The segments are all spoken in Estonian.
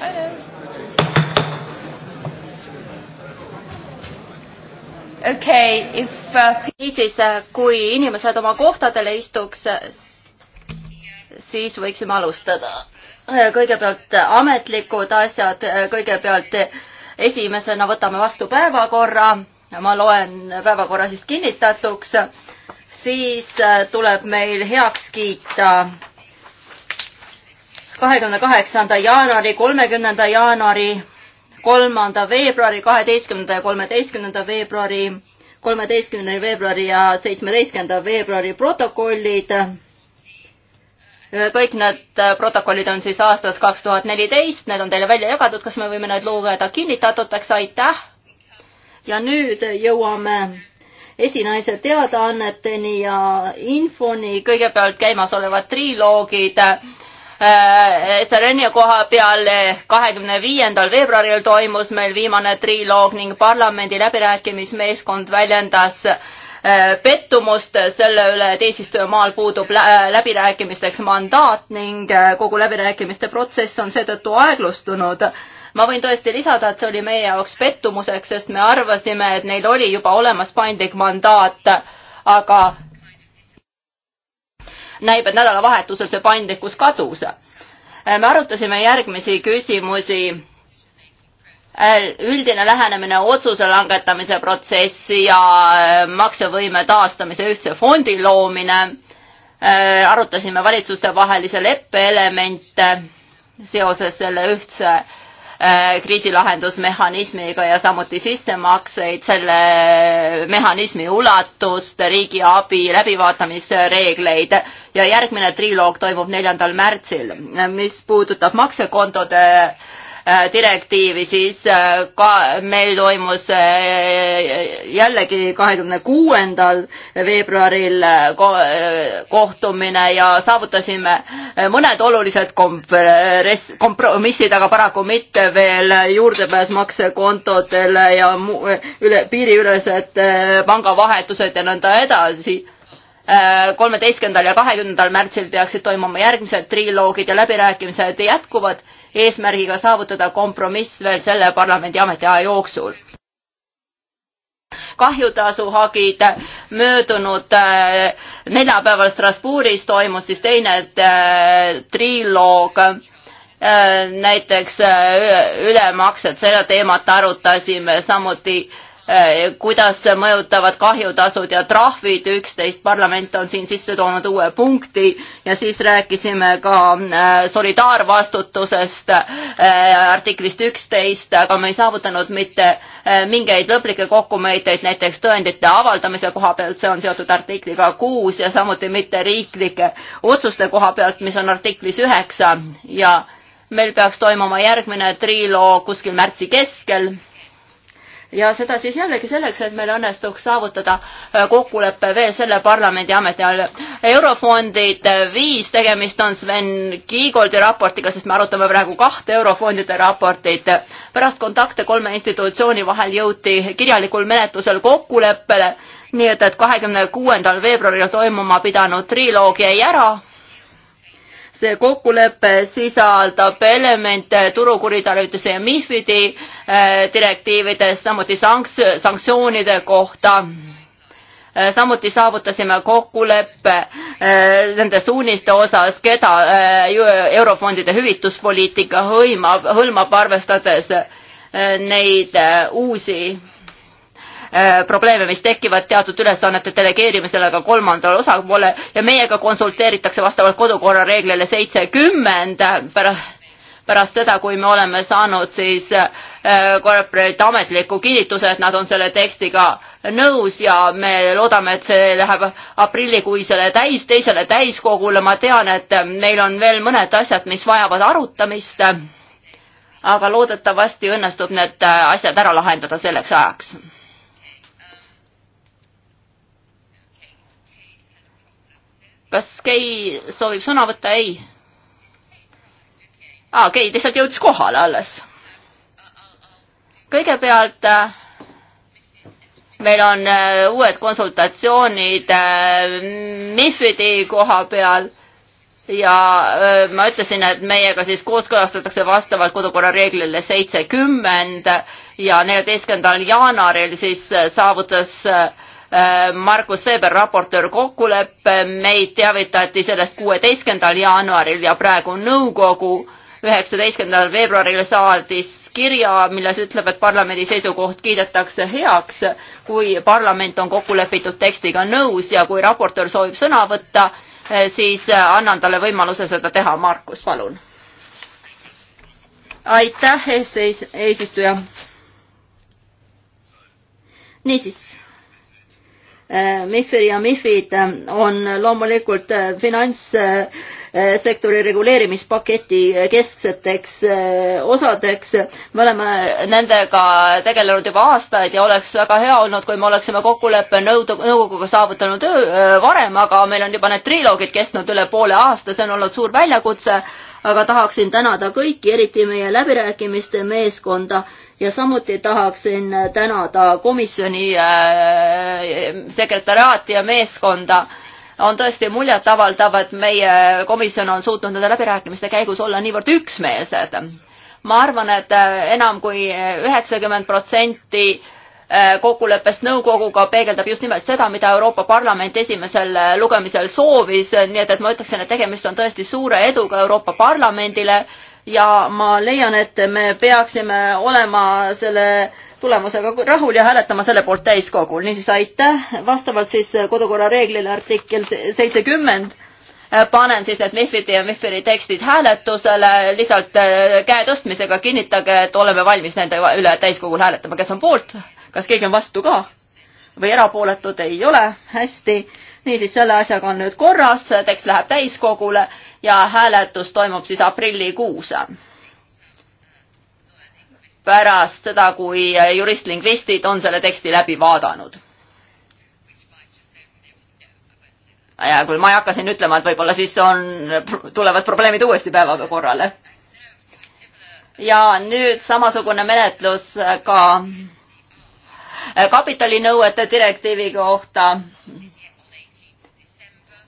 Hello. Okay, if, uh... niisiis, äh, kui inimesed oma kohtadele istuks, siis võiksime alustada. Äh, kõigepealt ametlikud asjad, äh, kõigepealt esimesena võtame vastu päevakorra, ma loen päevakorra siis kinnitatuks, siis tuleb meil heaks kiita kahekümne kaheksanda jaanuari, kolmekümnenda jaanuari, kolmanda veebruari, kaheteistkümnenda ja kolmeteistkümnenda veebruari, kolmeteistkümnenda veebruari ja seitsmeteistkümnenda veebruari protokollid. kõik need protokollid on siis aastast kaks tuhat neliteist, need on teile välja jagatud, kas me võime need lugeda kinnitatuteks, aitäh. ja nüüd jõuame esinaise teadaanneteni ja infoni, kõigepealt käimasolevad triloogid Äh, Serenia koha peal eh, kahekümne viiendal veebruaril toimus meil viimane triloog ning parlamendi läbirääkimismeeskond väljendas äh, pettumust selle üle, et eesistujamaal puudub äh, läbirääkimisteks mandaat ning kogu läbirääkimiste protsess on seetõttu aeglustunud ma võin tõesti lisada, et see oli meie jaoks pettumuseks, sest me arvasime, et neil oli juba olemas paindlik mandaat, aga näib, et nädalavahetusel see paindlikkus kadus. Äh, me arutasime järgmisi küsimusi äh, üldine lähenemine otsuse langetamise protsessi ja äh, maksevõime taastamise ühtse fondi loomine. arutasime valitsustevahelise leppe elemente seoses selle ühtse Äh, kriisilahendusmehhanismiga ja samuti sissemakseid, selle mehhanismi ulatust, riigiabi läbivaatamisreegleid ja järgmine triloog toimub neljandal märtsil. mis puudutab maksekontode Äh, direktiivi, siis äh, ka meil toimus äh, jällegi kahekümne kuuendal veebruaril kohtumine ja saavutasime mõned olulised kompromissid, aga paraku mitte veel juurdepääs maksekontodele ja muu, üle, piiriülesed pangavahetused ja nõnda edasi Äh, kolmeteistkümnendal ja kahekümnendal märtsil peaksid toimuma järgmised triloogid ja läbirääkimised jätkuvad eesmärgiga saavutada kompromiss veel selle parlamendi ametiaja jooksul. kahjutasuhagid möödunud äh, neljapäeval Strasbourgis toimus siis teine äh, triloog näiteks ülemaksed, seda teemat arutasime, samuti Äh, kuidas mõjutavad kahjutasud ja trahvid üksteist, parlament on siin sisse toonud uue punkti ja siis rääkisime ka äh, solidaarvastutusest äh, artiklist üksteist, aga me ei saavutanud mitte mingeid lõplikke kokkumeeteid näiteks tõendite avaldamise koha pealt, see on seotud artikliga kuus ja samuti mitte riiklike otsuste koha pealt, mis on artiklis üheksa ja meil peaks toimuma järgmine triloog kuskil märtsi keskel ja seda siis jällegi selleks, et meil õnnestuks saavutada äh, kokkulepe veel selle parlamendi ametiajal. eurofondid äh, viis, tegemist on Sven Kiigoldi raportiga, sest me arutame praegu kahte eurofondide raportit. pärast kontakte kolme institutsiooni vahel jõuti kirjalikul menetlusel kokkuleppele, nii et, et kahekümne kuuendal veebruaril toimuma pidanud triloog jäi ära see kokkulepe sisaldab elemente turukuritarvituse ja MIFIDi äh, direktiividest, samuti sanks-, sanktsioonide kohta. Äh, samuti saavutasime kokkuleppe äh, nende suuniste osas, keda eurofondide hüvituspoliitika hõimab, hõlmab, arvestades neid uusi Äh, probleeme, mis tekivad teatud ülesannete delegeerimisel aga kolmandale osapoole ja meiega konsulteeritakse vastavalt kodukorra reeglile seitsekümmend pärast pärast seda, kui me oleme saanud siis korporate äh, ametliku kinnituse, et nad on selle tekstiga nõus ja me loodame, et see läheb aprillikuisele täis, teisele täiskogule, ma tean, et meil on veel mõned asjad, mis vajavad arutamist. aga loodetavasti õnnestub need asjad ära lahendada selleks ajaks kas Kei soovib sõna võtta? ei. aa, Kei lihtsalt jõudis kohale alles. kõigepealt äh, meil on äh, uued konsultatsioonid äh, MIFID-i koha peal ja ma ütlesin, et meiega siis kooskõlastatakse vastavalt kodukorra reeglile seitsekümmend ja neljateistkümnendal jaanuaril siis saavutas äh, Äh, Margus Veber, raportöör, kokkulepe, meid teavitati sellest kuueteistkümnendal jaanuaril ja praegu nõukogu üheksateistkümnendal veebruaril saadis kirja, milles ütleb, et parlamendi seisukoht kiidetakse heaks, kui parlament on kokkulepitud tekstiga nõus ja kui raportöör soovib sõna võtta, äh, siis äh, annan talle võimaluse seda teha. Markus, palun. aitäh, eesistuja. niisiis Eh, MIFIR ja MIFID eh, on loomulikult eh, finantssektori reguleerimispaketi keskseteks osadeks. me oleme nendega tegelenud juba aastaid ja oleks väga hea olnud, kui me oleksime kokkuleppe nõukoguga saavutanud varem, aga meil on juba need triloogid kestnud üle poole aasta, see on olnud suur väljakutse aga tahaksin tänada kõiki, eriti meie läbirääkimiste meeskonda, ja samuti tahaksin tänada komisjoni äh, sekretariaati ja meeskonda. on tõesti muljetavaldav, et meie komisjon on suutnud nende läbirääkimiste käigus olla niivõrd üksmeelsed. ma arvan, et äh, enam kui äh, üheksakümmend protsenti kokkuleppest nõukoguga peegeldab just nimelt seda, mida Euroopa Parlament esimesel lugemisel soovis, nii et, et ma ütleksin, et tegemist on tõesti suure eduga Euroopa Parlamendile ja ma leian, et me peaksime olema selle tulemusega rahul ja hääletama selle poolt täiskogul. niisiis aitäh, vastavalt siis kodukorra reeglile artikkel seitsekümmend äh, panen siis need Mifidi ja Mifiri tekstid hääletusele, lihtsalt äh, käe tõstmisega kinnitage, et oleme valmis nende üle täiskogul hääletama, kes on poolt, kas keegi on vastu ka või erapooletud ei ole, hästi niisiis, selle asjaga on nüüd korras, tekst läheb täiskogule ja hääletus toimub siis aprillikuus. pärast seda, kui juristlingvistid on selle teksti läbi vaadanud. ja küll ma ei hakka siin ütlema, et võib-olla siis on, tulevad probleemid uuesti päevaga korrale. ja nüüd samasugune menetlus ka kapitalinõuete direktiivi kohta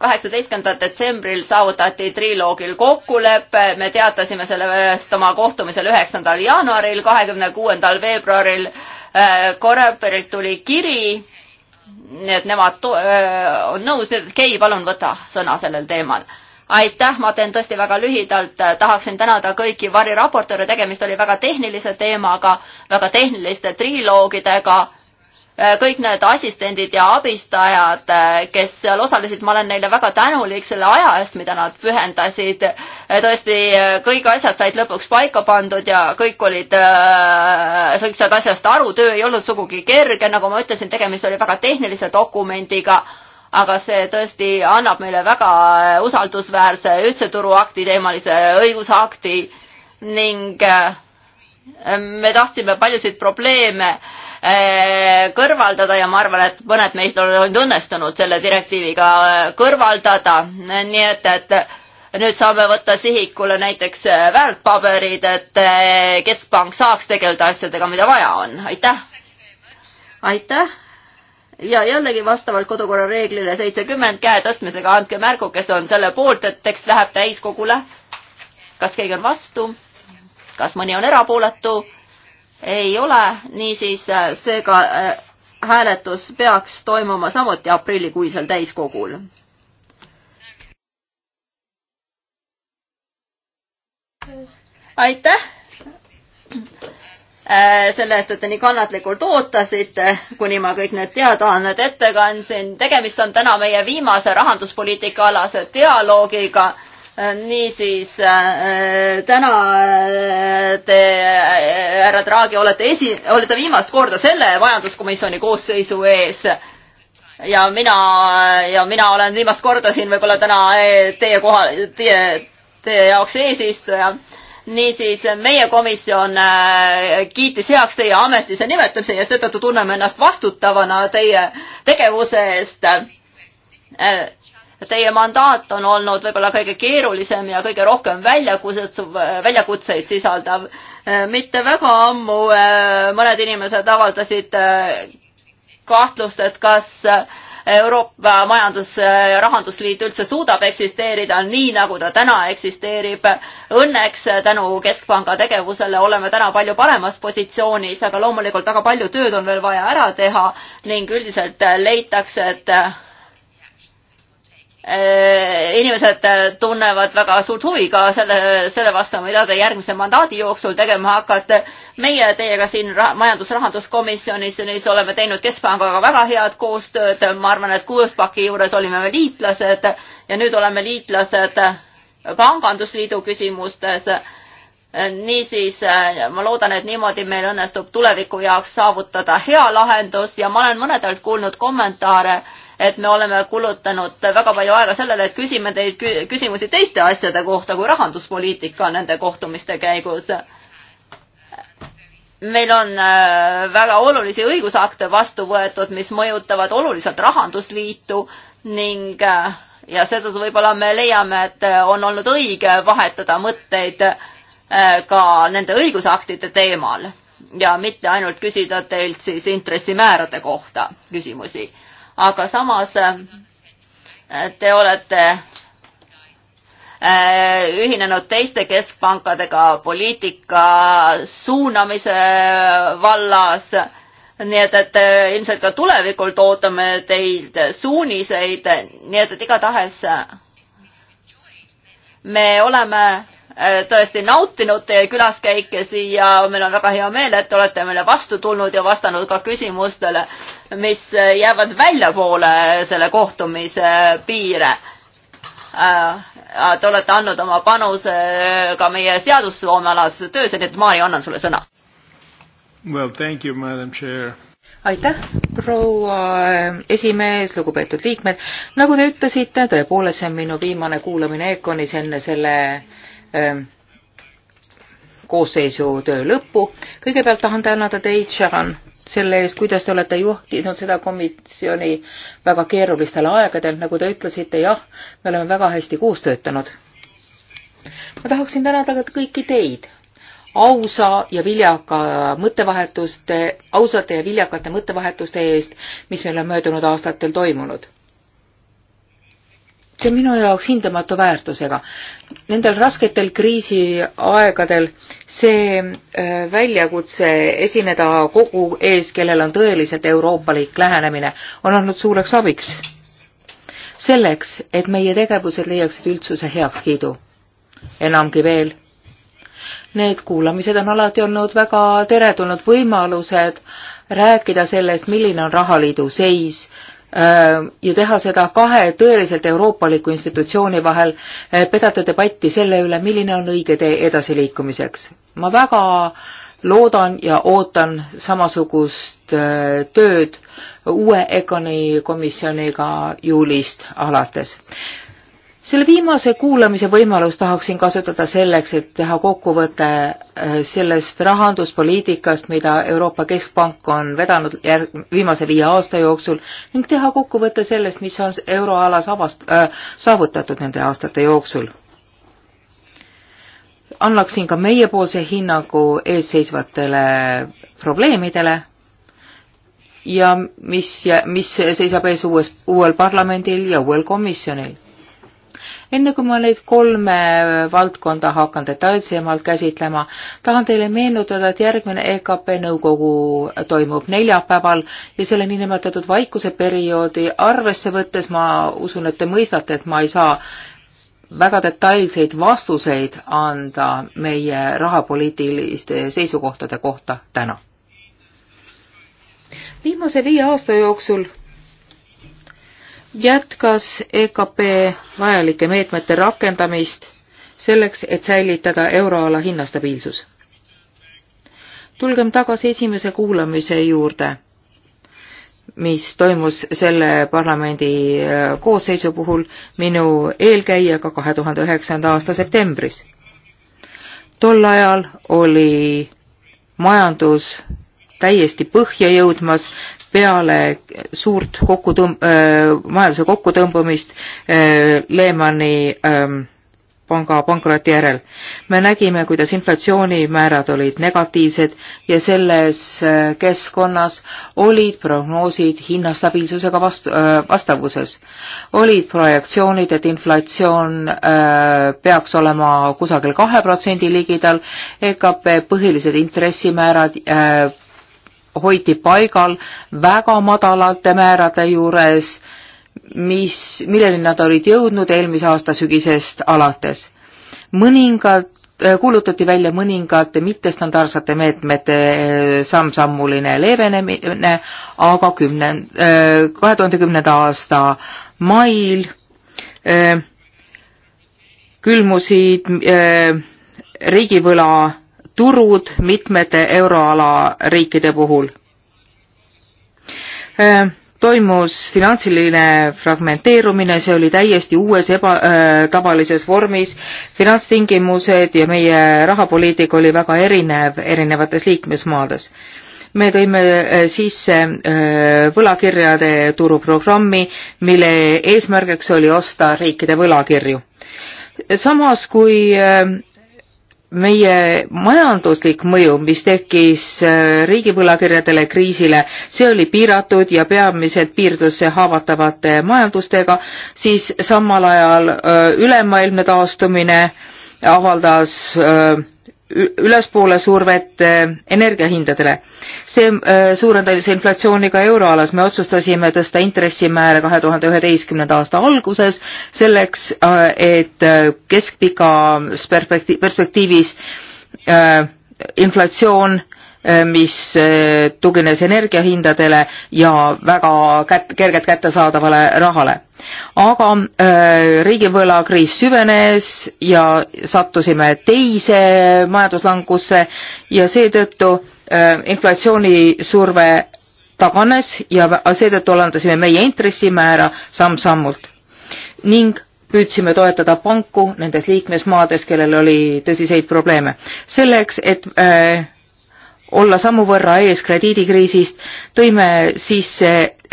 kaheksateistkümnendal detsembril saavutati triloogil kokkulepe, me teatasime sellest oma kohtumisel üheksandal jaanuaril, kahekümne kuuendal veebruaril äh, Koreperilt tuli kiri, nii et nemad äh, on nõus, nii et Kei, palun võta sõna sellel teemal aitäh, ma teen tõesti väga lühidalt, tahaksin tänada kõiki variraportööre, tegemist oli väga tehnilise teemaga, väga tehniliste triloogidega Äh, kõik need assistendid ja abistajad, äh, kes seal osalesid, ma olen neile väga tänulik selle aja eest, mida nad pühendasid. Äh, tõesti, kõik asjad said lõpuks paika pandud ja kõik olid, kõik said asjast aru, töö ei olnud sugugi kerge, nagu ma ütlesin, tegemist oli väga tehnilise dokumendiga aga see tõesti annab meile väga usaldusväärse ühtse turuakti teemalise õigusakti ning me tahtsime paljusid probleeme äh, Äh, kõrvaldada ja ma arvan, et mõned meist on olnud õnnestunud selle direktiiviga äh, kõrvaldada, nii et, et nüüd saame võtta sihikule näiteks äh, väärtpaberid, et keskpank saaks tegeleda asjadega, mida vaja on, aitäh. aitäh ja jällegi vastavalt kodukorra reeglile seitsekümmend käe tõstmisega andke märku, kes on selle poolt, et tekst läheb täiskogule. kas keegi on vastu? kas mõni on erapooletu? ei ole, niisiis äh, seega äh, hääletus peaks toimuma samuti aprillikuisel täiskogul. aitäh äh, selle eest, et te nii kannatlikult ootasite, kuni ma kõik need teadaanded ette kandsin. tegemist on täna meie viimase rahanduspoliitika alase dialoogiga Äh, niisiis äh, täna äh, te, härra Draghi, olete esi, olete viimast korda selle majanduskomisjoni koosseisu ees ja mina, ja mina olen viimast korda siin võib-olla täna teie kohal, teie, teie jaoks eesistuja niisiis meie komisjon kiitis heaks teie ametisse nimetamise ja seetõttu tunneme ennast vastutavana teie tegevuse eest Teie mandaat on olnud võib-olla kõige keerulisem ja kõige rohkem väljakutseid, väljakutseid sisaldav. Äh, mitte väga ammu äh, mõned inimesed avaldasid äh, kahtlust, et kas Euroopa Majandus- ja Rahandusliit üldse suudab eksisteerida nii, nagu ta täna eksisteerib. Õnneks tänu Keskpanga tegevusele oleme täna palju paremas positsioonis, aga loomulikult väga palju tööd on veel vaja ära teha ning üldiselt leitakse, et Äh, inimesed äh, tunnevad väga suurt huvi ka selle, selle vastu, mida te järgmise mandaadi jooksul tegema hakkate. meie teiega siin majandus-rahanduskomisjonis neis oleme teinud Keskpangaga väga head koostööd, ma arvan, et kuuspaki juures olime me liitlased ja nüüd oleme liitlased pangandusliidu küsimustes. niisiis äh, ma loodan, et niimoodi meil õnnestub tuleviku jaoks saavutada hea lahendus ja ma olen mõnedelt kuulnud kommentaare et me oleme kulutanud väga palju aega sellele, et küsime teilt küsimusi teiste asjade kohta kui rahanduspoliitika nende kohtumiste käigus. meil on äh, väga olulisi õigusakte vastu võetud, mis mõjutavad oluliselt rahandusliitu ning äh, ja seetõttu võib-olla me leiame, et äh, on olnud õige vahetada mõtteid ka nende õigusaktide teemal ja mitte ainult küsida teilt siis intressimäärade kohta küsimusi aga samas äh, te olete äh, ühinenud teiste keskpankadega poliitika suunamise vallas. nii et, et äh, ilmselt ka tulevikult ootame teilt suuniseid, nii et, et igatahes me oleme Äh, tõesti nautinud teie külaskäike siia, meil on väga hea meel, et olete meile vastu tulnud ja vastanud ka küsimustele, mis jäävad väljapoole selle kohtumise piire. Äh, te olete andnud oma panuse ka meie seadusloomealas töös ja nii et Maarja, annan sulle sõna. Well, thank you, madam chair aitäh, proua äh, esimees, lugupeetud liikmed. nagu te ütlesite, tõepoolest see on minu viimane kuulamine EKONis enne selle äh, Ähm, koosseisu töö lõppu. kõigepealt tahan tänada teid, Sharon, selle eest, kuidas te olete juhtinud seda komisjoni väga keerulistel aegadel, nagu te ütlesite, jah, me oleme väga hästi koos töötanud. ma tahaksin tänada ka kõiki teid ausa ja viljaka mõttevahetuste, ausate ja viljakate mõttevahetuste eest, mis meil on möödunud aastatel toimunud see on minu jaoks hindamatu väärtusega. Nendel rasketel kriisiaegadel see äh, väljakutse esineda kogu ees, kellel on tõeliselt euroopalik lähenemine, on olnud suureks abiks. selleks, et meie tegevused leiaksid üldsuse heakskiidu. enamgi veel, need kuulamised on alati olnud väga teretulnud võimalused rääkida sellest, milline on rahaliidu seis äh,, Äh, ja teha seda kahe tõeliselt euroopaliku institutsiooni vahel, äh, pidada debatti selle üle, milline on õige tee edasiliikumiseks. ma väga loodan ja ootan samasugust äh, tööd uue EKONi komisjoniga juulist alates selle viimase kuulamise võimalust tahaksin kasutada selleks, et teha kokkuvõte äh, sellest rahanduspoliitikast, mida Euroopa Keskpank on vedanud järg-, viimase viie aasta jooksul ning teha kokkuvõte sellest, mis on euroalas avast- äh,, saavutatud nende aastate jooksul. annaksin ka meiepoolse hinnangu eesseisvatele probleemidele ja mis, mis seisab ees uues, uuel parlamendil ja uuel komisjonil enne kui ma neid kolme valdkonda hakkan detailsemalt käsitlema, tahan teile meenutada, et järgmine EKP nõukogu toimub neljapäeval ja selle niinimetatud vaikuseperioodi arvesse võttes ma usun, et te mõistate, et ma ei saa väga detailseid vastuseid anda meie rahapoliitiliste seisukohtade kohta täna. viimase viie aasta jooksul jätkas EKP vajalike meetmete rakendamist selleks, et säilitada euroala hinnastabiilsus. tulgem tagasi esimese kuulamise juurde, mis toimus selle parlamendi äh, koosseisu puhul minu eelkäijaga kahe tuhande üheksanda aasta septembris. tol ajal oli majandus täiesti põhja jõudmas, peale suurt kokkutõmb- äh,, majanduse kokkutõmbumist äh, Lehmani äh, panga pankroti järel. me nägime, kuidas inflatsioonimäärad olid negatiivsed ja selles äh, keskkonnas olid prognoosid hinnastabiilsusega vast-, äh, vastavuses. olid projektsioonid, et inflatsioon äh, peaks olema kusagil kahe protsendi ligidal, EKP põhilised intressimäärad hoiti paigal väga madalate määrade juures, mis, milleni nad olid jõudnud eelmise aasta sügisest alates. mõningad, äh, kuulutati välja mõningate mittestandardsete meetmete äh, samm-sammuline leevenemine, aga kümne, äh, kahe tuhande kümnenda aasta mail külmusid riigivõla turud mitmete euroala riikide puhul. Äh, toimus finantsiline fragmenteerumine, see oli täiesti uues ebatavalises äh, vormis, finantstingimused ja meie rahapoliitika oli väga erinev erinevates liikmesmaades me tõime äh, sisse äh, võlakirjade turuprogrammi, mille eesmärgiks oli osta riikide võlakirju. samas, kui meie majanduslik mõju, mis tekkis äh, riigivõlakirjadele kriisile, see oli piiratud ja peamiselt piirdus see haavatavate majandustega, siis samal ajal äh, ülemaailmne taastumine avaldas öö, äh, ülespoole survet äh, energiahindadele. see äh, suurendas inflatsiooni ka euroalas, me otsustasime tõsta intressimäära kahe tuhande üheteistkümnenda aasta alguses selleks, äh, et keskpikas perspektiivis inflatsioon Äh, mis äh, tugines energiahindadele ja väga kät-, kergelt kättesaadavale rahale. aga äh, riigivõlakriis süvenes ja sattusime teise majanduslangusse ja seetõttu inflatsioonisurve taganes ja seetõttu alandasime meie intressimäära samm-sammult ning püüdsime toetada panku nendes liikmesmaades, kellel oli tõsiseid probleeme. selleks, et äh, olla sammu võrra ees krediidikriisist, tõime sisse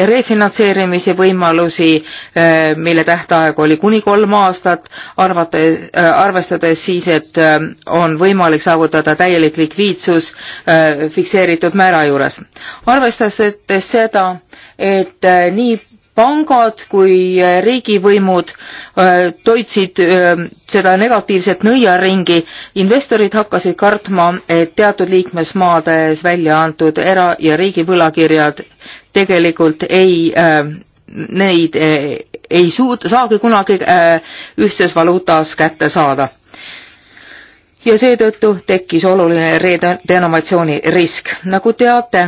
refinantseerimise võimalusi, äh, mille tähtaeg oli kuni kolm aastat, arvata, äh, arvestades siis, et äh, on võimalik saavutada täielik likviidsus fikseeritud määra juures. arvestades seda, et nii pangad kui äh, riigivõimud äh, toitsid äh, seda negatiivset nõiaringi. investorid hakkasid kartma, et teatud liikmesmaades välja antud era- ja riigivõlakirjad tegelikult ei, neid ei suud-, saagi kunagi ühtses valuutas kätte saada. ja seetõttu tekkis oluline redenovatsiooni risk. nagu teate,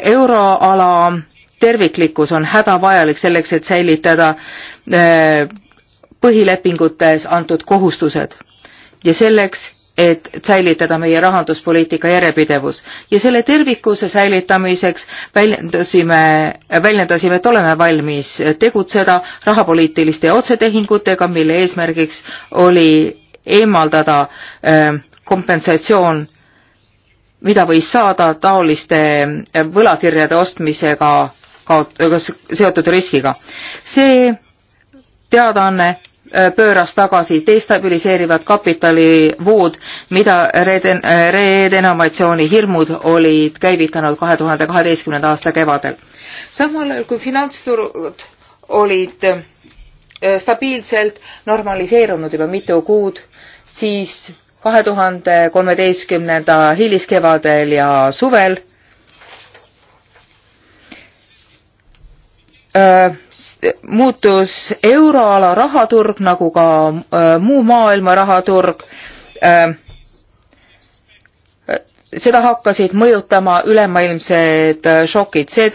euroala terviklikkus on hädavajalik selleks, et säilitada äh, põhilepingutes antud kohustused ja selleks, et säilitada meie rahanduspoliitika järjepidevus. ja selle tervikuse säilitamiseks väljendasime, väljendasime, et oleme valmis tegutseda rahapoliitiliste otsetehingutega, mille eesmärgiks oli eemaldada äh, kompensatsioon, mida võis saada taoliste äh, võlakirjade ostmisega kaot-, seotud riskiga. see teadaanne äh, pööras tagasi destabiliseerivad kapitalivood, mida reeden-, reedenomatsiooni hirmud olid käivitanud kahe tuhande kaheteistkümnenda aasta kevadel. samal ajal kui finantsturud olid äh, stabiilselt normaliseerunud juba mitu kuud, siis kahe tuhande kolmeteistkümnenda hiliskevadel ja suvel Äh, muutus euroala rahaturg nagu ka äh, muu maailma rahaturg. Äh, seda hakkasid mõjutama ülemaailmsed šokid, see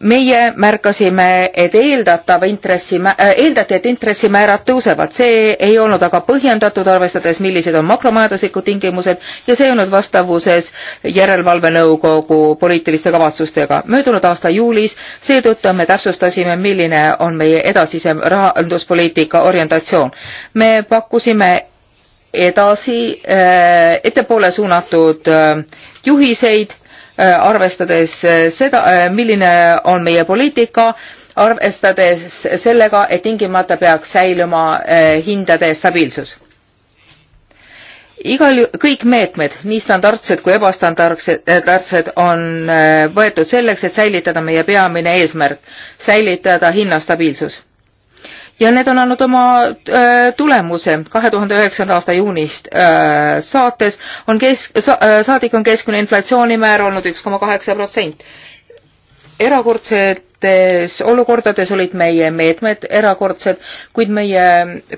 meie märkasime, et eeldatav intressi, äh, eeldati, et intressimäärad tõusevad, see ei olnud aga põhjendatud, arvestades, millised on makromajanduslikud tingimused ja see ei olnud vastavuses järelevalvenõukogu poliitiliste kavatsustega. möödunud aasta juulis seetõttu me täpsustasime, milline on meie edasisem rahanduspoliitika orientatsioon. me pakkusime edasi äh, ettepoole suunatud äh, juhiseid Äh, arvestades äh, seda, äh, milline on meie poliitika, arvestades sellega, et tingimata peaks säiluma hindade stabiilsus igal kõik meetmed nii standardsed kui ebastandardsed on võetud selleks et säilitada meie peamine eesmärk säilitada hinnastabiilsus ja need on andnud oma äh, tulemuse. kahe tuhande üheksanda aasta juunist äh, saates on kesk, äh, saadik on keskmine inflatsioonimäär olnud üks koma kaheksa protsent. erakordsetes olukordades olid meie meetmed erakordsed, kuid meie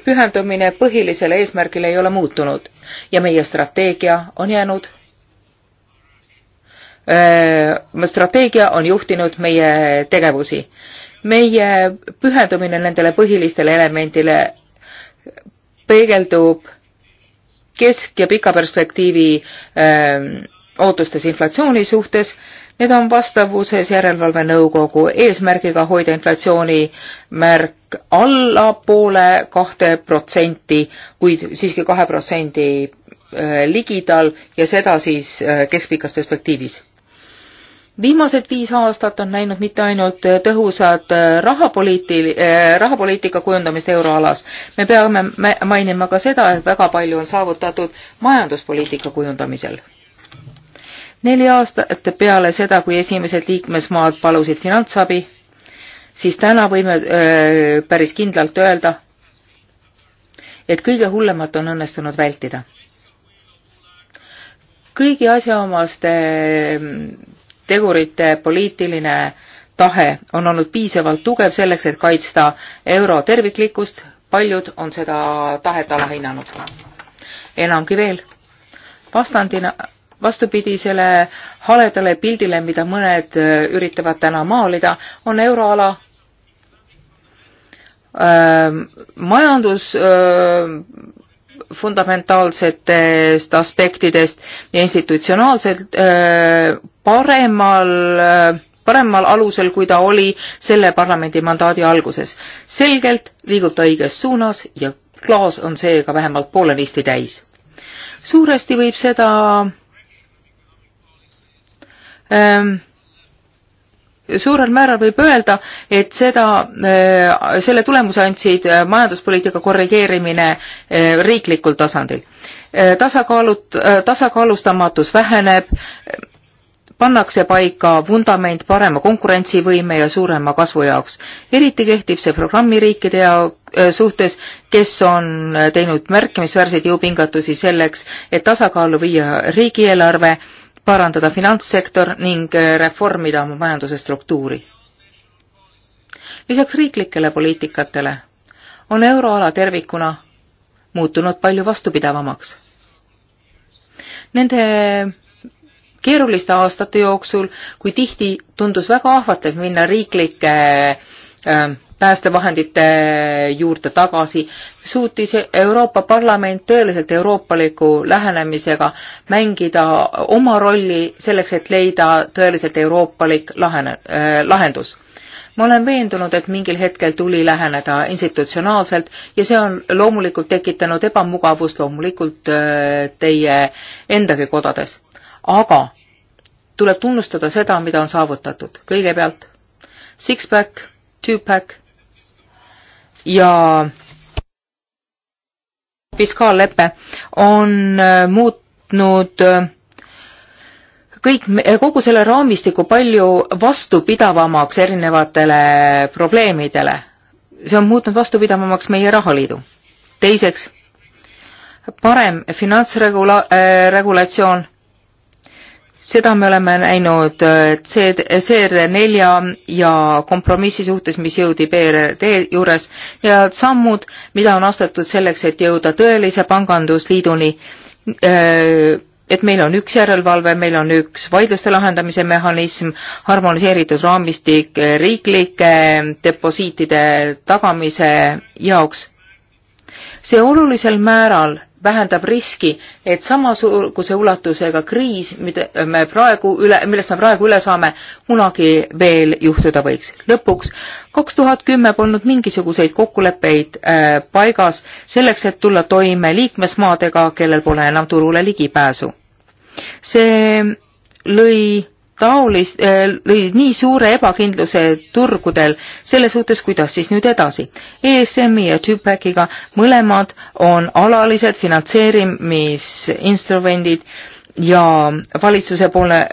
pühendumine põhilisele eesmärgile ei ole muutunud ja meie strateegia on jäänud strateegia on juhtinud meie tegevusi meie pühendumine nendele põhilistele elementile peegeldub kesk- ja pika perspektiivi öö, ähm, ootustes inflatsiooni suhtes, need on vastavuses Järelevalvenõukogu eesmärgiga hoida inflatsiooni märk allapoole kahte protsenti, kuid siiski kahe protsendi äh, ligidal ja seda siis äh, keskpikas perspektiivis viimased viis aastat on näinud mitte ainult tõhusat äh, rahapoliiti-, äh, rahapoliitika kujundamist euroalas, me peame mainima ka seda, et väga palju on saavutatud majanduspoliitika kujundamisel. neli aastat peale seda, kui esimesed liikmesmaad palusid finantsabi, siis täna võime öö, äh, päris kindlalt öelda, et kõige hullemat on õnnestunud vältida kõigi asjaomaste tegurite poliitiline tahe on olnud piisavalt tugev selleks, et kaitsta euro terviklikkust, paljud on seda tahet alahinnanud. enamgi veel, vastandina, vastupidisele haledale pildile, mida mõned äh, üritavad täna maalida, on euroala öö, äh, majandus öö, äh, fundamentaalsetest aspektidest ja institutsionaalselt äh, paremal äh, paremal alusel, kui ta oli selle parlamendi mandaadi alguses. selgelt liigub ta õiges suunas ja klaas on seega vähemalt poolenisti täis. suuresti võib seda ähm, suurel määral võib öelda, et seda, äh, selle tulemuse andsid äh, majanduspoliitika korrigeerimine äh, riiklikul tasandil. tasakaalut-, tasakaalustamatus väheneb, pannakse paika vundament parema konkurentsivõime ja suurema kasvu jaoks. eriti kehtib see programmiriikide ja suhtes, kes on teinud märkimisväärseid jõupingatusi selleks, et tasakaalu viia riigieelarve äh, parandada finantssektor ning äh, reformida oma majanduse struktuuri. lisaks riiklikele poliitikatele on euroala tervikuna muutunud palju vastupidavamaks. Nende keeruliste aastate jooksul, kui tihti tundus väga ahvatlev minna riiklike äh, päästevahendite juurde tagasi, suutis Euroopa Parlament tõeliselt euroopaliku lähenemisega mängida oma rolli selleks, et leida tõeliselt euroopalik lahene, äh, lahendus. ma olen veendunud, et mingil hetkel tuli läheneda institutsionaalselt ja see on loomulikult tekitanud ebamugavust loomulikult äh, teie endagi kodades. aga tuleb tunnustada seda, mida on saavutatud. kõigepealt six-pack, two-pack ja fiskaallepe on äh, muutnud äh, kõik, äh, kogu selle raamistiku palju vastupidavamaks erinevatele probleemidele. see on muutnud vastupidavamaks meie rahaliidu. teiseks, parem finantsregula- äh,, regulatsioon seda me oleme näinud äh, CR4 ja kompromissi suhtes, mis jõudi BRD juures ja sammud, mida on astutud selleks, et jõuda tõelise pangandusliiduni. Äh, et meil on üks järelevalve, meil on üks vaidluste lahendamise mehhanism, harmoniseeritud raamistik riiklike deposiitide tagamise jaoks. see olulisel määral vähendab riski, et samasuguse ulatusega kriis, mida me praegu üle, millest me praegu üle saame, kunagi veel juhtuda võiks. lõpuks, kaks tuhat kümme polnud mingisuguseid kokkuleppeid äh, paigas selleks, et tulla toime liikmesmaadega, kellel pole enam turule ligipääsu. see lõi taolis- eh, lõi nii suure ebakindluse turgudel selle suhtes, kuidas siis nüüd edasi. ESM-i ja TÜPEC-iga mõlemad on alalised finantseerimisinstrumendid ja valitsuse poole äh,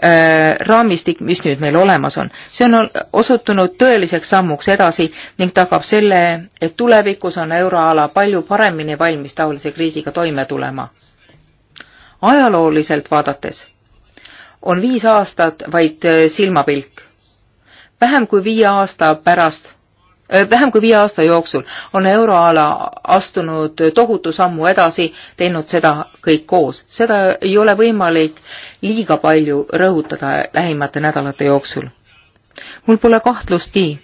raamistik, mis nüüd meil olemas on, see on osutunud tõeliseks sammuks edasi ning tagab selle, et tulevikus on euroala palju paremini valmis taolise kriisiga toime tulema. ajalooliselt vaadates on viis aastat vaid äh, silmapilk. vähem kui viie aasta pärast äh, vähem kui viie aasta jooksul on euroala astunud tohutu sammu edasi, teinud seda kõik koos. seda ei ole võimalik liiga palju rõhutada lähimate nädalate jooksul. mul pole kahtlustki,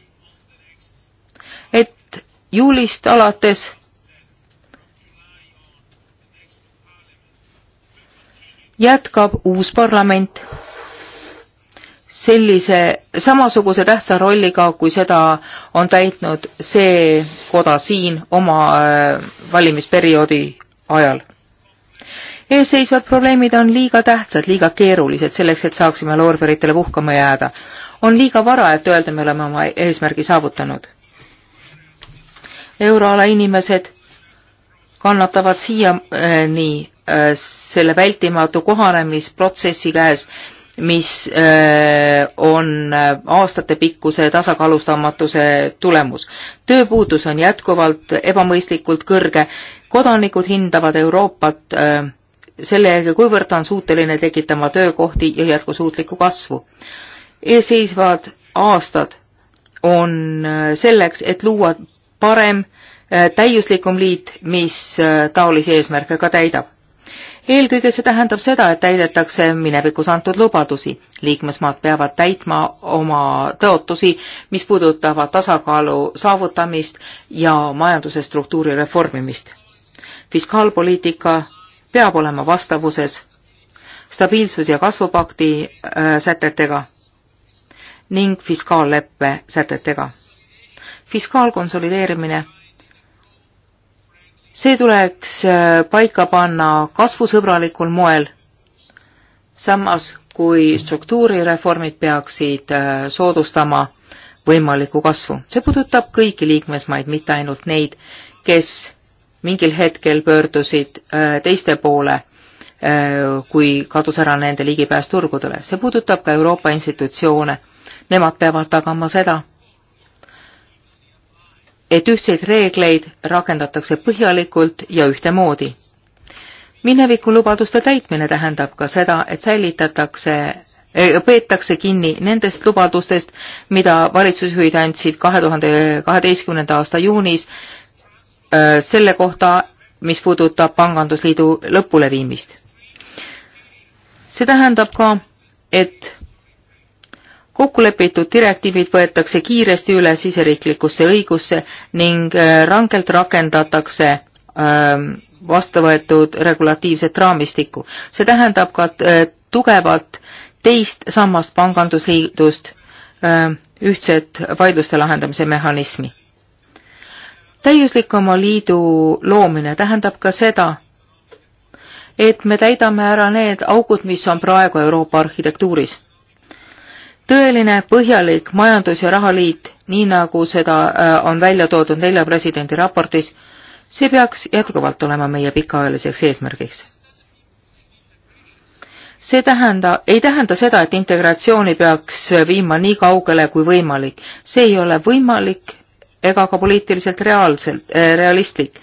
et juulist alates jätkab uus parlament sellise, samasuguse tähtsa rolliga, kui seda on täitnud see koda siin oma äh, valimisperioodi ajal. eesseisvad probleemid on liiga tähtsad, liiga keerulised selleks, et saaksime loorberitele puhkama jääda. on liiga vara, et öelda, me oleme oma eesmärgi saavutanud. euroala inimesed kannatavad siiani äh, Äh, selle vältimatu kohanemisprotsessi käes, mis äh, on äh, aastatepikkuse tasakaalustamatuse tulemus. tööpuudus on jätkuvalt ebamõistlikult kõrge, kodanikud hindavad Euroopat selle järgi, kuivõrd ta on suuteline tekitama töökohti ja jätkusuutlikku kasvu. eesseisvad aastad on selleks, et luua parem, täiuslikum liit, mis taolisi eesmärke ka täidab eelkõige see tähendab seda, et täidetakse minevikus antud lubadusi. liikmesmaad peavad täitma oma tõotusi, mis puudutavad tasakaalu saavutamist ja majanduse struktuuri reformimist. fiskaalpoliitika peab olema vastavuses stabiilsus- ja kasvupakti äh, sätetega ning fiskaalleppe sätetega. fiskaalkonsolideerimine see tuleks äh, paika panna kasvusõbralikul moel, samas kui struktuurireformid peaksid äh, soodustama võimalikku kasvu. see puudutab kõiki liikmesmaid, mitte ainult neid, kes mingil hetkel pöördusid äh, teiste poole, kui kadus ära nende ligipääs turgudele. see puudutab ka Euroopa institutsioone. Nemad peavad tagama seda, et ühtseid reegleid rakendatakse põhjalikult ja ühtemoodi. mineviku lubaduste täitmine tähendab ka seda, et säilitatakse eh, peetakse kinni nendest lubadustest, mida valitsusjuhid andsid kahe tuhande kaheteistkümnenda aasta juunis eh, selle kohta, mis puudutab pangandusliidu lõpuleviimist. see tähendab ka, et kokkulepitud direktiivid võetakse kiiresti üle siseriiklikusse õigusse ning äh, rangelt rakendatakse ähm, vastu võetud regulatiivset raamistikku. see tähendab ka äh, tugevat teist sammast pangandusliidust, ähm, ühtset vaidluste lahendamise mehhanismi. täiuslikuma liidu loomine tähendab ka seda, et me täidame ära need augud, mis on praegu Euroopa arhitektuuris tõeline põhjalik majandus- ja rahaliit, nii nagu seda äh, on välja toodud nelja presidendi raportis, see peaks jätkuvalt olema meie pikaajaliseks eesmärgiks. see tähenda, ei tähenda seda, et integratsiooni peaks viima nii kaugele kui võimalik. see ei ole võimalik ega ka poliitiliselt reaalselt, äh, realistlik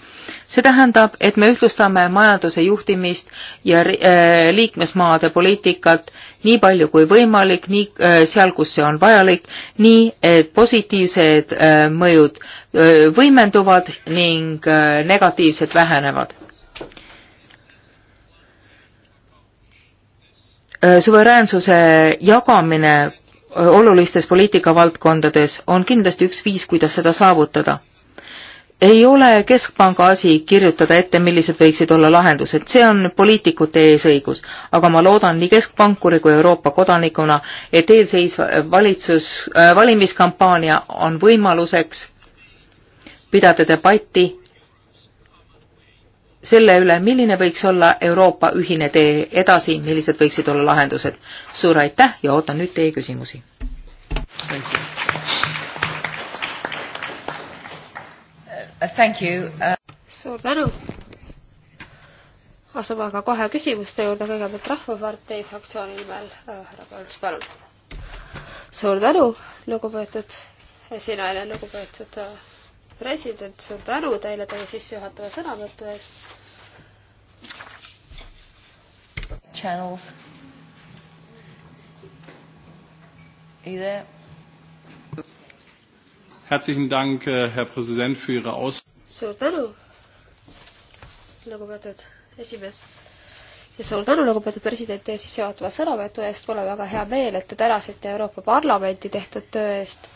see tähendab, et me ühtlustame majanduse juhtimist ja äh, liikmesmaade poliitikat nii palju kui võimalik, nii äh, seal, kus see on vajalik, nii et positiivsed äh, mõjud äh, võimenduvad ning negatiivsed vähenevad. suveräänsuse jagamine olulistes poliitikavaldkondades on kindlasti üks viis, kuidas seda saavutada ei ole Keskpanga asi kirjutada ette, millised võiksid olla lahendused, see on poliitikute eesõigus. aga ma loodan nii keskpankuri kui Euroopa kodanikuna, et eelseisva valitsus, äh, valimiskampaania on võimaluseks pidada debatti selle üle, milline võiks olla Euroopa ühine tee edasi, millised võiksid olla lahendused. suur aitäh ja ootan nüüd teie küsimusi! Thank you. Uh, thank you uh.... suur tänu. asume aga kohe küsimuste juurde, kõigepealt Rahvapartei fraktsiooni nimel uh, härra Põlts, palun. suur tänu, lugupeetud esinaine, lugupeetud uh, president, suur tänu teile teie sissejuhatava sõnavõtu eest. Channels. Are you there? Herzlichen Dank, äh, Herr Präsident, für Ihre Aus-. suur tänu, lugupeetud esimees ja suur tänu, lugupeetud president, teie sissejuhatava sõnavõtu eest. mul on väga hea meel, et te tänasite Euroopa Parlamenti tehtud töö eest.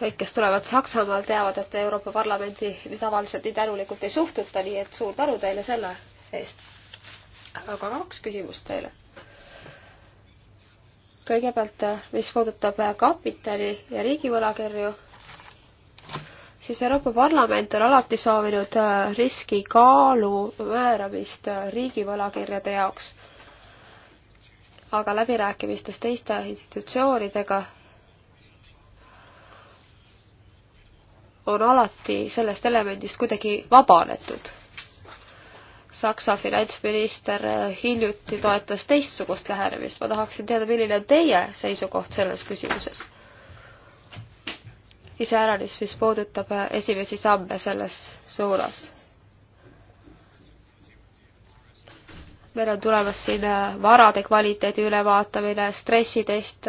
kõik, kes tulevad Saksamaal, teavad, et Euroopa Parlamenti tavaliselt nii tänulikult ei suhtuta, nii et suur tänu teile selle eest. aga kaks küsimust teile kõigepealt, äh, mis puudutab äh, kapitali ja riigivõlakirju, siis Euroopa Parlament on alati soovinud äh, riskikaalu määramist riigivõlakirjade jaoks. aga läbirääkimistes teiste institutsioonidega on alati sellest elemendist kuidagi vabanetud Saksa finantsminister äh, hiljuti toetas teistsugust lähenemist. ma tahaksin teada, milline on teie seisukoht selles küsimuses? iseäranis, mis puudutab äh, esimesi samme selles suunas. meil on tulemas siin äh, varade kvaliteedi ülevaatamine, stressitest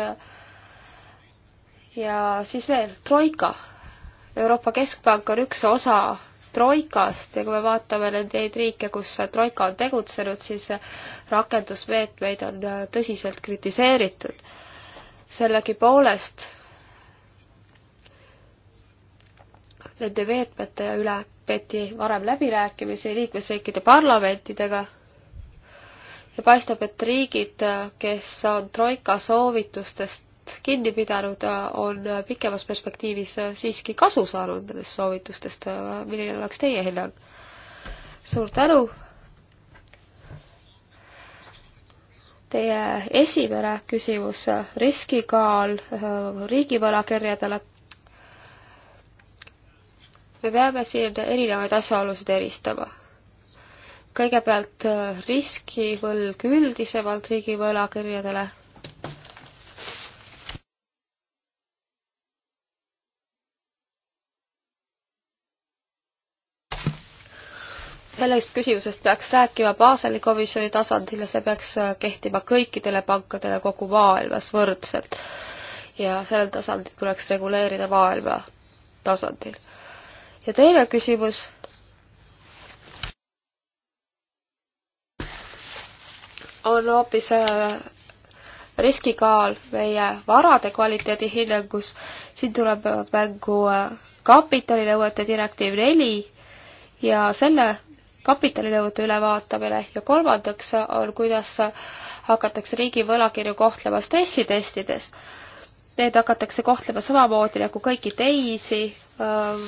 ja siis veel Troika. Euroopa Keskpank on üks osa troikast ja kui me vaatame neid riike, kus troika on tegutsenud, siis rakendusmeetmeid on tõsiselt kritiseeritud. sellegipoolest nende meetmete üle peeti varem läbirääkimisi liikmesriikide parlamentidega ja paistab, et riigid, kes on troika soovitustest kinni pidanud, äh, on äh, pikemas perspektiivis äh, siiski kasu saanud nendest soovitustest. milline oleks teie hinnang? suur tänu. Teie esimene küsimus, riskikaal riigivõlakirjadele. me peame siin erinevaid asjaolusid eristama kõigepealt riskivõlg üldisemalt riigivõlakirjadele sellest küsimusest peaks rääkima Baseli komisjoni tasandil ja see peaks äh, kehtima kõikidele pankadele kogu maailmas võrdselt. ja sellel tasandil tuleks reguleerida maailma tasandil. ja teine küsimus. on hoopis äh, riskikaal meie varade kvaliteedi hinnangus. siin tuleb mängu äh, kapitalinõuete direktiiv neli ja selle kapitalinõude ülevaatavale ja kolmandaks on, kuidas hakatakse riigi võlakirju kohtlema stressitestides. Need hakatakse kohtlema samamoodi nagu kõiki teisi ähm,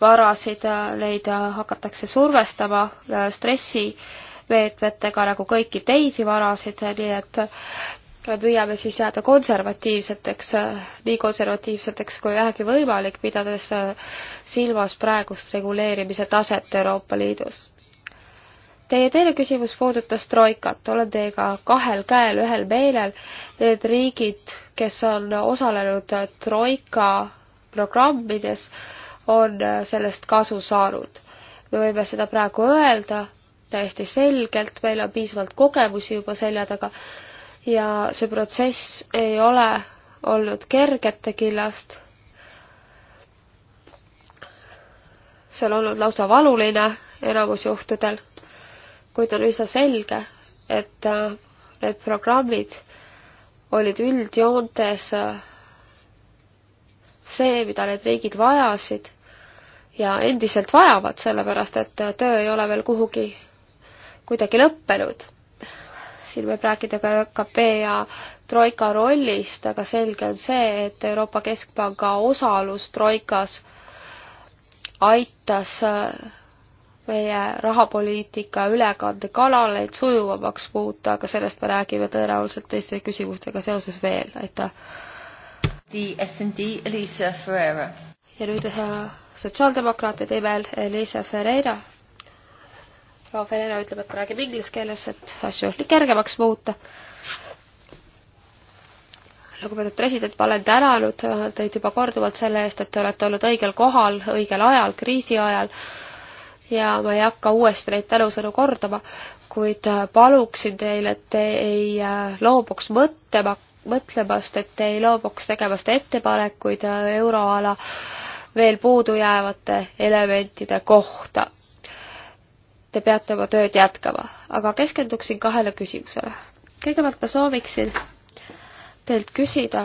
varasid, äh, neid hakatakse survestama äh, stressi meetmetega nagu kõiki teisi varasid, nii et püüame siis jääda konservatiivseteks, nii konservatiivseteks kui vähegi võimalik, pidades äh, silmas praegust reguleerimise taset Euroopa Liidus. Teie teine küsimus puudutas Troikat, olen teiega kahel käel ühel meelel, need riigid, kes on osalenud Troika programmides, on äh, sellest kasu saanud. me võime seda praegu öelda täiesti selgelt, meil on piisavalt kogemusi juba selja taga ja see protsess ei ole olnud kergete killast. see on olnud lausa valuline enamus juhtudel, kuid on üsna selge, et äh, need programmid olid üldjoontes äh, see, mida need riigid vajasid ja endiselt vajavad, sellepärast et äh, töö ei ole veel kuhugi kuidagi lõppenud siin võib rääkida ka ÖKP ja Troika rollist, aga selge on see, et Euroopa Keskpanga osalus Troikas aitas äh, meie rahapoliitika ülekandekanaleid sujuvamaks muuta, aga sellest me räägime tõenäoliselt teiste küsimustega seoses veel, aitäh. ja nüüd äh, sotsiaaldemokraatide nimel Elisa Ferreira proua Felena ütleb, et ta räägib inglise keeles, et asju kergemaks muuta. lugupeetud president, ma olen tänanud teid juba korduvalt selle eest, et te olete olnud õigel kohal õigel ajal, kriisi ajal ja ma ei hakka uuesti neid tänusõnu kordama, kuid paluksin teil, et te ei loobuks mõtlema, mõtlemast, et te ei loobuks tegemast ettepanekuid euroala veel puudujäävate elementide kohta te peate oma tööd jätkama, aga keskenduksin kahele küsimusele. kõigepealt ma sooviksin teilt küsida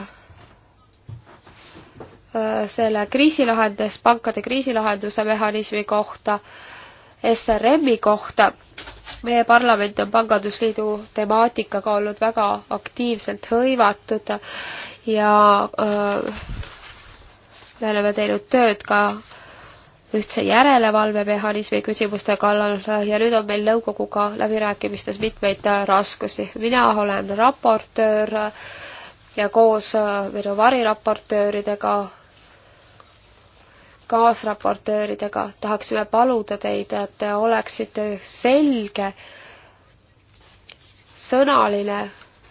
äh, selle kriisilahendus, pankade kriisilahenduse mehhanismi kohta, SRM-i kohta. meie parlament on Pangandusliidu temaatikaga olnud väga aktiivselt hõivatud ja öö, äh, me oleme teinud tööd ka öö, ühtse järelevalvemehhanismi küsimuste kallal äh, ja nüüd on meil nõukoguga läbirääkimistes mitmeid äh, raskusi. mina olen raportöör äh, ja koos minu variraportööridega, kaasraportööridega tahaksime paluda teid, et te oleksite selge sõnaline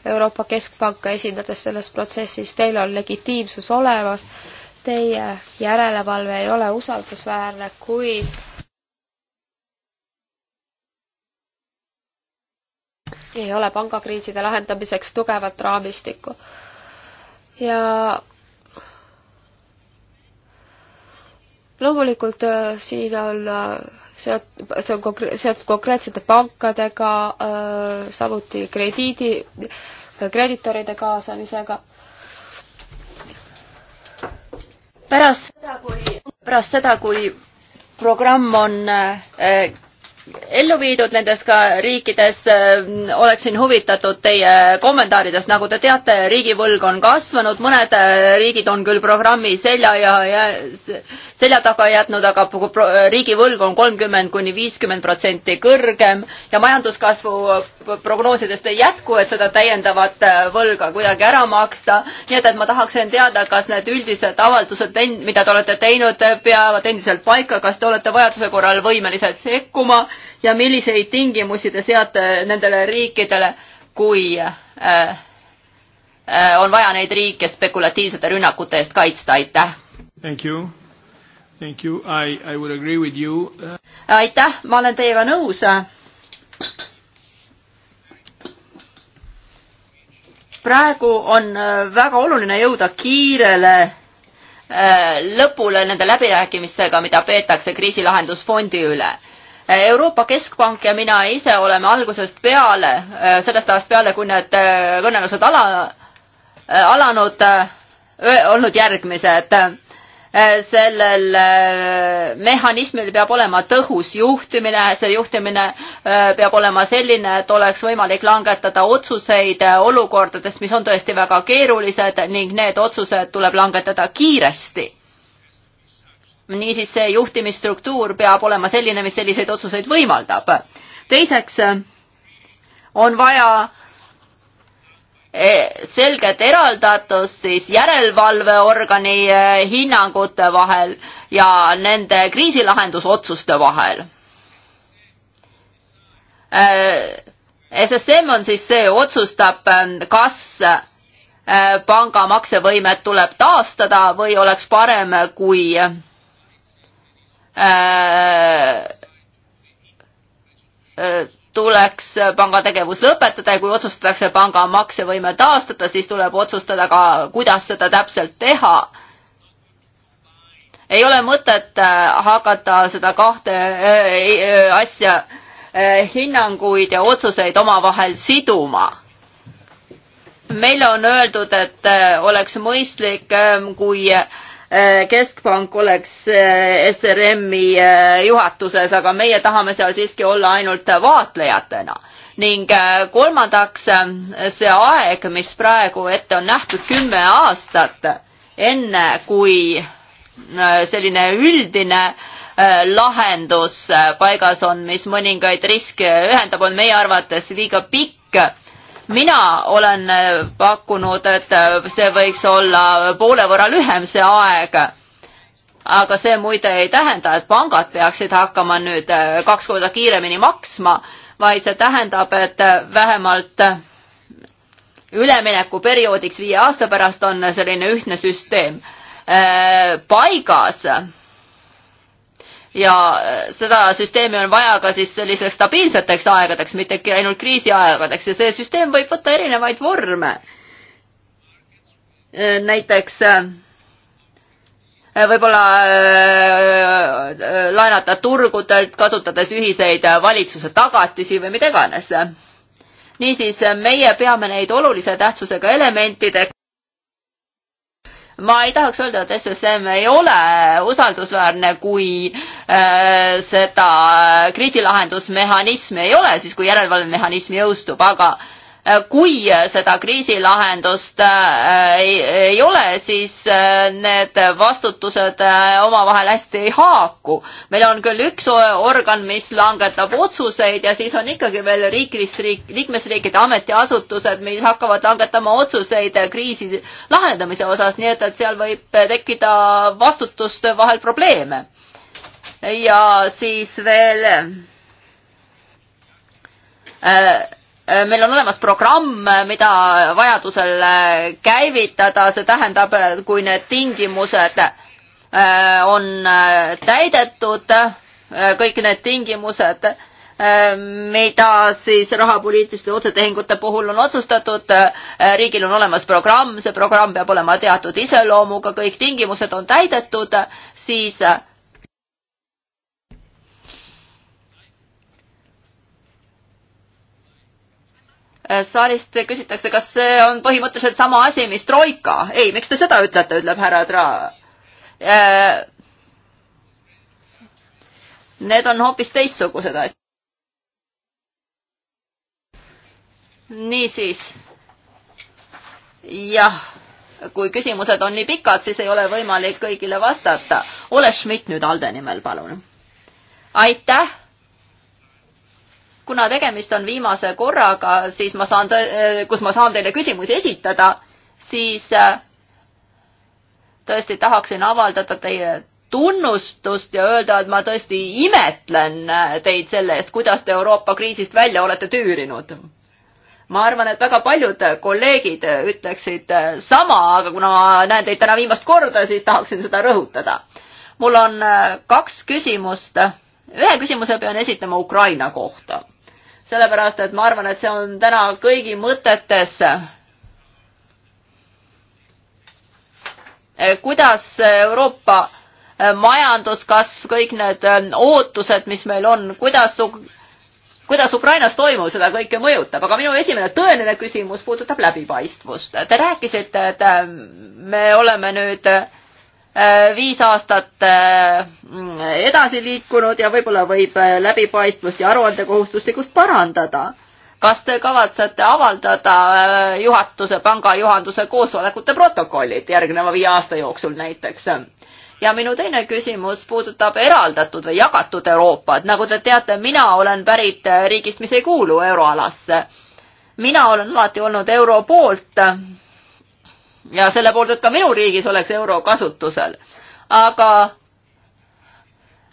Euroopa Keskpanka esindades selles protsessis, teil on legitiimsus olemas Teie järelevalve ei ole usaldusväärne, kui ei ole pangakriiside lahendamiseks tugevat raamistikku. ja loomulikult äh, siin on äh, seot-, see on konkre-, seotud konkreetsete pankadega, äh, samuti krediidi, kreditoride kaasamisega pärast seda, kui, pärast seda, kui programm on äh, ellu viidud nendes ka riikides. Äh, oleksin huvitatud teie kommentaaridest, nagu te teate, riigivõlg on kasvanud, mõned äh, riigid on küll programmi selja ja, ja selja taga jätnud, aga riigivõlg on kolmkümmend kuni viiskümmend protsenti kõrgem ja majanduskasvu prognoosidest ei jätku, et seda täiendavat äh, võlga kuidagi ära maksta. nii et, et ma tahaksin teada, kas need üldised avaldused, mida te olete teinud, peavad endiselt paika, kas te olete vajaduse korral võimelised sekkuma ja milliseid tingimusi te seate nendele riikidele, kui äh, äh, on vaja neid riike spekulatiivsete rünnakute eest kaitsta, aitäh! aitäh, ma olen teiega nõus. praegu on äh, väga oluline jõuda kiirele lõpule nende läbirääkimistega, mida peetakse kriisilahendusfondi üle Euroopa Keskpank ja mina ise oleme algusest peale, äh, sellest ajast peale, kui need äh, kõnelused ala, äh, alanud, olnud järgmised. sellel mehhanismil peab olema tõhus juhtimine, see juhtimine peab olema selline, et oleks võimalik langetada otsuseid olukordades, mis on tõesti väga keerulised ning need otsused tuleb langetada kiiresti niisiis see juhtimisstruktuur peab olema selline, mis selliseid otsuseid võimaldab. teiseks äh, on vaja äh, selget eraldatust siis järelevalveorgani äh, hinnangute vahel ja nende kriisilahendusotsuste vahel. SSM on siis see, otsustab, kas panga maksevõimet tuleb taastada või oleks parem, kui Äh, äh, tuleks panga tegevus lõpetada ja kui otsustatakse panga maksevõime taastada, siis tuleb otsustada ka, kuidas seda täpselt teha. ei ole mõtet äh, hakata seda kahte asja, hinnanguid ja otsuseid omavahel siduma meile on öeldud, et oleks mõistlik, ähm, kui Eh, keskpank oleks eh, SRM-i eh, juhatuses, aga meie tahame seal siiski olla ainult vaatlejatena. ning kolmandaks, see aeg, mis praegu ette on nähtud kümme aastat, enne kui selline üldine lahendus paigas on, mis mõningaid riske ühendab, on meie arvates liiga pikk pikk mina olen äh, pakkunud, et äh, see võiks olla poole võrra lühem, see aeg. aga see muide ei tähenda, et pangad peaksid hakkama nüüd äh, kaks korda kiiremini maksma, vaid see tähendab, et vähemalt üleminekuperioodiks viie aasta pärast on selline ühtne süsteem paigas ja äh, seda süsteemi on vaja ka siis selliseks stabiilseteks aegadeks, mitte ainult kriisiaegadeks ja see süsteem võib võtta erinevaid vorme. Äh, näiteks äh, võib-olla äh, laenata turgudelt, kasutades ühiseid valitsuse tagatisi või mida iganes. niisiis, meie peame neid olulise tähtsusega elementideks ma ei tahaks öelda, et SSM ei ole usaldusväärne, kui äh, seda kriisilahendusmehhanismi ei ole, siis kui järelevalvemehhanism jõustub, aga äh, Äh, kui äh, seda kriisilahendust äh, ei, ei ole, siis need vastutused omavahel hästi ei haaku. meil on küll üks organ, mis langetab otsuseid ja siis on ikkagi veel riiklist riik, liikmesriikide ametiasutused, mis hakkavad langetama otsuseid kriisi lahendamise osas, nii et, et seal võib tekkida vastutuste vahel probleeme. ja siis veel äh, Äh, meil on olemas programm, äh, mida vajadusel äh, käivitada, see tähendab, kui need tingimused on täidetud, kõik need tingimused, mida siis rahapoliitiliste otsetehingute puhul on otsustatud, riigil on olemas programm, see programm peab olema teatud iseloomuga, kõik tingimused on täidetud, siis Äh, saalist küsitakse, kas see on põhimõtteliselt sama asi, mis troika. ei, miks te seda ütlete, ütleb härra Tra-. Äh, need on hoopis teistsugused asjad. niisiis. jah, kui küsimused on nii pikad, siis ei ole võimalik kõigile vastata. Ole Schmidt nüüd Alde nimel, palun. aitäh kuna tegemist on viimase korraga, siis ma saan, äh, kus ma saan teile küsimusi esitada, siis äh, tõesti tahaksin avaldada teie tunnustust ja öelda, et ma tõesti imetlen äh, teid selle eest, kuidas te Euroopa kriisist välja olete tüürinud. ma arvan, et väga paljud kolleegid ütleksid sama, aga kuna ma näen teid täna viimast korda, siis tahaksin seda rõhutada. mul on kaks küsimust. ühe küsimuse pean esitama Ukraina kohta sellepärast et ma arvan, et see on täna kõigi mõtetes. kuidas Euroopa majanduskasv, kõik need ootused, mis meil on, kuidas, kuidas Ukrainas toimuv seda kõike mõjutab, aga minu esimene tõeline küsimus puudutab läbipaistvust. Te rääkisite, et me oleme nüüd äh, Äh, viis aastat äh, edasi liikunud ja võib-olla võib äh, läbipaistvust ja aruandekohustuslikkust parandada. kas te kavatsete avaldada juhatuse, panga juhatuse koosolekute protokollid järgneva viie aasta jooksul näiteks? ja minu teine küsimus puudutab eraldatud või jagatud Euroopat. nagu te teate, mina olen pärit riigist, mis ei kuulu euroalasse. mina olen alati olnud euro poolt ja selle poolt, et ka minu riigis oleks euro kasutusel. aga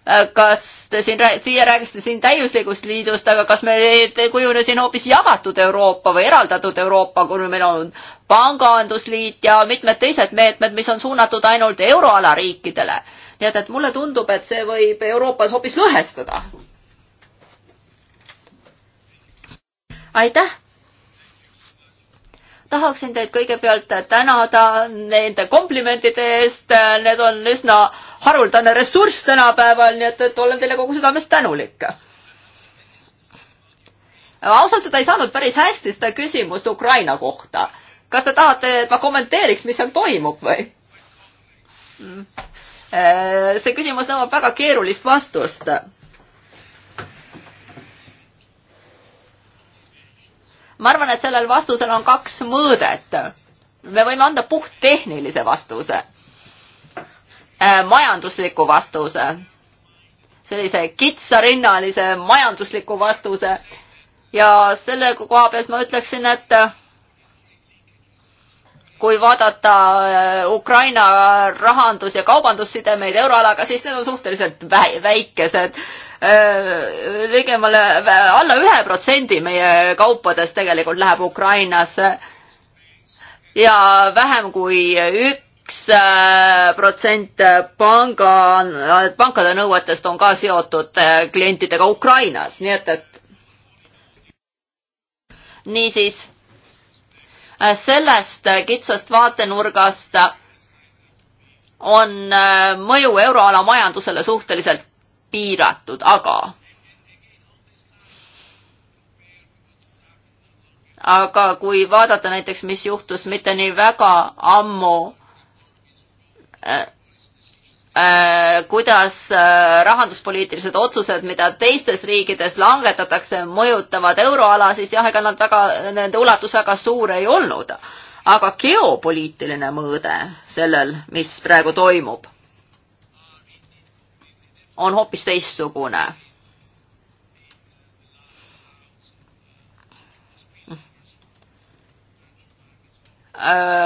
äh, kas te siin, teie rääkisite siin täiuslikust liidust, aga kas me kujunesin hoopis jagatud Euroopa või eraldatud Euroopa, kui meil on pangandusliit ja mitmed teised meetmed, mis on suunatud ainult euroala riikidele. nii et, et mulle tundub, et see võib Euroopas hoopis lõhestada. aitäh tahaksin teid kõigepealt tänada nende komplimentide eest, need on üsna haruldane ressurss tänapäeval, nii et, et olen teile kogu südamest tänulik. ausalt öelda ei saanud päris hästi seda küsimust Ukraina kohta. kas te tahate, et ma kommenteeriks, mis seal toimub või? Mm. Äh, see küsimus nõuab väga keerulist vastust ma arvan, et sellel vastusel on kaks mõõdet. me võime anda puhttehnilise vastuse äh,, majandusliku vastuse, sellise kitsarinnalise majandusliku vastuse ja selle koha pealt ma ütleksin, et äh, kui vaadata äh, Ukraina rahandus- ja kaubandussidemeid euroalaga, siis need on suhteliselt väikesed. Äh, ligemale alla ühe protsendi meie kaupadest tegelikult läheb Ukrainasse ja vähem kui üks äh, protsent panga, pankade nõuetest on ka seotud äh, klientidega Ukrainas, nii et, et niisiis sellest kitsast vaatenurgast on mõju euroala majandusele suhteliselt piiratud, aga aga kui vaadata näiteks, mis juhtus mitte nii väga ammu äh,, äh, kuidas äh, rahanduspoliitilised otsused, mida teistes riikides langetatakse, mõjutavad euroala, siis jah, ega nad väga, nende ulatus väga suur ei olnud. aga geopoliitiline mõõde sellel, mis praegu toimub on hoopis teistsugune.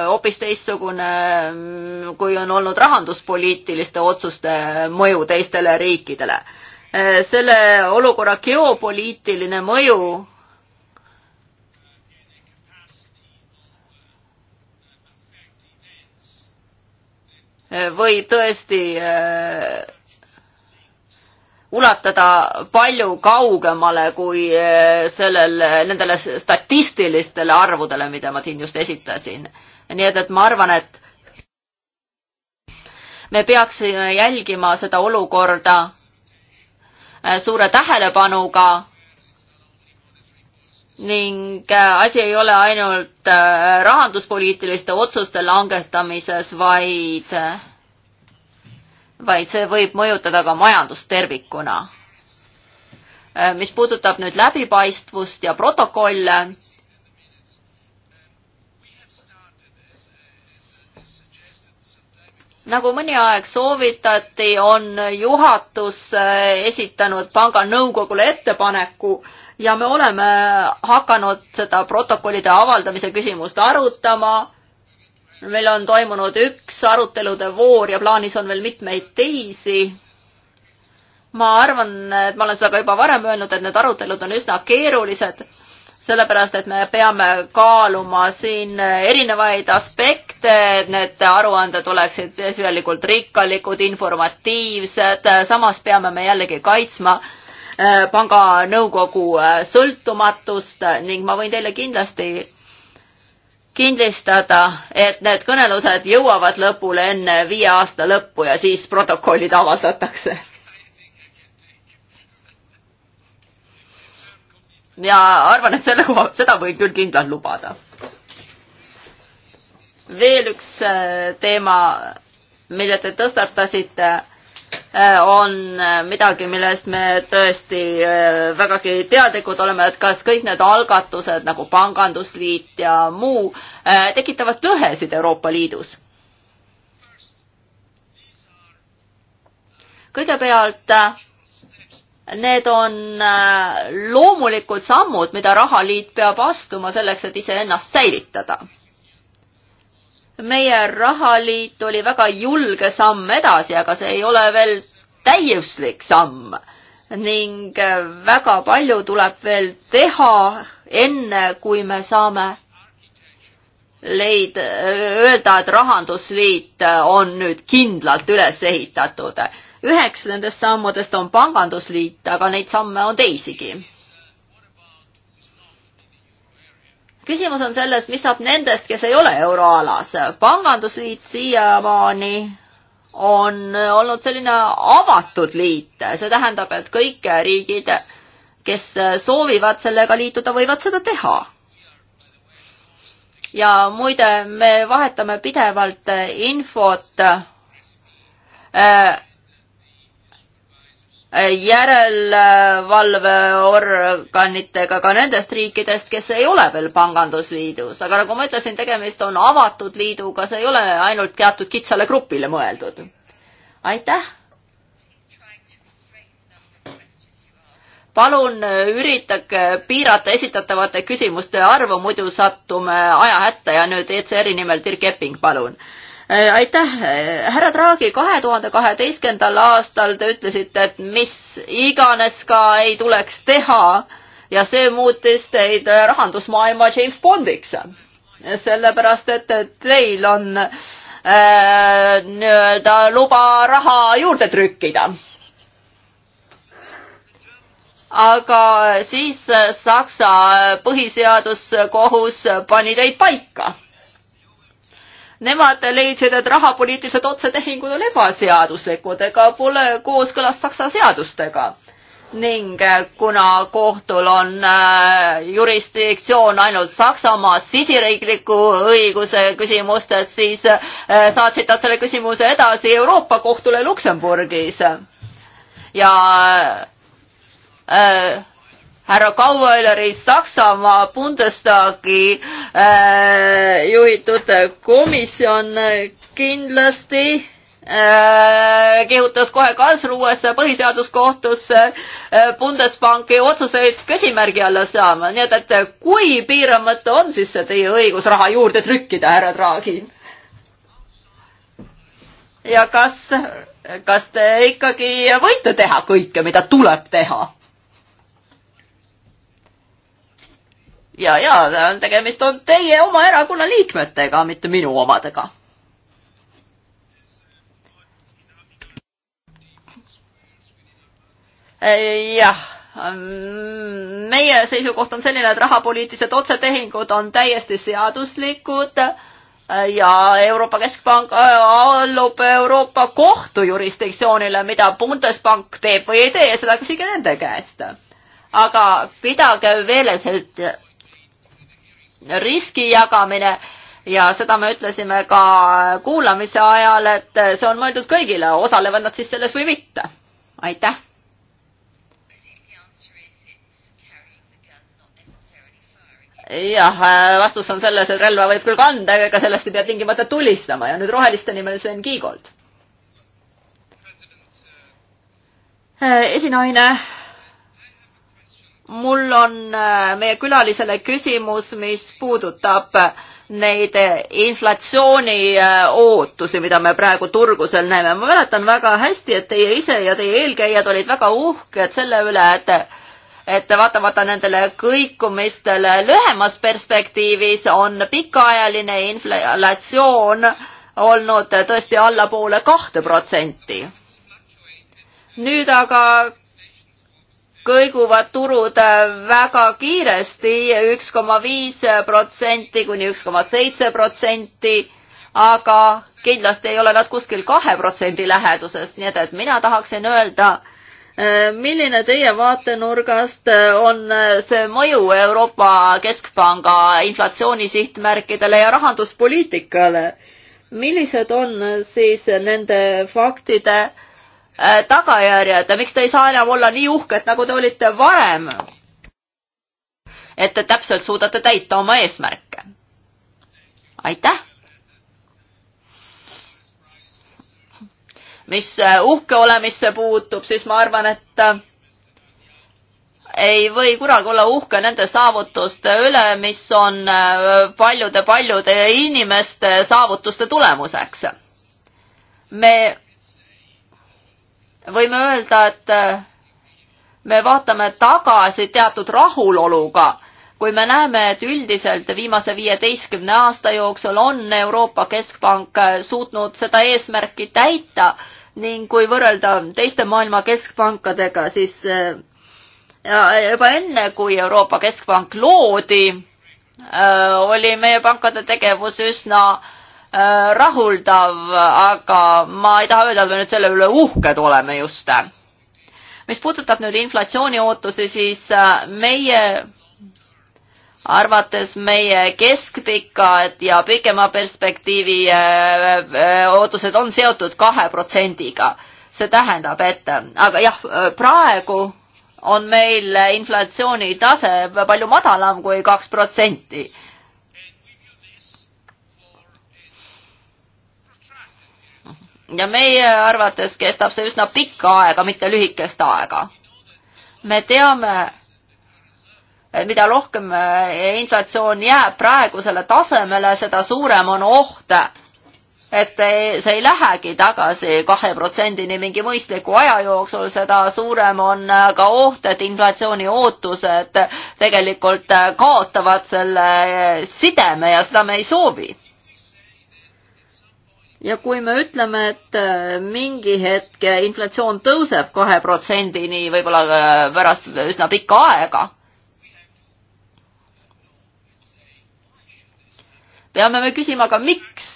hoopis teistsugune, kui on olnud rahanduspoliitiliste otsuste mõju teistele riikidele. selle olukorra geopoliitiline mõju võib tõesti ulatada palju kaugemale kui eh, sellel, eh, nendele statistilistele arvudele, mida ma siin just esitasin. nii et, et ma arvan, et me peaksime jälgima seda olukorda eh, suure tähelepanuga ning asi ei ole ainult rahanduspoliitiliste otsuste langetamises, vaid vaid see võib mõjutada ka majandust tervikuna. Äh, mis puudutab nüüd läbipaistvust ja protokolle, nagu mõni aeg soovitati, on juhatus äh, esitanud panga nõukogule ettepaneku ja me oleme hakanud seda protokollide avaldamise küsimust arutama meil on toimunud üks arutelude voor ja plaanis on veel mitmeid teisi. ma arvan, et ma olen seda ka juba varem öelnud, et need arutelud on üsna keerulised, sellepärast et me peame kaaluma siin erinevaid aspekte, et need aruanded oleksid siselikult rikkalikud, informatiivsed, samas peame me jällegi kaitsma eh, panga nõukogu eh, sõltumatust ning ma võin teile kindlasti kindlustada, et need kõnelused jõuavad lõpule enne viie aasta lõppu ja siis protokollid avaldatakse. ja arvan, et selle, seda võin küll kindlalt lubada. veel üks äh, teema, mille te tõstatasite Äh, on äh, midagi, millest me tõesti äh, vägagi teadlikud oleme, et kas kõik need algatused nagu pangandusliit ja muu tekitavad lõhesid Euroopa Liidus. kõigepealt need on loomulikud sammud, mida rahaliit peab astuma selleks, et iseennast säilitada meie rahaliit oli väga julge samm edasi, aga see ei ole veel täiuslik samm ning äh, väga palju tuleb veel teha, enne kui me saame leid-, äh, öelda, et Rahandusliit äh, on nüüd kindlalt üles ehitatud. üheks nendest sammudest on Pangandusliit, aga neid samme on teisigi küsimus on selles, mis saab nendest, kes ei ole euroalas. pangandusliit siiamaani on olnud selline avatud liit, see tähendab, et kõik riigid, kes soovivad sellega liituda, võivad seda teha. ja muide, me vahetame pidevalt infot äh, Äh, järelevalveorganitega ka nendest riikidest, kes ei ole veel pangandusliidus, aga nagu ma ütlesin, tegemist on avatud liiduga, see ei ole ainult teatud kitsale grupile mõeldud. aitäh! palun üritage piirata esitatavate küsimuste arvu, muidu sattume ajahätta ja nüüd ECR-i nimel Dirk Epping, palun Äh, aitäh, härra Draghi, kahe tuhande kaheteistkümnendal aastal te ütlesite, et mis iganes ka ei tuleks teha ja see muutis teid rahandusmaailma James Bondiks. sellepärast, et teil on äh, nii-öelda luba raha juurde trükkida aga siis Saksa põhiseaduskohus pani teid paika Nemad leidsid, et rahapoliitilised otsetehingud on ebaseaduslikud ega pole kooskõlas Saksa seadustega ning eh, kuna kohtul on eh, jurisdiktsioon ainult Saksamaas siseriikliku õiguse küsimustes, siis eh, saatsid nad selle küsimuse edasi Euroopa kohtule Luksemburgis. ja äh, härra Kaueleri Saksamaa Bundestagi äh, juhitud komisjon kindlasti äh, kihutas kohe Karlsruuesse põhiseaduskohtusse äh, Bundesbanki otsuseid küsimärgi alla saama, nii et, et kui piiramatu on siis see teie õigus raha juurde trükkida, härra Draghi? ja kas, kas te ikkagi võite teha kõike, mida tuleb teha? ja, ja tegemist on teie oma erakonna liikmetega, mitte minu omadega. jah, meie seisukoht on selline, et rahapoliitilised otsetehingud on täiesti seaduslikud ja Euroopa Keskpank allub Euroopa Kohtu jurisdiktsioonile, mida Bundesbank teeb või ei tee, seda küsige nende käest. aga pidage meeles, et riski jagamine ja seda me ütlesime ka kuulamise ajal, et see on mõeldud kõigile, osalevad nad siis selles või mitte. aitäh. jah, vastus on selles, et relva võib küll kanda, aga ega sellest ei pea tingimata tulistama ja nüüd roheliste nimel Sven Kiigold. esinaine mul on äh, meie külalisele küsimus, mis puudutab äh, neid äh, inflatsiooni ootusi, mida me praegu turgusel näeme. ma mäletan väga hästi, et teie ise ja teie eelkäijad olid väga uhked selle üle, et et vaatamata nendele kõikumistele lühemas perspektiivis on pikaajaline inflatsioon olnud tõesti allapoole kahte protsenti. nüüd aga kõiguvad turud äh, väga kiiresti, üks koma viis protsenti kuni üks koma seitse protsenti, aga kindlasti ei ole nad kuskil kahe protsendi läheduses, nii et, et mina tahaksin öelda, äh, milline teie vaatenurgast äh, on see mõju Euroopa Keskpanga inflatsiooni sihtmärkidele ja rahanduspoliitikale? millised on siis nende faktide Äh, tagajärjed, miks te ei saa enam olla nii uhked, nagu te olite varem? et te täpselt suudate täita oma eesmärke. aitäh! mis äh, uhke olemisse puutub, siis ma arvan, et äh, ei või kunagi olla uhke nende saavutuste üle, mis on paljude-paljude inimeste saavutuste tulemuseks. me võime öelda, et äh, me vaatame tagasi teatud rahuloluga, kui me näeme, et üldiselt viimase viieteistkümne aasta jooksul on Euroopa Keskpank äh, suutnud seda eesmärki täita ning kui võrrelda teiste maailma keskpankadega, siis äh, juba enne, kui Euroopa Keskpank loodi, oli meie pankade tegevus üsna äh, Äh, rahuldav, aga ma ei taha öelda, et me nüüd selle üle uhked oleme just. mis puudutab nüüd inflatsiooni ootusi, siis äh, meie arvates meie keskpika ja pikema perspektiivi äh, ootused on seotud kahe protsendiga. see tähendab, et aga jah, praegu on meil inflatsioonitase palju madalam kui kaks protsenti ja meie arvates kestab see üsna pikka aega, mitte lühikest aega. me teame, mida rohkem eh, inflatsioon jääb praegusele tasemele, seda suurem on oht, et see ei lähegi tagasi kahe protsendini mingi mõistliku aja jooksul, seda suurem on ka oht, et inflatsiooni ootused tegelikult kaotavad selle sideme ja seda me ei soovi ja kui me ütleme, et äh, mingi hetk inflatsioon tõuseb kahe protsendini võib-olla äh, pärast üsna pikka aega, peame me küsima ka, miks?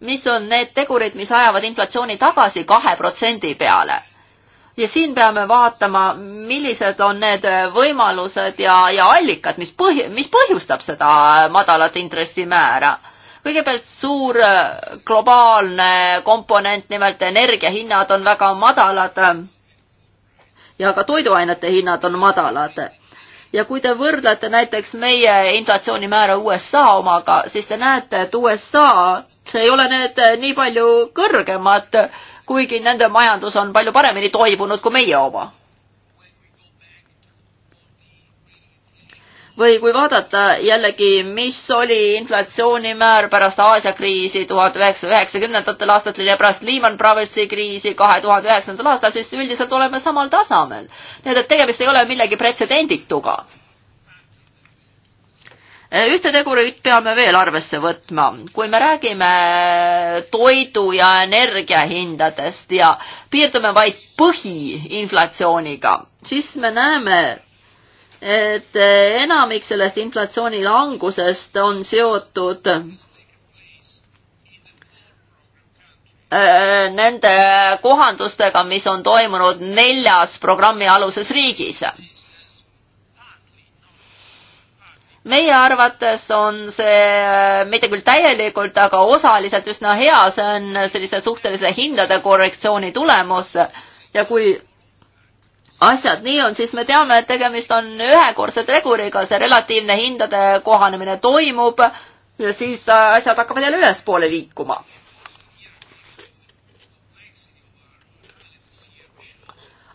mis on need tegurid, mis ajavad inflatsiooni tagasi kahe protsendi peale? ja siin peame vaatama, millised on need võimalused ja, ja allikad, mis põhi, mis põhjustab seda madalat intressimäära kõigepealt suur äh, globaalne komponent, nimelt energiahinnad on väga madalad ja ka toiduainete hinnad on madalad. ja kui te võrdlete näiteks meie inflatsioonimäära USA omaga, siis te näete, et USA ei ole need äh, nii palju kõrgemad, kuigi nende majandus on palju paremini toibunud kui meie oma või kui vaadata jällegi, mis oli inflatsioonimäär pärast Aasia kriisi tuhat üheksasaja üheksakümnendatel aastatel ja pärast Lehman Brothersi kriisi kahe tuhande üheksandal aastal, siis üldiselt oleme samal tasemel. nii et, et tegemist ei ole millegi pretsedendituga. ühte tegurit peame veel arvesse võtma, kui me räägime toidu ja energiahindadest ja piirdume vaid põhiinflatsiooniga, siis me näeme, et enamik sellest inflatsiooni langusest on seotud äh, nende kohandustega, mis on toimunud neljas programmi aluses riigis. meie arvates on see äh, mitte küll täielikult, aga osaliselt üsna hea, see on sellise suhtelise hindade korrektsiooni tulemus ja kui asjad nii on, siis me teame, et tegemist on ühekordse teguriga, see relatiivne hindade kohanemine toimub ja siis asjad hakkavad jälle ülespoole liikuma.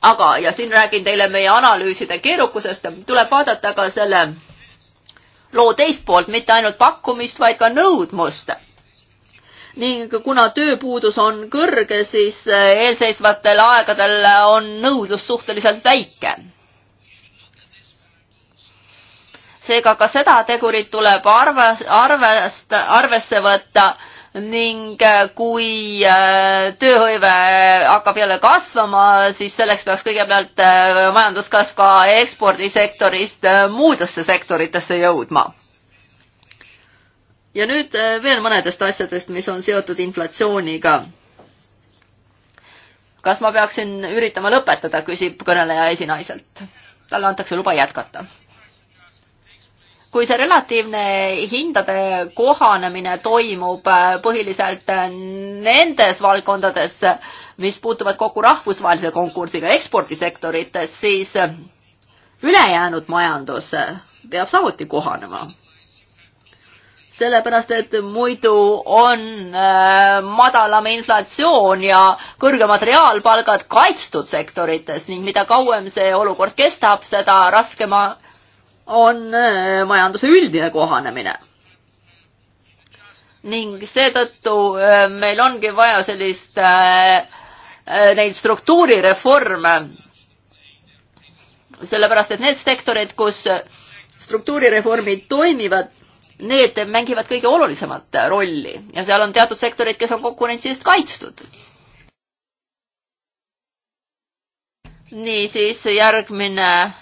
aga, ja siin räägin teile meie analüüside keerukusest, tuleb vaadata ka selle loo teist poolt, mitte ainult pakkumist, vaid ka nõudmust ning kuna tööpuudus on kõrge, siis eh, eelseisvatel aegadel eh, on nõudlus suhteliselt väike. seega ka seda tegurit tuleb arve, arvest, arvesse võtta ning eh, kui tööhõive hakkab jälle kasvama, siis selleks peaks kõigepealt majanduskasv ka ekspordisektorist muudesse sektoritesse jõudma ja nüüd äh, veel mõnedest asjadest, mis on seotud inflatsiooniga. kas ma peaksin üritama lõpetada, küsib kõneleja esinaiselt. talle antakse luba jätkata. kui see relatiivne hindade kohanemine toimub äh, põhiliselt äh, nendes valdkondades, mis puutuvad kokku rahvusvahelise konkursiga ekspordisektorites, siis ülejäänud majandus peab samuti kohanema sellepärast et muidu on äh, madalam inflatsioon ja kõrgemad reaalpalgad kaitstud sektorites ning mida kauem see olukord kestab, seda raskema on äh, majanduse üldine kohanemine ning seetõttu äh, meil ongi vaja sellist äh,, neid struktuurireforme. sellepärast, et need sektorid, kus struktuurireformid toimivad, need mängivad kõige olulisemat rolli ja seal on teatud sektorid, kes on konkurentsi eest kaitstud. niisiis järgmine äh,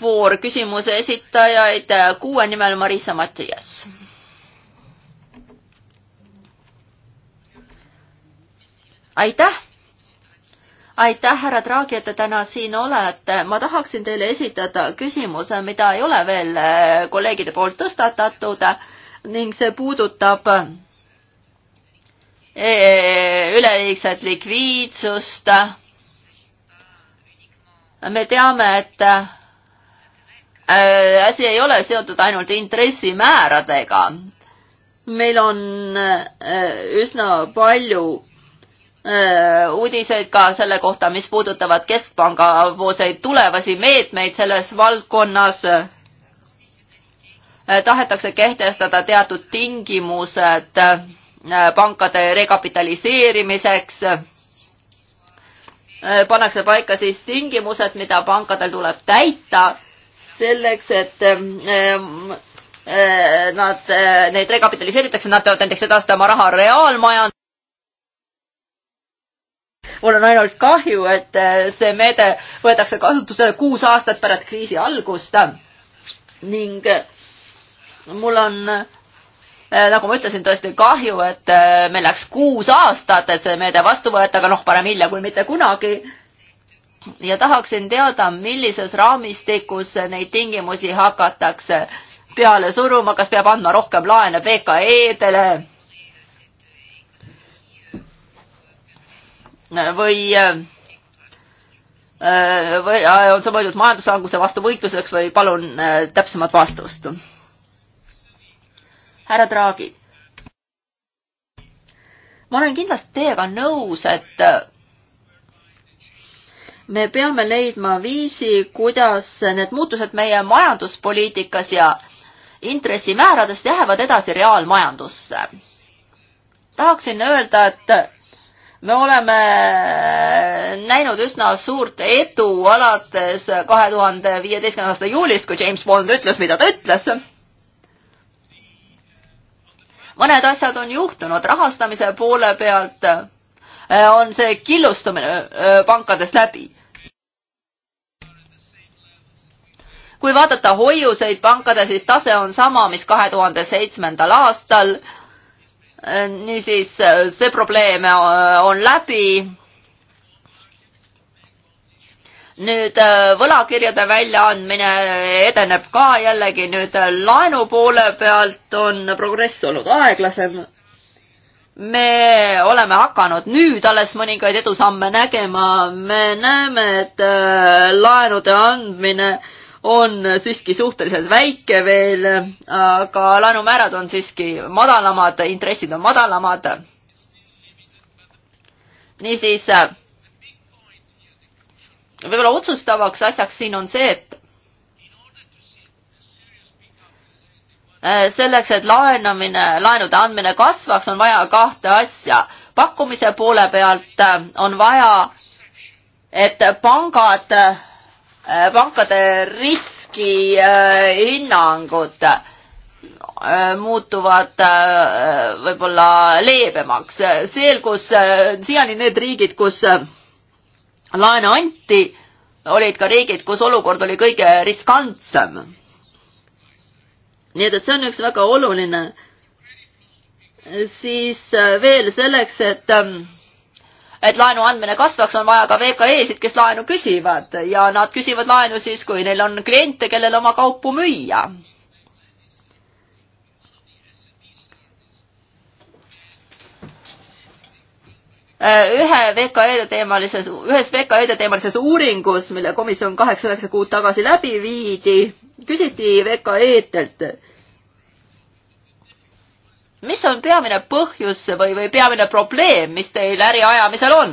voor küsimuse esitajaid, kuue nimel Marisa Matias. aitäh aitäh, härra Draagi, et te täna siin olete. ma tahaksin teile esitada küsimuse, mida ei ole veel äh, kolleegide poolt tõstatatud ning see puudutab äh, üleliigset likviidsust. me teame, et äh, asi ei ole seotud ainult intressimääradega. meil on üsna palju Äh, uudiseid ka selle kohta, mis puudutavad Keskpanga poolseid tulevasi meetmeid selles valdkonnas. Äh, tahetakse kehtestada teatud tingimused äh, pankade rekapitaliseerimiseks. pannakse paika siis tingimused, mida pankadel tuleb täita selleks, et ähm, nad, neid rekapitaliseeritakse, nad peavad näiteks edastama raha reaalmajandusele mul on ainult kahju, et äh, see meede võetakse kasutusele kuus aastat pärast kriisi algust ning äh, mul on äh, nagu ma ütlesin, tõesti kahju, et meil läks kuus aastat, et see meede vastu võeta, aga noh, parem hilja kui mitte kunagi. ja tahaksin teada, millises raamistikus neid tingimusi hakatakse peale suruma, kas peab andma rohkem laene VKE-dele? või äh, või äh, on see mõeldud majanduslanguse vastu võitluseks või palun äh, täpsemat vastust? härra Draghi. ma olen kindlasti teiega nõus, et me peame leidma viisi, kuidas need muutused meie majanduspoliitikas ja intressimääradest jäävad edasi reaalmajandusse. tahaksin öelda, et me oleme näinud üsna suurt edu alates kahe tuhande viieteistkümnenda aasta juulist, kui James Bond ütles, mida ta ütles. mõned asjad on juhtunud rahastamise poole pealt, eh, on see killustumine eh, pankadest läbi. kui vaadata hoiuseid pankade, siis tase on sama, mis kahe tuhande seitsmendal aastal niisiis see probleem äh, on läbi. nüüd äh, võlakirjade väljaandmine edeneb ka jällegi nüüd äh, laenu poole pealt on progress olnud aeglasem. me oleme hakanud nüüd alles mõningaid edusamme nägema, me näeme, et laenude andmine äh, on siiski suhteliselt väike veel, aga laenumäärad on siiski madalamad, intressid on madalamad. niisiis võib-olla otsustavaks asjaks siin on see, et selleks, et laenamine, laenude andmine kasvaks, on vaja kahte asja. pakkumise poole pealt on vaja, et pangad Äh, pankade riskihinnangud äh, äh, muutuvad võib-olla leebemaks. seal, kus siiani need riigid, kus laene anti, olid ka riigid, kus olukord oli kõige riskantsem. nii et, et see on üks väga oluline. siis veel selleks, et ähm, et laenu andmine kasvaks, on vaja ka VKE-sid, kes laenu küsivad ja nad küsivad laenu siis, kui neil on kliente, kellel oma kaupu müüa. Äh, ühe VKE-de teemalises, ühes VKE-de teemalises uuringus, mille komisjon kaheksa-üheksa kuud tagasi läbi viidi, küsiti VKE-delt mis on peamine põhjus või, või peamine probleem, mis teil äri ajamisel on?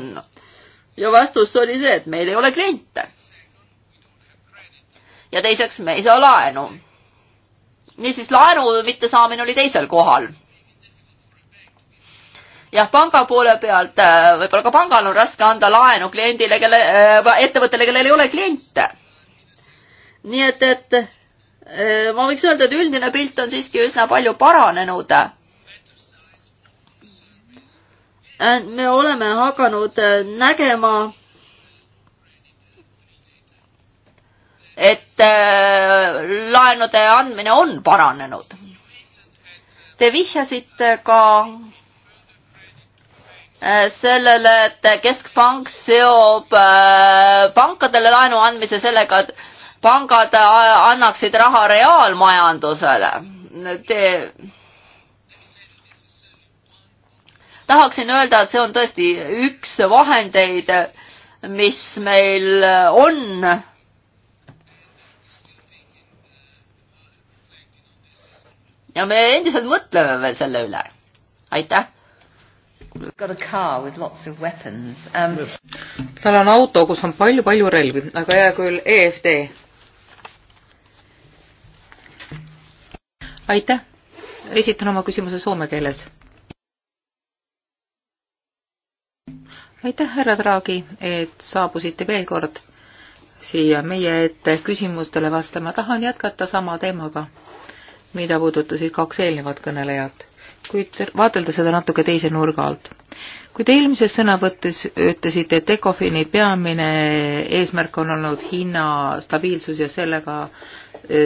ja vastus oli see, et meil ei ole kliente. ja teiseks, me ei saa laenu. niisiis, laenu mittesaamine oli teisel kohal. jah, panga poole pealt, äh, võib-olla ka pangal on raske anda laenu kliendile, kelle, äh, ettevõttele, kellel ei ole kliente. nii et, et äh, ma võiks öelda, et üldine pilt on siiski üsna palju paranenud Äh, me oleme hakanud äh, nägema et äh, laenude andmine on paranenud. Te vihjasite ka sellele, et keskpank seob pankadele laenu andmise sellega, et pangad annaksid raha reaalmajandusele. Te tahaksin öelda, et see on tõesti üks vahendeid, mis meil on ja me endiselt mõtleme veel selle üle. aitäh. Um... tal on auto, kus on palju-palju relvi, aga hea küll, EFD. aitäh, esitan oma küsimuse soome keeles aitäh, härra Draagi, et saabusite veel kord siia meie ette küsimustele vastama. tahan jätkata sama teemaga, mida puudutasid kaks eelnevat kõnelejat, kuid vaadelda seda natuke teise nurga alt. kuid eelmises sõnavõttes ütlesite, et ECOFIN-i peamine eesmärk on olnud hinna stabiilsus ja sellega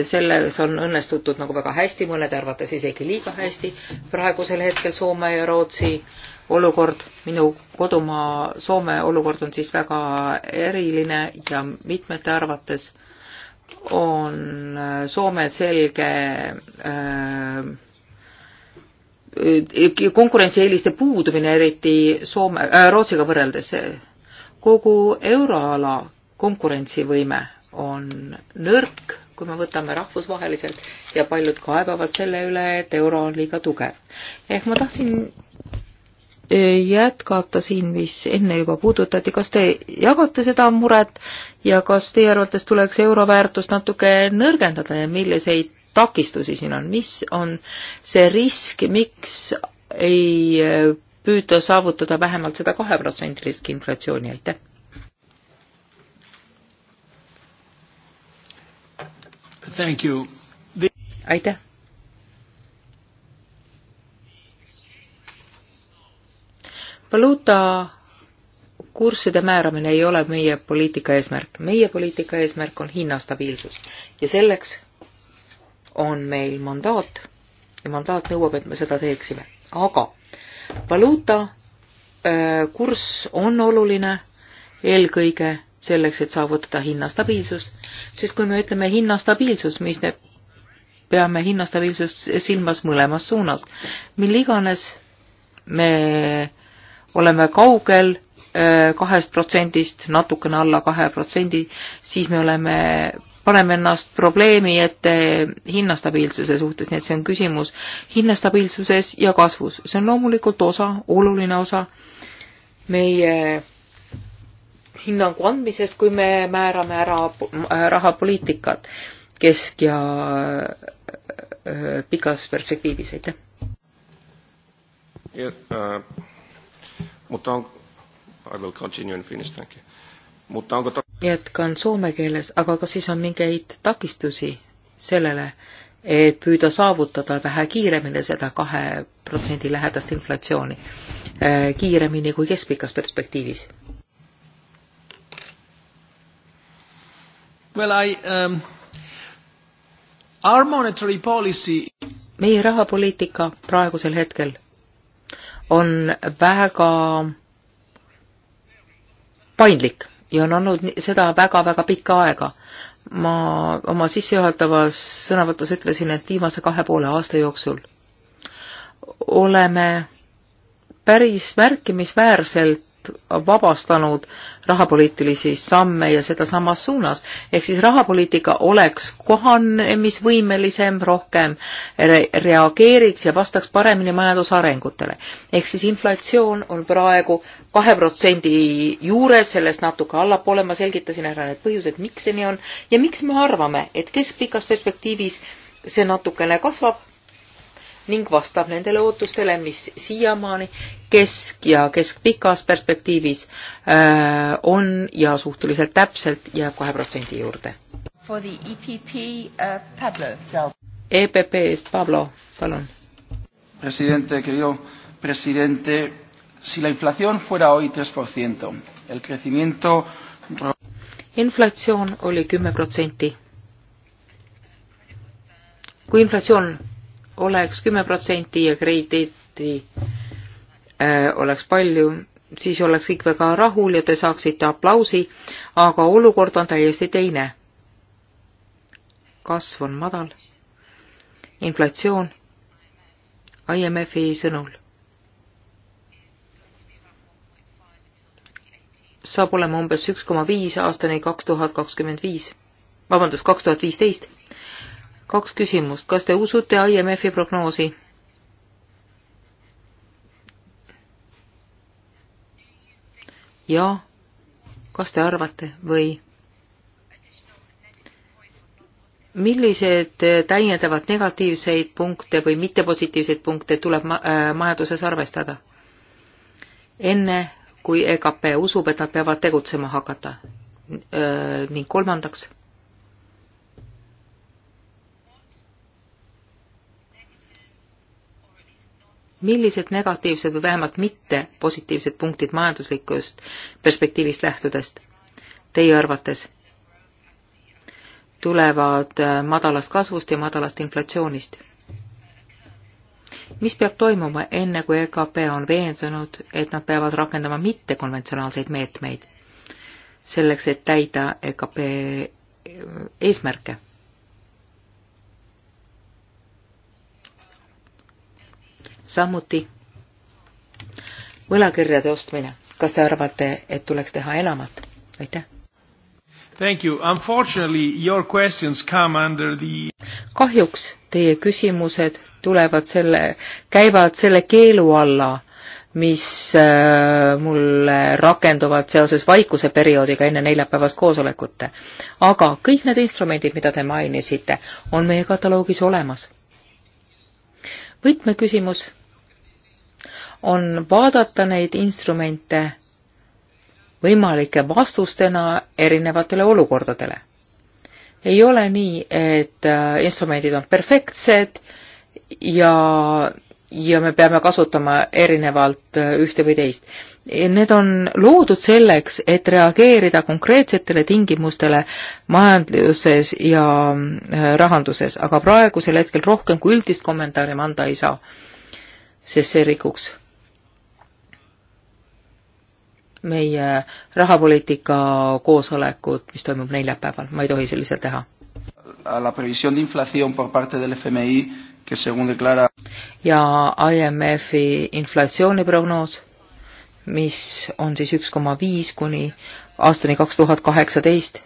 selles on õnnestutud nagu väga hästi, mõnede arvates isegi liiga hästi. praegusel hetkel Soome ja Rootsi äh, olukord, minu kodumaa Soome olukord on siis väga eriline ja mitmete arvates on äh, Soome selge äh, konkurentsieeliste puudumine, eriti Soome äh,, Rootsiga võrreldes. kogu euroala konkurentsivõime on nõrk, kui me võtame rahvusvaheliselt ja paljud kaebavad selle üle, et euro on liiga tugev. ehk ma tahtsin jätkata siin, mis enne juba puudutati, kas te jagate seda muret ja kas teie arvates tuleks euro väärtust natuke nõrgendada ja milliseid takistusi siin on, mis on see risk, miks ei püüda saavutada vähemalt seda kaheprotsendilist inflatsiooni, aitäh! aitäh! valuuta kursside määramine ei ole meie poliitika eesmärk. meie poliitika eesmärk on hinnastabiilsus ja selleks on meil mandaat ja mandaat nõuab, et me seda teeksime. aga valuuta äh, kurss on oluline eelkõige selleks, et saavutada hinnastabiilsust, sest kui me ütleme hinnastabiilsus, mis ne-, peame hinnastabiilsust silmas mõlemas suunas, mille iganes me oleme kaugel kahest protsendist, natukene alla kahe protsendi, siis me oleme, paneme ennast probleemi ette hinnastabiilsuse suhtes, nii et see on küsimus hinnastabiilsuses ja kasvus. see on loomulikult osa, oluline osa meie hinnangu andmisest, kui me määrame ära äh, rahapoliitikat kesk- ja äh, pikas perspektiivis, aitäh. Uh, Mutta on... I will continue in Finnish, thank you. Mutta onko... Jatkan soome keeles, aga kas siis on mingeid takistusi sellele, et püüda saavutada vähe kiiremini seda kahe protsendi lähedast inflatsiooni, eh, kiiremini kui keskpikas perspektiivis? Well, I, um, our monetary policy meie rahapoliitika praegusel hetkel on väga paindlik ja on olnud seda väga-väga pikka aega. ma oma sissejuhatavas sõnavõtus ütlesin, et viimase kahe poole aasta jooksul oleme päris märkimisväärselt vabastanud rahapoliitilisi samme ja seda samas suunas. ehk siis rahapoliitika oleks kohanemisvõimelisem, rohkem re reageeriks ja vastaks paremini majandusarengutele. ehk siis inflatsioon on praegu kahe protsendi juures, sellest natuke allapoole, ma selgitasin ära need põhjused, miks see nii on ja miks me arvame, et keskpikas perspektiivis see natukene kasvab ning vastab nendele ootustele, mis siiamaani kesk- ja keskpikas perspektiivis äh, on ja suhteliselt täpselt jääb kahe protsendi juurde. EPP e uh, äh, Pablo, EPP-st Pablo, palun. Presidente, querido presidente, si la inflación fuera hoy tres por ciento, el crecimiento inflatsioon oli kümme protsenti. kui inflatsioon oleks kümme protsenti ja krediiti äh, oleks palju, siis oleks kõik väga rahul ja te saaksite aplausi, aga olukord on täiesti teine. kasv on madal, inflatsioon IMF-i sõnul saab olema umbes üks koma viis aastani kaks tuhat kakskümmend viis, vabandust, kaks tuhat viisteist kaks küsimust, kas te usute IMF-i prognoosi? ja kas te arvate või millised eh, täiendavad negatiivseid punkte või mittepositiivseid punkte tuleb ma eh, majanduses arvestada? enne kui EKP usub, et nad peavad tegutsema hakata. Eh, ning kolmandaks millised negatiivsed või vähemalt mitte positiivsed punktid majanduslikust perspektiivist lähtudest teie arvates tulevad äh, madalast kasvust ja madalast inflatsioonist? mis peab toimuma, enne kui EKP on veendunud, et nad peavad rakendama mittekonventsionaalseid meetmeid selleks, et täida EKP äh, eesmärke? samuti võlakirjade ostmine. kas te arvate, et tuleks teha enamat? aitäh. Thank you. Unfortunately your questions come under the kahjuks teie küsimused tulevad selle, käivad selle keelu alla, mis äh, mulle rakenduvad seoses vaikuseperioodiga enne neljapäevast koosolekut. aga kõik need instrumendid, mida te mainisite, on meie kataloogis olemas võtmeküsimus on vaadata neid instrumente võimalike vastustena erinevatele olukordadele. ei ole nii, et äh, instrumendid on perfektsed ja, ja me peame kasutama erinevalt äh, ühte või teist Need on loodud selleks, et reageerida konkreetsetele tingimustele majanduses ja äh, rahanduses, aga praegusel hetkel rohkem kui üldist kommentaari ma anda ei saa, sest see rikuks meie rahapoliitika koosolekut, mis toimub neljapäeval, ma ei tohi selliselt teha. ja IMF-i inflatsiooniprognoos mis on siis üks koma viis kuni aastani kaks tuhat kaheksateist.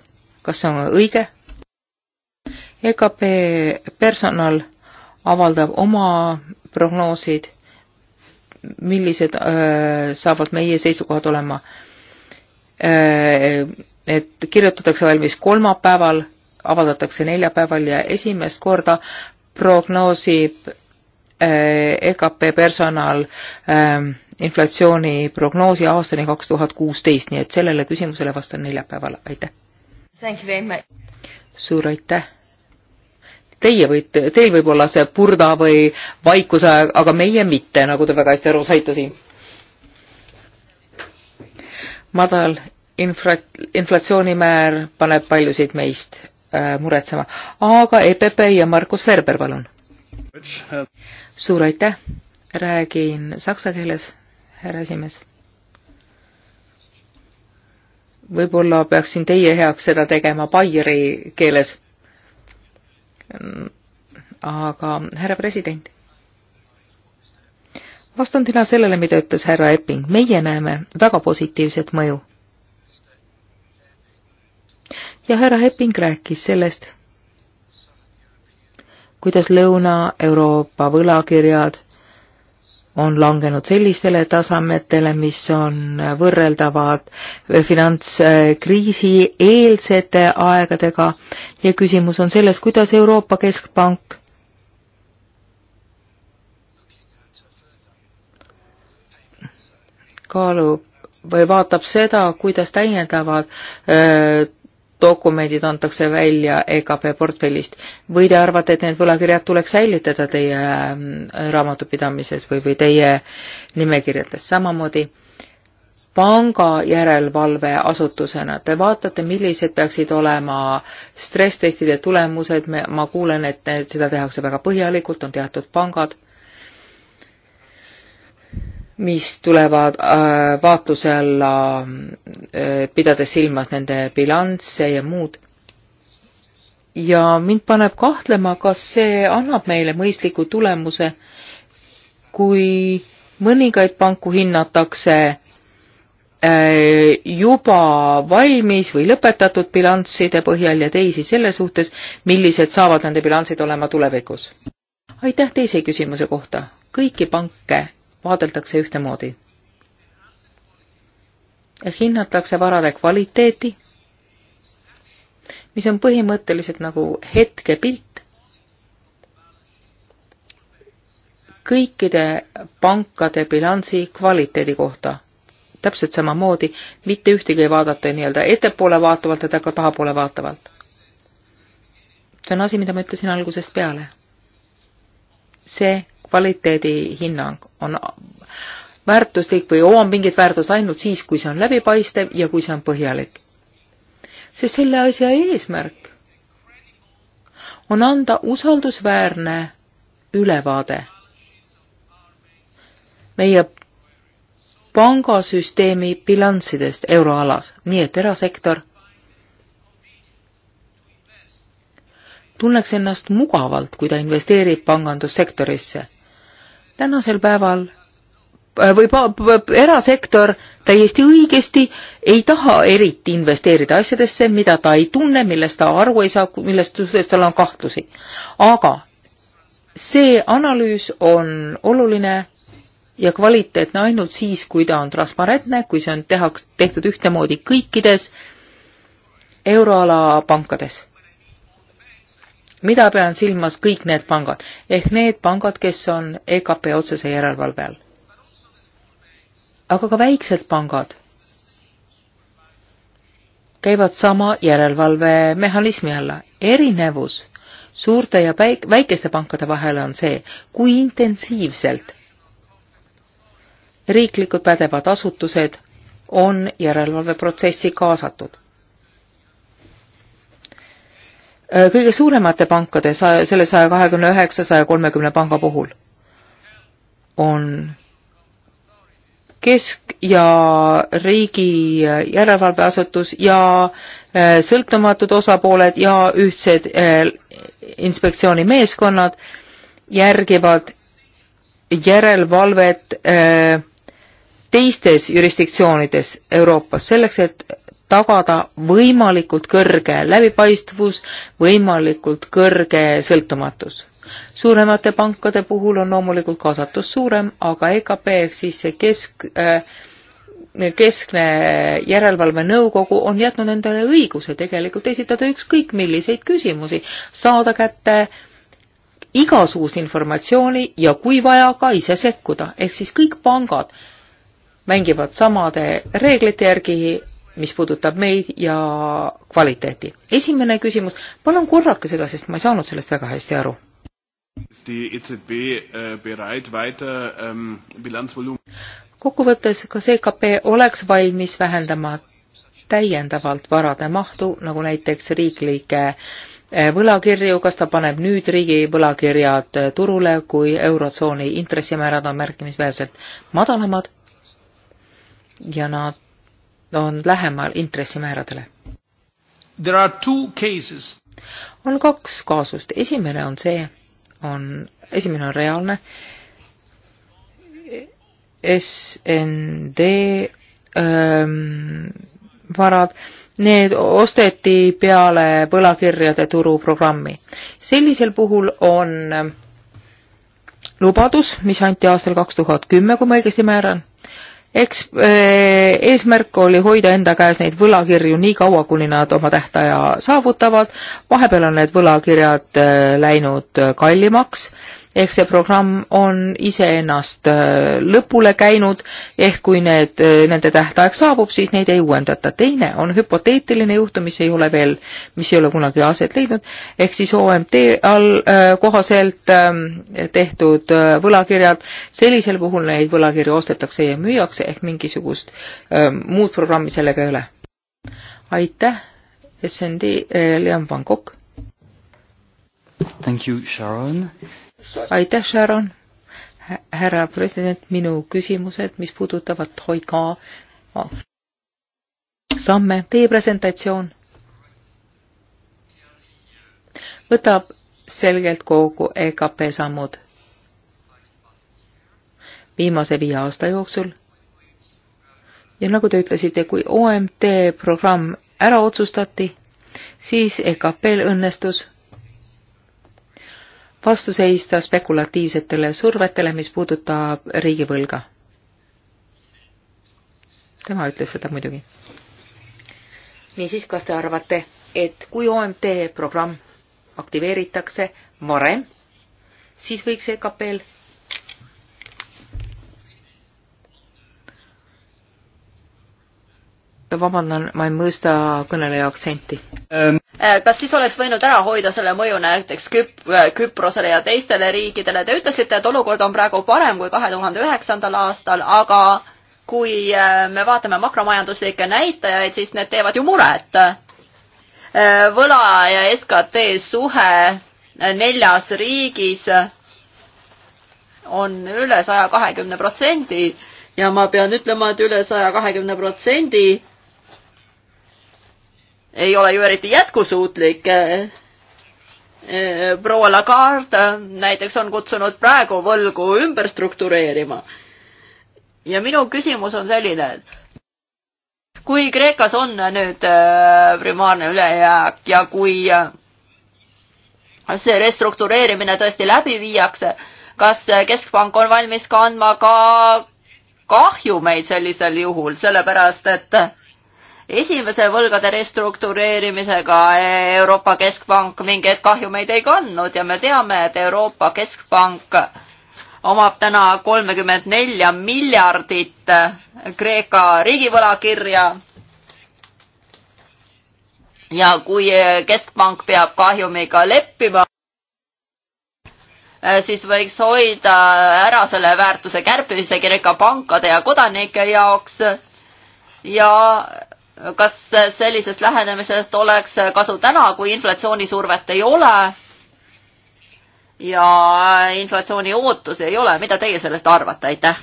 kas see on õige? EKP personal avaldab oma prognoosid, millised öö, äh, saavad meie seisukohad olema. Need äh, kirjutatakse valmis kolmapäeval, avaldatakse neljapäeval ja esimest korda prognoosib öö, äh, EKP personal öö, ähm, inflatsiooni prognoosi aastani kaks tuhat kuusteist, nii et sellele küsimusele vastan neljapäeval, aitäh! suur aitäh! Teie võite, teil võib olla see purda või vaikuse aeg, aga meie mitte, nagu te väga hästi aru saite siin. madal infra-, inflatsioonimäär paneb paljusid meist äh, muretsema, aga EPP ja Markus Ferber, palun! Uh, suur aitäh! räägin saksa keeles härra esimees. võib-olla peaksin teie heaks seda tegema Baieri keeles. aga härra president, vastan täna sellele, mida ütles härra Epping, meie näeme väga positiivset mõju. ja härra Epping rääkis sellest kuidas Lõuna-Euroopa võlakirjad on langenud sellistele tasemetele, mis on võrreldavad finantskriisi eelsete aegadega ja küsimus on selles, kuidas Euroopa Keskpank kaalub või vaatab seda, kuidas täiendavad öö, äh, dokumendid antakse välja EKP portfellist või te arvate, et need võlakirjad tuleks säilitada teie ähm, raamatupidamises või, või teie nimekirjades samamoodi? panga järelevalveasutusena, te vaatate, millised peaksid olema stress-testide tulemused, me, ma kuulen, et need, seda tehakse väga põhjalikult, on teatud pangad mis tulevad äh, vaatluse alla äh,, pidades silmas nende bilansse ja muud. ja mind paneb kahtlema, kas see annab meile mõistliku tulemuse, kui mõningaid panku hinnatakse äh, juba valmis või lõpetatud bilansside põhjal ja teisi selle suhtes, millised saavad nende bilansid olema tulevikus. aitäh teise küsimuse kohta. kõiki panke vaadeldakse ühtemoodi. hinnatakse varade kvaliteeti, mis on põhimõtteliselt nagu hetkepilt kõikide pankade bilansi kvaliteedi kohta. täpselt samamoodi, mitte ühtegi ei vaadata nii-öelda ettepoole vaatavalt ja taga tahapoole vaatavalt. see on asi, mida ma ütlesin algusest peale. see kvaliteedihinnang on väärtuslik või omab mingit väärtust ainult siis, kui see on läbipaistev ja kui see on põhjalik. sest selle asja eesmärk on anda usaldusväärne ülevaade meie pangasüsteemi bilanssidest euroalas, nii et erasektor tunneks ennast mugavalt, kui ta investeerib pangandussektorisse tänasel päeval äh, või erasektor täiesti õigesti ei taha eriti investeerida asjadesse, mida ta ei tunne, millest ta aru ei saa, millest tal on kahtlusi. aga see analüüs on oluline ja kvaliteetne ainult siis, kui ta on transparentne, kui see on tehaks, tehtud ühtemoodi kõikides euroala pankades mida pean silmas kõik need pangad ehk need pangad, kes on EKP otsese järelevalve all. aga ka väiksed pangad käivad sama järelevalvemehhanismi alla. erinevus suurte ja päik-, väikeste pankade vahel on see, kui intensiivselt riiklikud pädevad asutused on järelevalveprotsessi kaasatud Äh, kõige suuremate pankade, selle saja kahekümne üheksa, saja kolmekümne panga puhul on kesk- ja riigi järelevalveasutus ja äh, sõltumatud osapooled ja ühtsed äh, inspektsioonimeeskonnad järgivad järelevalvet teistes jurisdiktsioonides Euroopas selleks, et tagada võimalikult kõrge läbipaistvus, võimalikult kõrge sõltumatus. suuremate pankade puhul on loomulikult kaasatus suurem, aga EKP ehk siis see kesk äh, keskne järelevalvenõukogu on jätnud endale õiguse tegelikult esitada ükskõik milliseid küsimusi, saada kätte igasugust informatsiooni ja kui vaja, ka ise sekkuda, ehk siis kõik pangad mängivad samade reeglite järgi mis puudutab meid ja kvaliteeti. esimene küsimus, palun korrake seda, sest ma ei saanud sellest väga hästi aru. E äh, ähm, kokkuvõttes, kas EKP oleks valmis vähendama täiendavalt varade mahtu, nagu näiteks riiklike äh, võlakirju, kas ta paneb nüüd riigi võlakirjad äh, turule, kui Eurotsooni intressimäärad on märkimisväärselt madalamad ja nad on lähemal intressimääradele. on kaks kaasust, esimene on see, on, esimene on reaalne, SND öö, ähm, varad, need osteti peale võlakirjade turuprogrammi. sellisel puhul on ähm, lubadus, mis anti aastal kaks tuhat kümme, kui ma õigesti määran, eks eh, eesmärk oli hoida enda käes neid võlakirju nii kaua, kuni nad oma tähtaja saavutavad. vahepeal on need võlakirjad eh, läinud kallimaks ehk see programm on iseennast äh, lõpule käinud, ehk kui need, äh, nende tähtaeg saabub, siis neid ei uuendata. teine on hüpoteetiline juhtum, mis ei ole veel, mis ei ole kunagi aset leidnud, ehk siis OMT all äh, kohaselt ähm, tehtud võlakirjad, sellisel puhul neid võlakirju ostetakse ja müüakse, ehk mingisugust ähm, muud programmi sellega ei ole. aitäh, SND Leon Van Gogh. Thank you, Sharon aitäh, Sharon. härra president, minu küsimused, mis puudutavad Hoika samme, teie presentatsioon võtab selgelt kogu EKP sammud viimase viie aasta jooksul. ja nagu te ütlesite, kui OMT programm ära otsustati, siis EKP-l õnnestus vastu seista spekulatiivsetele survetele, mis puudutab riigivõlga. tema ütles seda muidugi. niisiis, kas te arvate, et kui OMT programm aktiveeritakse varem, siis võiks EKP-l vabandan, ma ei mõista kõneleja aktsenti. Ähm. Äh, kas siis oleks võinud ära hoida selle mõju näiteks Küp-, äh, Küprosele ja teistele riikidele? Te ütlesite, et olukord on praegu parem kui kahe tuhande üheksandal aastal, aga kui äh, me vaatame makromajanduslikke näitajaid, siis need teevad ju muret. võla ja SKT suhe neljas riigis on üle saja kahekümne protsendi ja ma pean ütlema, et üle saja kahekümne protsendi ei ole ju eriti jätkusuutlik. Eh, proua Lagarde näiteks on kutsunud praegu võlgu ümber struktureerima. ja minu küsimus on selline, et kui Kreekas on nüüd eh, primaarne ülejääk ja kui eh, see restruktureerimine tõesti läbi viiakse, kas Keskpank on valmis kandma ka kahjumeid sellisel juhul, sellepärast et äh, esimese võlgade restruktureerimisega Euroopa Keskpank mingeid hetk kahjumeid ei kandnud ja me teame, et Euroopa Keskpank omab täna kolmekümmend nelja miljardit Kreeka riigivõlakirja. ja kui keskpank peab kahjumiga leppima, siis võiks hoida ära selle väärtuse kärpimise Kreeka pankade ja kodanike jaoks ja kas sellisest lähenemisest oleks kasu täna, kui inflatsioonisurvet ei ole ja inflatsiooni ootusi ei ole, mida teie sellest arvate, aitäh!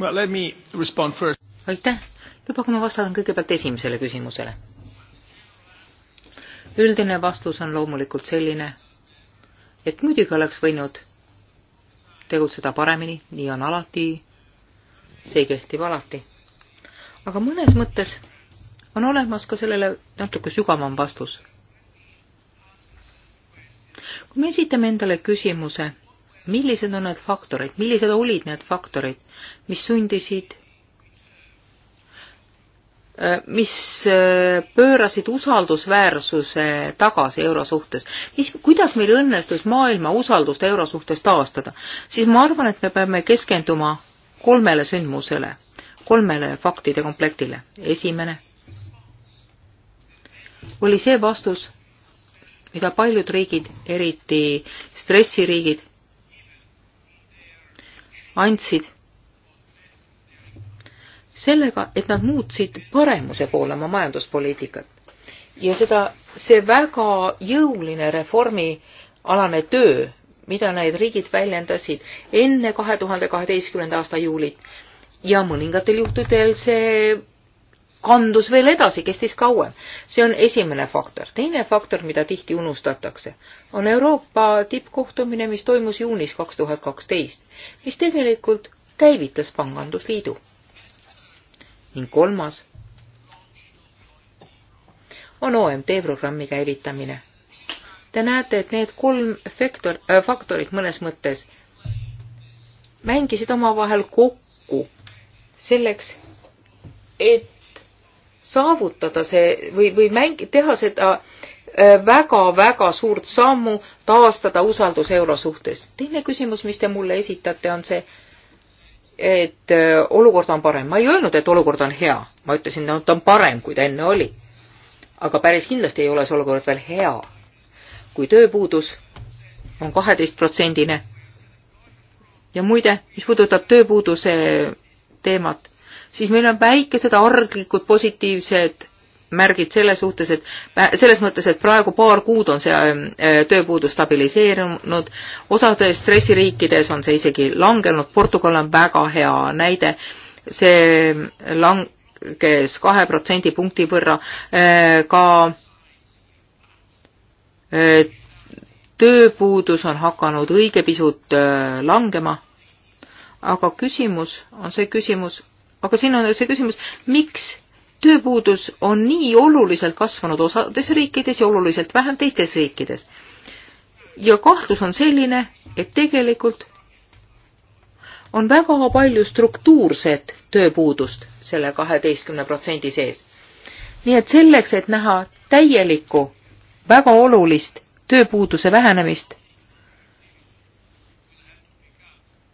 Well, aitäh, lubage ma vastan kõigepealt esimesele küsimusele. üldine vastus on loomulikult selline, et muidugi oleks võinud tegutseda paremini, nii on alati, see kehtib alati aga mõnes mõttes on olemas ka sellele natuke sügavam vastus. kui me esitame endale küsimuse, millised on need faktorid, millised olid need faktorid, mis sundisid, äh, mis äh, pöörasid usaldusväärsuse tagasi euro suhtes, mis, kuidas meil õnnestus maailma usaldust euro suhtes taastada, siis ma arvan, et me peame keskenduma kolmele sündmusele kolmele faktide komplektile. esimene oli see vastus, mida paljud riigid, eriti stressiriigid, andsid sellega, et nad muutsid paremuse poole oma majanduspoliitikat. ja seda, see väga jõuline reformialane töö, mida need riigid väljendasid enne kahe tuhande kaheteistkümnenda aasta juulit, ja mõningatel juhtudel see kandus veel edasi, kestis kauem. see on esimene faktor. teine faktor, mida tihti unustatakse, on Euroopa tippkohtumine, mis toimus juunis kaks tuhat kaksteist, mis tegelikult käivitas Pangandusliidu. ning kolmas on OMT programmi käivitamine. Te näete, et need kolm faktor äh,, faktorit mõnes mõttes mängisid omavahel kokku selleks, et saavutada see või, või mäng, teha seda väga-väga äh, suurt sammu, taastada usaldus euro suhtes. teine küsimus, mis te mulle esitate, on see, et äh, olukord on parem. ma ei öelnud, et olukord on hea, ma ütlesin, et ta on parem, kui ta enne oli. aga päris kindlasti ei ole see olukord veel hea. kui tööpuudus on kaheteistprotsendine ja muide, mis puudutab tööpuuduse teemat, siis meil on väikesed arglikud positiivsed märgid selle suhtes, et selles mõttes, et praegu paar kuud on see äh, tööpuudus stabiliseerunud, osades stressiriikides on see isegi langenud, Portugal on väga hea näide, see langes kahe protsendipunkti võrra, äh, ka äh, tööpuudus on hakanud õige pisut langema aga küsimus on see küsimus, aga siin on see küsimus, miks tööpuudus on nii oluliselt kasvanud osades riikides ja oluliselt vähem teistes riikides. ja kahtlus on selline, et tegelikult on väga palju struktuurset tööpuudust selle kaheteistkümne protsendi sees. nii et selleks, et näha täielikku väga olulist tööpuuduse vähenemist,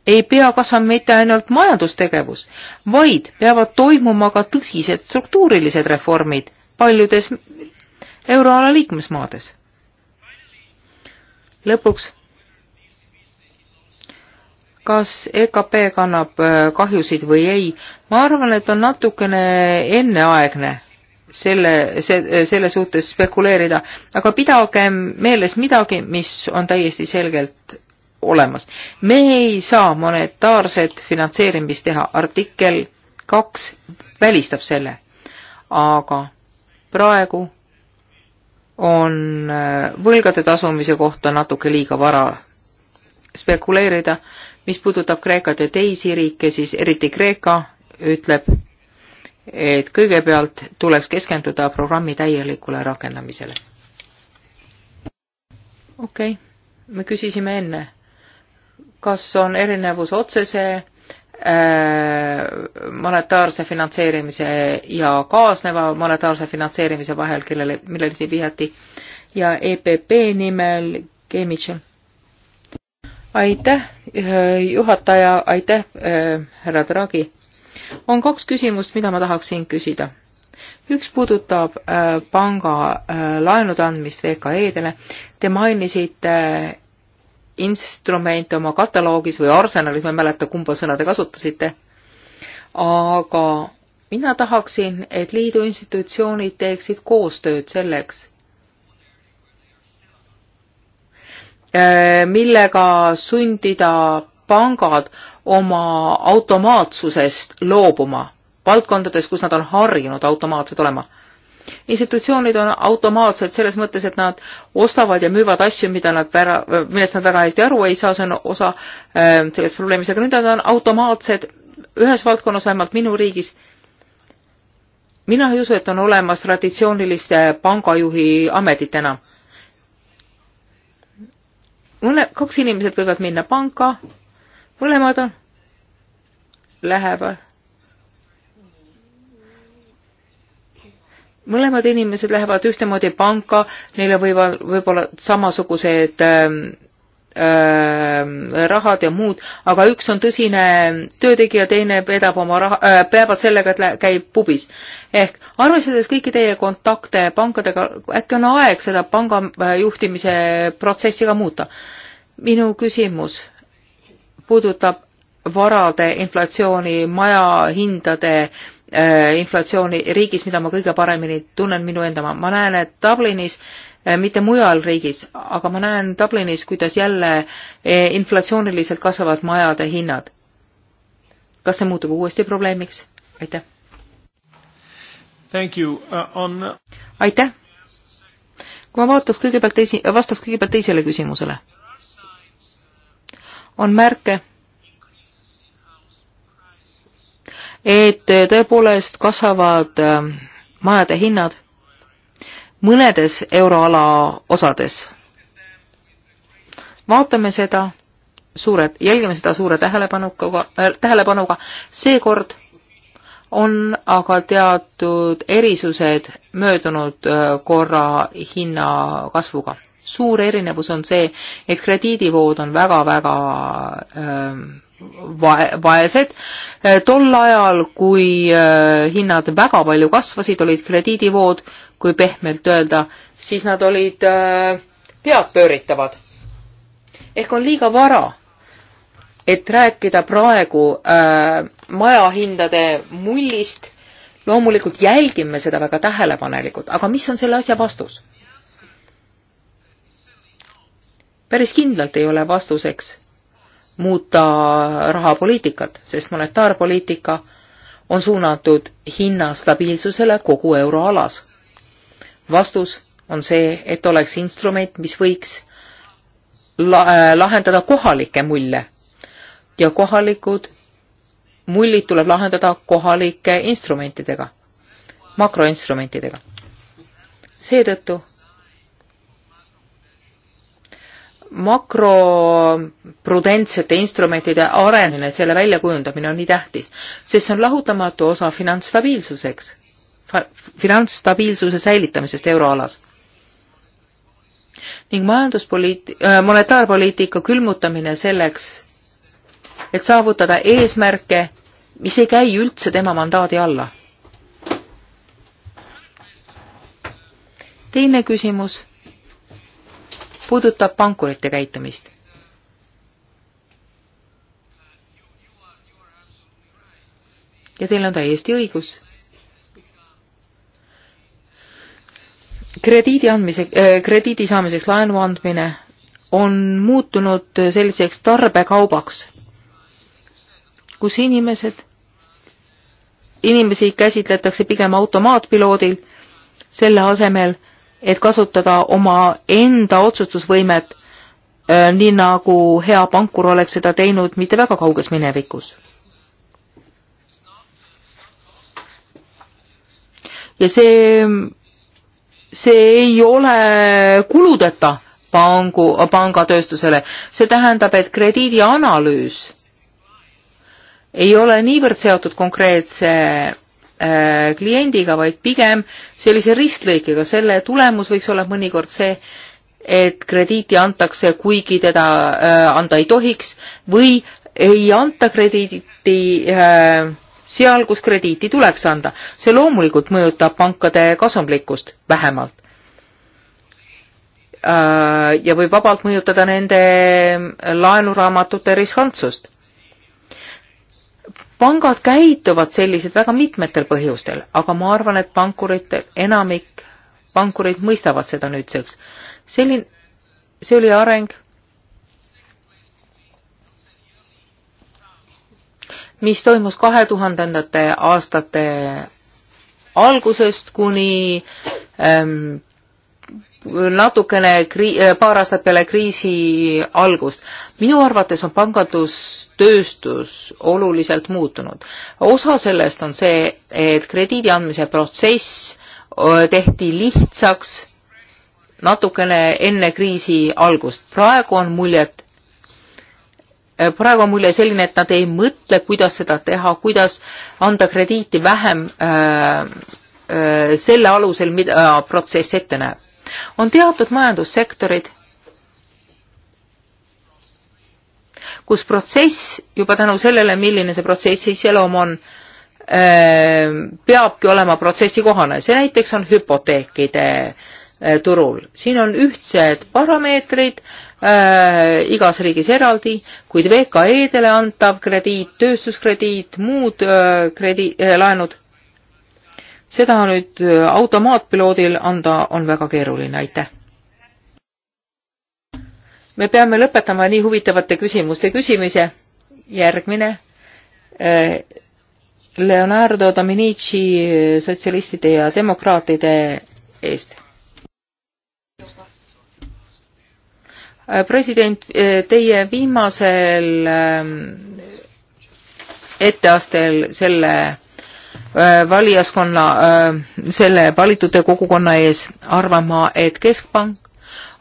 ei pea kasvama mitte ainult majandustegevus, vaid peavad toimuma ka tõsised struktuurilised reformid paljudes euroala liikmesmaades. lõpuks, kas EKP kannab äh, kahjusid või ei, ma arvan, et on natukene enneaegne selle, see, selle suhtes spekuleerida, aga pidagem meeles midagi, mis on täiesti selgelt olemas. me ei saa monetaarset finantseerimist teha, artikkel kaks välistab selle, aga praegu on äh, võlgade tasumise kohta natuke liiga vara spekuleerida. mis puudutab Kreekat ja teisi riike, siis eriti Kreeka ütleb, et kõigepealt tuleks keskenduda programmi täielikule rakendamisele. okei okay., me küsisime enne kas on erinevus otsese äh, monetaarse finantseerimise ja kaasneva monetaarse finantseerimise vahel, kellele, millele siin vihjati, ja EPP nimel G. Mitchell. aitäh, äh, juhataja, aitäh, äh, härra Draghi. on kaks küsimust, mida ma tahaksin küsida. üks puudutab panga laenude andmist VKE-dele. Te mainisite instrumente oma kataloogis või arsenalis, ma ei mäleta, kumba sõna te kasutasite, aga mina tahaksin, et liidu institutsioonid teeksid koostööd selleks, äh, millega sundida pangad oma automaatsusest loobuma valdkondades, kus nad on harjunud automaatsed olema institutsioonid on automaatsed selles mõttes, et nad ostavad ja müüvad asju, mida nad väga, millest nad väga hästi aru ei saa, see on osa äh, sellest probleemist, aga nüüd nad on automaatsed ühes valdkonnas, vähemalt minu riigis. mina ei usu, et on olemas traditsiooniliste pangajuhi ametit enam. mõne, kaks inimesed võivad minna panka, mõlemad on, lähevad mõlemad inimesed lähevad ühtemoodi panka, neil on võivad, võib-olla samasugused äh, äh, rahad ja muud, aga üks on tõsine töötegija, teine vedab oma raha äh,, peavad sellega, et käib pubis. ehk arvestades kõiki teie kontakte pankadega, äkki on aeg seda panga äh, juhtimise protsessi ka muuta? minu küsimus puudutab varade inflatsiooni, majahindade äh, Äh, inflatsiooni riigis, mida ma kõige paremini tunnen, minu enda oma. ma näen, et Dublinis, äh, mitte mujal riigis, aga ma näen Dublinis, kuidas jälle äh, inflatsiooniliselt kasvavad majade hinnad. kas see muutub uuesti probleemiks? aitäh. Uh, on... aitäh. kui ma vaataks kõigepealt teisi, vastaks kõigepealt teisele küsimusele. on märke et äh, tõepoolest kasvavad ähm, majade hinnad mõnedes euroala osades. vaatame seda suure, jälgime seda suure tähelepanuga äh,, tähelepanuga. seekord on aga teatud erisused möödunud äh, korra hinna kasvuga. suur erinevus on see, et krediidivood on väga-väga ähm, vaesed. Eh, tol ajal, kui eh, hinnad väga palju kasvasid, olid krediidivood, kui pehmelt öelda, siis nad olid eh, peadpööritavad. ehk on liiga vara, et rääkida praegu majahindade mullist. loomulikult jälgime seda väga tähelepanelikult, aga mis on selle asja vastus? päris kindlalt ei ole vastuseks muuta rahapoliitikat, sest monetaarpoliitika on suunatud hinna stabiilsusele kogu euroalas. vastus on see, et oleks instrument, mis võiks la lahendada kohalikke mulle ja kohalikud mullid tuleb lahendada kohalike instrumentidega, makroinstrumentidega. seetõttu makroprudentsete instrumentide arenemine, selle väljakujundamine on nii tähtis, sest see on lahutamatu osa finantsstabiilsuseks, finantsstabiilsuse säilitamisest euroalas. ning majanduspoliit-, äh, monetaarpoliitika külmutamine selleks, et saavutada eesmärke, mis ei käi üldse tema mandaadi alla. teine küsimus puudutab pankurite käitumist. ja teil on täiesti õigus. krediidi andmise, äh, krediidi saamiseks laenu andmine on muutunud selliseks tarbekaubaks, kus inimesed, inimesi käsitletakse pigem automaatpiloodil, selle asemel, et kasutada omaenda otsustusvõimet, äh, nii nagu hea pankur oleks seda teinud mitte väga kauges minevikus. ja see, see ei ole kuludeta pangu, pangatööstusele, see tähendab, et krediidianalüüs ei ole niivõrd seotud konkreetse Äh, kliendiga, vaid pigem sellise ristlõikega. selle tulemus võiks olla mõnikord see, et krediiti antakse, kuigi teda äh, anda ei tohiks või ei anta krediiti äh, seal, kus krediiti tuleks anda. see loomulikult mõjutab pankade kasumlikkust vähemalt. ja võib vabalt mõjutada nende laenuraamatute riskantsust pangad käituvad sellised väga mitmetel põhjustel, aga ma arvan, et pankurite, enamik pankurid mõistavad seda nüüdseks. selline, see oli areng, mis toimus kahe tuhandendate aastate algusest kuni ähm, natukene kri-, äh, paar aastat peale kriisi algust. minu arvates on pangandustööstus oluliselt muutunud. osa sellest on see, et krediidi andmise protsess äh, tehti lihtsaks natukene enne kriisi algust. praegu on muljet, äh, praegu on mulje selline, et nad ei mõtle, kuidas seda teha, kuidas anda krediiti vähem äh, äh, selle alusel, mida äh, protsess ette näeb on teatud majandussektorid, kus protsess juba tänu sellele, milline see protsessi iseloom on, äh, peabki olema protsessikohane, see näiteks on hüpoteekide äh, turul, siin on ühtsed parameetrid äh, igas riigis eraldi, kuid VKE-dele antav krediit, tööstuskrediit, muud äh, kredi- äh,, laenud seda nüüd äh, automaatpiloodil anda on väga keeruline, aitäh. me peame lõpetama nii huvitavate küsimuste küsimise. järgmine. Äh, Leonardo Dominici äh, sotsialistide ja demokraatide eest. president, teie viimasel ähm, etteastel selle Äh, valijaskonna, äh, selle valitute kogukonna ees, arvan ma, et Keskpank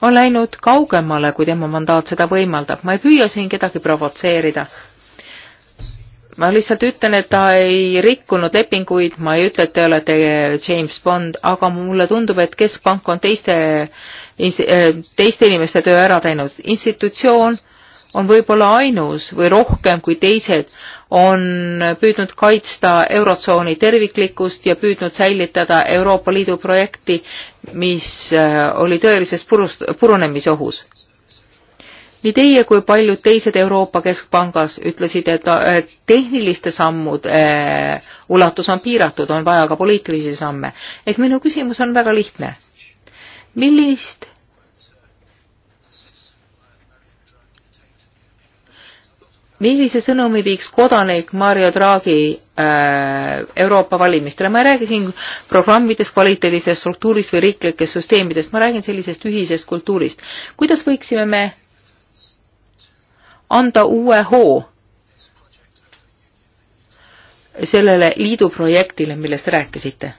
on läinud kaugemale, kui tema mandaat seda võimaldab. ma ei püüa siin kedagi provotseerida. ma lihtsalt ütlen, et ta ei rikkunud lepinguid, ma ei ütle, et te olete James Bond, aga mulle tundub, et Keskpank on teiste, äh, teiste inimeste töö ära teinud. institutsioon on võib-olla ainus või rohkem kui teised, on püüdnud kaitsta Eurotsooni terviklikkust ja püüdnud säilitada Euroopa Liidu projekti, mis äh, oli tõelises purust, purunemisohus. nii teie kui paljud teised Euroopa Keskpangas ütlesid, et tehniliste sammude äh, ulatus on piiratud, on vaja ka poliitilisi samme. et minu küsimus on väga lihtne. millist millise sõnumi viiks kodanik Mario Draghi äh, Euroopa valimistele, ma ei räägi siin programmidest, kvaliteedisest struktuurist või riiklikest süsteemidest, ma räägin sellisest ühisest kultuurist. kuidas võiksime me anda uue hoo sellele liidu projektile, millest rääkisite?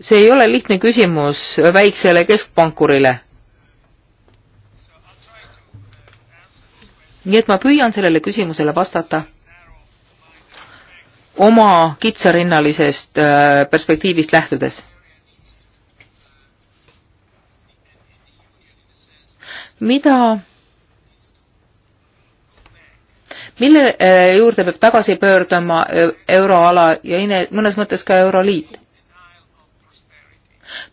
see ei ole lihtne küsimus väiksele keskpankurile nii et ma püüan sellele küsimusele vastata oma kitsarinnalisest äh, perspektiivist lähtudes. mida, mille äh, juurde peab tagasi pöörduma äh, euroala ja ine, mõnes mõttes ka Euroliit?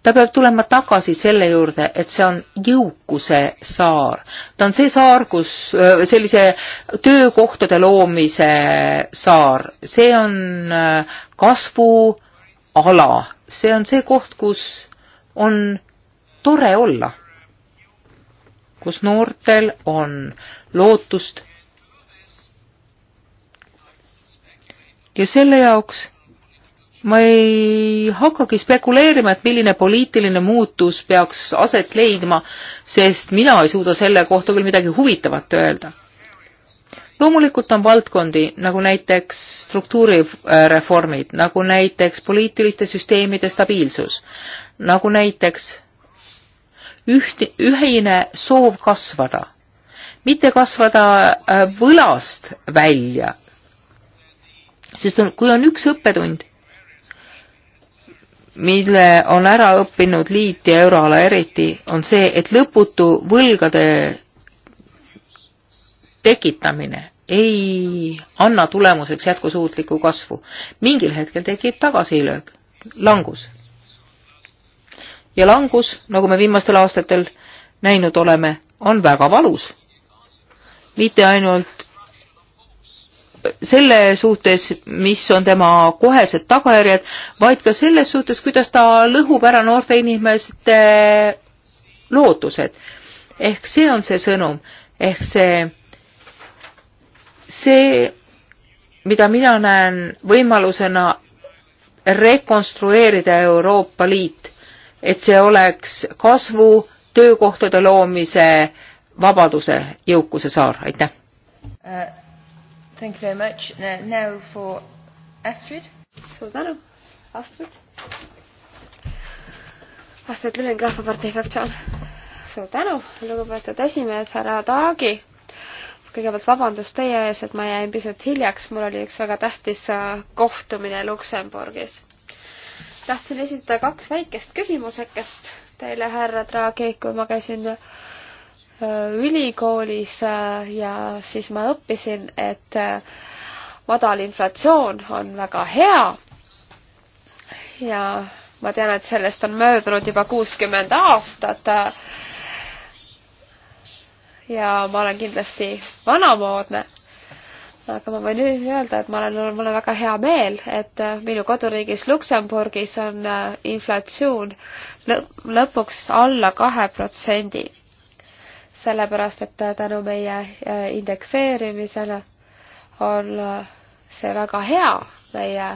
ta peab tulema tagasi selle juurde, et see on jõukuse saar. ta on see saar, kus sellise töökohtade loomise saar, see on kasvuala, see on see koht, kus on tore olla, kus noortel on lootust. ja selle jaoks ma ei hakkagi spekuleerima, et milline poliitiline muutus peaks aset leidma, sest mina ei suuda selle kohta küll midagi huvitavat öelda. loomulikult on valdkondi, nagu näiteks struktuurireformid, nagu näiteks poliitiliste süsteemide stabiilsus, nagu näiteks üht, ühine soov kasvada, mitte kasvada äh, võlast välja, sest on, kui on üks õppetund mille on ära õppinud liit ja euroala eriti, on see, et lõputu võlgade tekitamine ei anna tulemuseks jätkusuutlikku kasvu. mingil hetkel tekib tagasilöök, langus. ja langus, nagu me viimastel aastatel näinud oleme, on väga valus. mitte ainult selle suhtes, mis on tema kohesed tagajärjed, vaid ka selles suhtes, kuidas ta lõhub ära noorte inimeste lootused. ehk see on see sõnum, ehk see, see, mida mina näen võimalusena rekonstrueerida Euroopa Liit, et see oleks kasvu, töökohtade loomise, vabaduse, jõukuse saar, aitäh äh.! Thank you very much. Now for Astrid. suur tänu, Astrid. Astrid Lülen, Rahvapartei fraktsioon. suur tänu, lugupeetud esimees, härra Taagi. kõigepealt vabandust teie ees, et ma jäin pisut hiljaks, mul oli üks väga tähtis äh, kohtumine Luksemburgis. tahtsin esitada kaks väikest küsimusekest teile, härra Taagi, kui ma käisin Äh, ülikoolis äh, ja siis ma õppisin, et äh, madal inflatsioon on väga hea ja ma tean, et sellest on möödunud juba kuuskümmend aastat. ja ma olen kindlasti vanamoodne. aga ma võin öelda, et ma olen, mul on väga hea meel, et minu koduriigis Luksemburgis on inflatsioon lõpuks alla kahe protsendi sellepärast et tänu meie äh, indekseerimisele on äh, see väga hea meie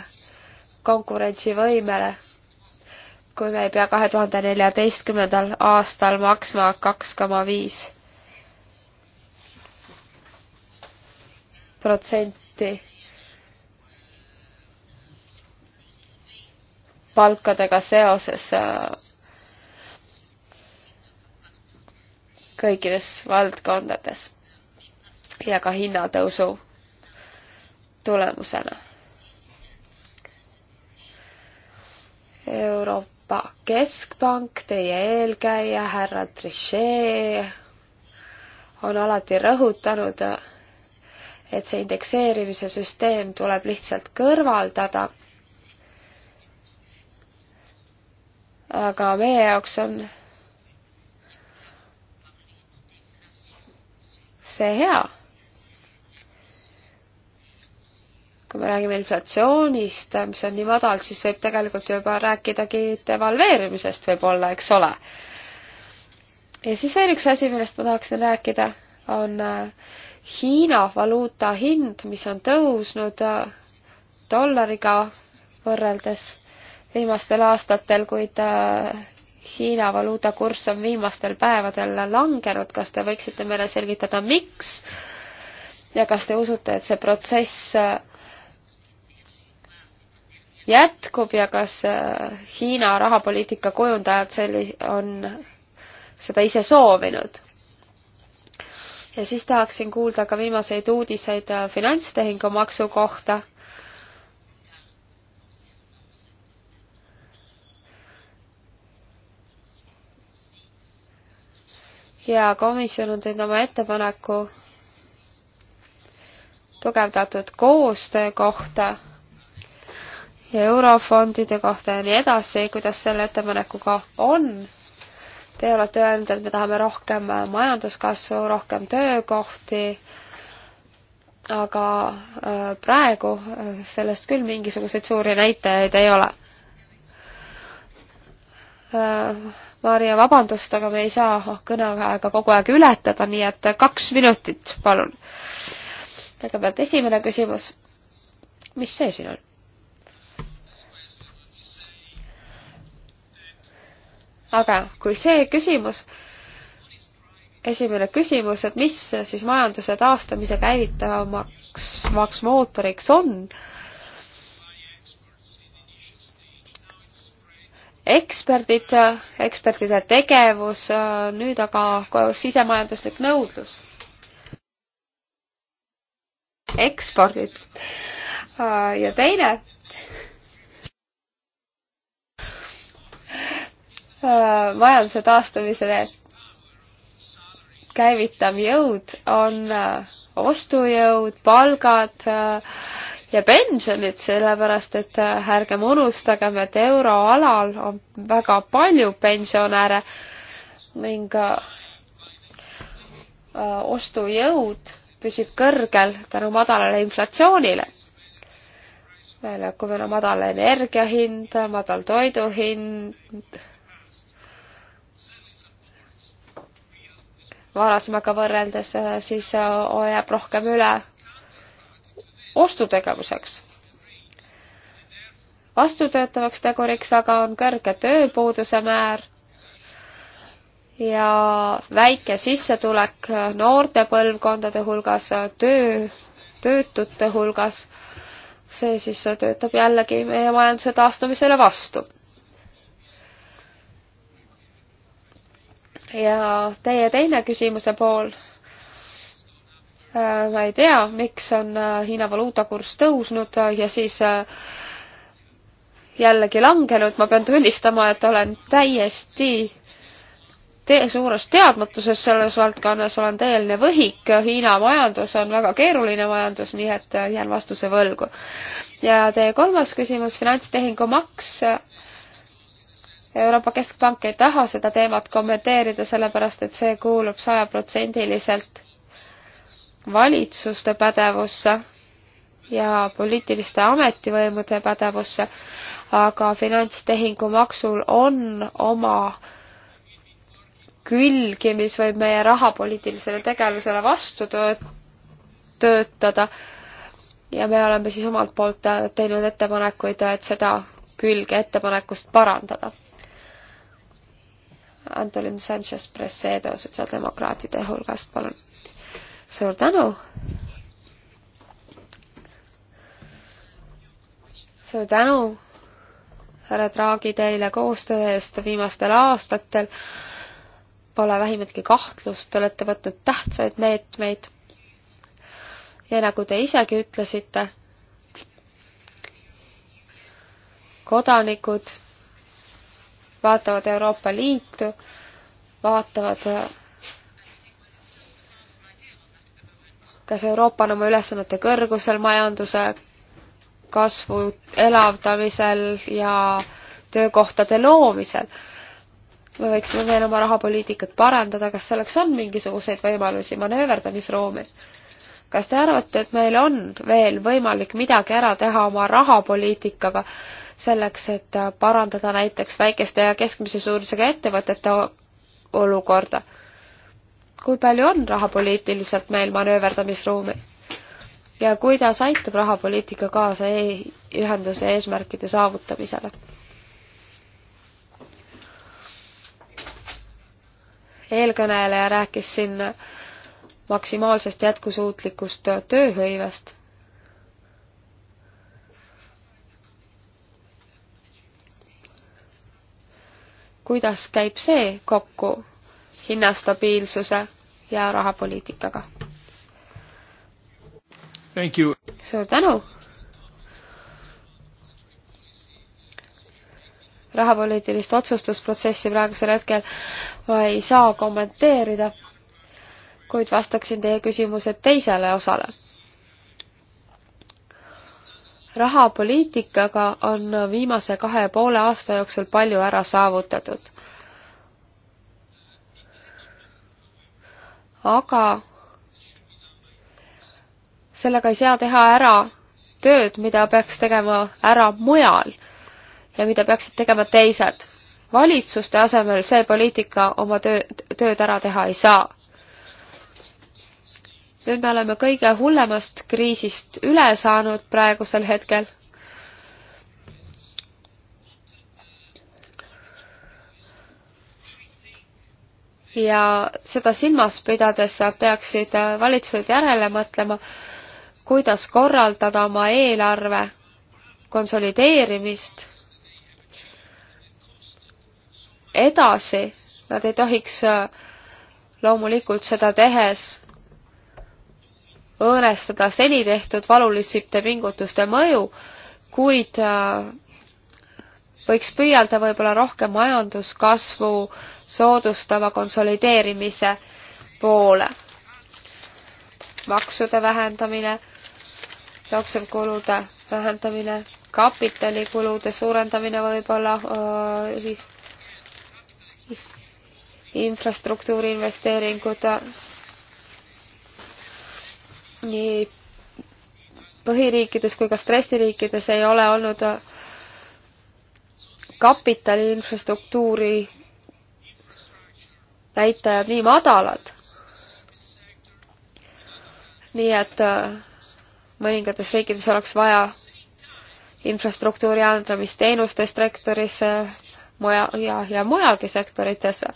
konkurentsivõimele, kui me ei pea kahe tuhande neljateistkümnendal aastal maksma kaks koma viis protsenti palkadega seoses äh, kõikides valdkondades ja ka hinnatõusu tulemusena. Euroopa Keskpank, teie eelkäija härra Trichet on alati rõhutanud, et see indekseerimise süsteem tuleb lihtsalt kõrvaldada. aga meie jaoks on see hea. kui me räägime inflatsioonist, mis on nii madal, siis võib tegelikult juba rääkidagi devalveerimisest võib-olla, eks ole. ja siis veel üks asi, millest ma tahaksin rääkida, on äh, Hiina valuuta hind, mis on tõusnud äh, dollariga võrreldes viimastel aastatel, kuid äh, Hiina valuuta kurss on viimastel päevadel langenud, kas te võiksite meile selgitada, miks? ja kas te usute, et see protsess äh, jätkub ja kas äh, Hiina rahapoliitika kujundajad selli-, on seda ise soovinud? ja siis tahaksin kuulda ka viimaseid uudiseid äh, finantstehingumaksu kohta ja komisjon on teinud oma ettepaneku tugevdatud koostöö kohta ja eurofondide kohta ja nii edasi, kuidas selle ettepanekuga on. Te olete öelnud, et me tahame rohkem majanduskasvu, rohkem töökohti, aga äh, praegu äh, sellest küll mingisuguseid suuri näitajaid ei ole Maarja, vabandust, aga me ei saa kõneaega kogu aeg ületada, nii et kaks minutit, palun. kõigepealt esimene küsimus. mis see siin on? aga kui see küsimus, esimene küsimus, et mis siis majanduse taastamise käivitavamaks, maks mootoriks on, eksperdid, ekspertide tegevus, nüüd aga sisemajanduslik nõudlus. ekspordid. ja teine majanduse taastumisele käivitav jõud on ostujõud, palgad ja pensionid, sellepärast et ärgem unustagem, et euroalal on väga palju pensionäre ning äh, ostujõud püsib kõrgel tänu madalale inflatsioonile. meil hakkab olema madal energia hind, madal toidu hind varasemaga võrreldes, äh, siis äh, jääb rohkem üle ostutegevuseks. vastutöötavaks teguriks aga on kõrge tööpuuduse määr ja väike sissetulek noorte põlvkondade hulgas, töö, töötute hulgas, see siis töötab jällegi meie majanduse taastumisele vastu. ja teie teine küsimuse pool Äh, ma ei tea, miks on äh, Hiina valuutakurss tõusnud äh, ja siis jällegi langenud, ma pean tunnistama, et olen täiesti te suures teadmatuses selles valdkonnas, olen täieline võhik, Hiina majandus on väga keeruline majandus, nii et jään vastuse võlgu. ja teie kolmas küsimus, finantstehingu maks. Euroopa Keskpank ei taha seda teemat kommenteerida, sellepärast et see kuulub sajaprotsendiliselt valitsuste pädevusse ja poliitiliste ametivõimude pädevusse, aga finantstehingumaksul on oma külgi, mis võib meie rahapoliitilisele tegelasele vastu töötada. ja me oleme siis omalt poolt teinud ettepanekuid, et seda külge ettepanekust parandada. Antolin Sanchez Presedo sotsiaaldemokraatide hulgast, palun suur tänu. suur tänu, härra Draagi, teile koostöö eest viimastel aastatel. Pole vähimatki kahtlust, te olete võtnud tähtsaid meetmeid. ja nagu te isegi ütlesite, kodanikud vaatavad Euroopa Liitu, vaatavad kas Euroopa on oma ülesannete kõrgusel majanduse kasvu elavdamisel ja töökohtade loomisel? me võiksime veel oma rahapoliitikat parandada, kas selleks on mingisuguseid võimalusi, manööverdamisruumi? kas te arvate, et meil on veel võimalik midagi ära teha oma rahapoliitikaga selleks, et parandada näiteks väikeste ja keskmise suurusega ettevõtete olukorda? kui palju on rahapoliitiliselt meil manööverdamisruumi ja kuidas aitab rahapoliitika kaasa e ühenduse eesmärkide saavutamisele. eelkõneleja rääkis siin maksimaalsest jätkusuutlikust tööhõivest. kuidas käib see kokku hinnastabiilsuse ja rahapoliitikaga. suur tänu! rahapoliitilist otsustusprotsessi praegusel hetkel ma ei saa kommenteerida, kuid vastaksin teie küsimuse teisele osale. rahapoliitikaga on viimase kahe ja poole aasta jooksul palju ära saavutatud aga sellega ei saa teha ära tööd, mida peaks tegema ära mujal ja mida peaksid tegema teised. valitsuste asemel see poliitika oma töö, tööd ära teha ei saa. nüüd me oleme kõige hullemast kriisist üle saanud praegusel hetkel ja seda silmas pidades peaksid äh, valitsused järele mõtlema, kuidas korraldada oma eelarve konsolideerimist edasi, nad ei tohiks äh, loomulikult seda tehes õõnestada seni tehtud valuliste pingutuste mõju, kuid äh, võiks püüelda võib-olla rohkem majanduskasvu soodustava konsolideerimise poole. maksude vähendamine, jooksevkulude vähendamine, kapitalikulude suurendamine võib-olla öö, äh, infrastruktuuri investeeringud, nii põhiriikides kui ka stressiriikides ei ole olnud kapitali infrastruktuuri näitajad nii madalad. nii et äh, mõningates riikides oleks vaja infrastruktuuri andmist teenuste sektorisse moja- ja, ja mujalgi sektoritesse.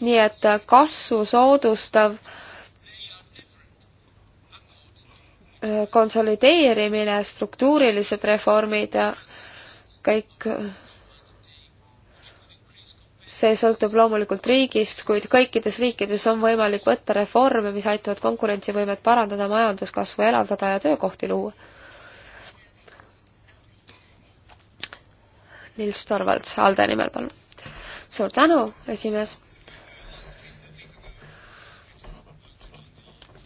nii et äh, kasvu soodustav äh, konsolideerimine, struktuurilised reformid ja kõik see sõltub loomulikult riigist, kuid kõikides riikides on võimalik võtta reforme, mis aitavad konkurentsivõimet parandada, majanduskasvu elavdada ja töökohti luua. Nils Torvalds, ALDE nimel, palun. suur tänu, esimees.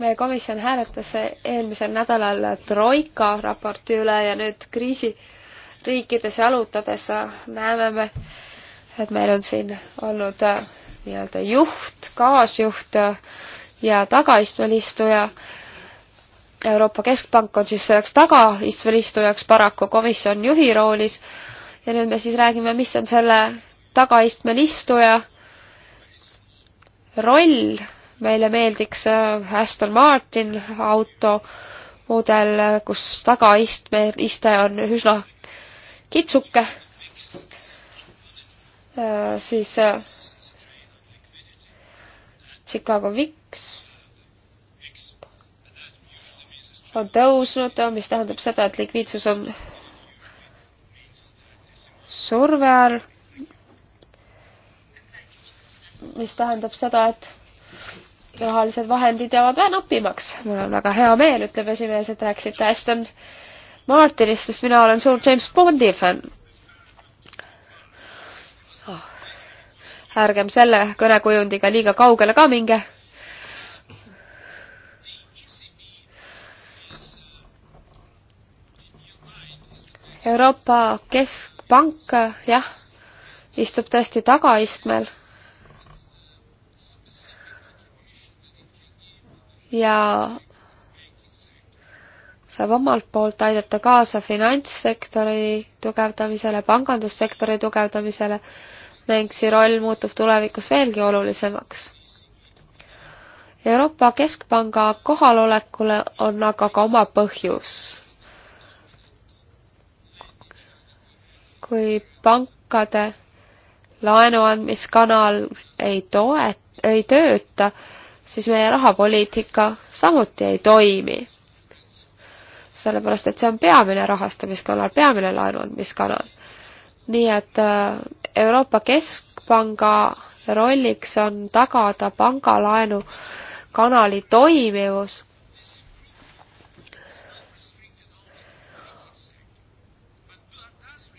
meie komisjon hääletas eelmisel nädalal Troika raporti üle ja nüüd kriisiriikides jalutades näeme me et meil on siin olnud äh, nii-öelda juht, kaasjuht äh, ja tagaistmel istuja. Euroopa Keskpank on siis selleks tagaistmel istujaks paraku komisjon juhi roolis ja nüüd me siis räägime, mis on selle tagaistmel istuja roll. meile meeldiks äh, Aston Martin auto mudel, kus tagaistme, istaja on üsna kitsuke Äh, siis äh, Chicago VIX on tõusnud, mis tähendab seda, et likviidsus on surve all, mis tähendab seda, et rahalised vahendid jäävad vähe napimaks. mul on väga hea meel, ütleb esimees, et rääkisite Aston Martinist, sest mina olen suur James Bondi fänn ärgem selle kõnekujundiga liiga kaugele ka minge. Euroopa Keskpank, jah, istub tõesti tagaistmel. ja saab omalt poolt aidata kaasa finantssektori tugevdamisele, pangandussektori tugevdamisele Lenksi roll muutub tulevikus veelgi olulisemaks. Euroopa Keskpanga kohalolekule on aga ka oma põhjus. kui pankade laenuandmiskanal ei toet-, ei tööta, siis meie rahapoliitika samuti ei toimi sellepärast et see on peamine rahastamiskanal, peamine laenuandmiskanal nii et äh, Euroopa Keskpanga rolliks on tagada pangalaenu kanali toimivus.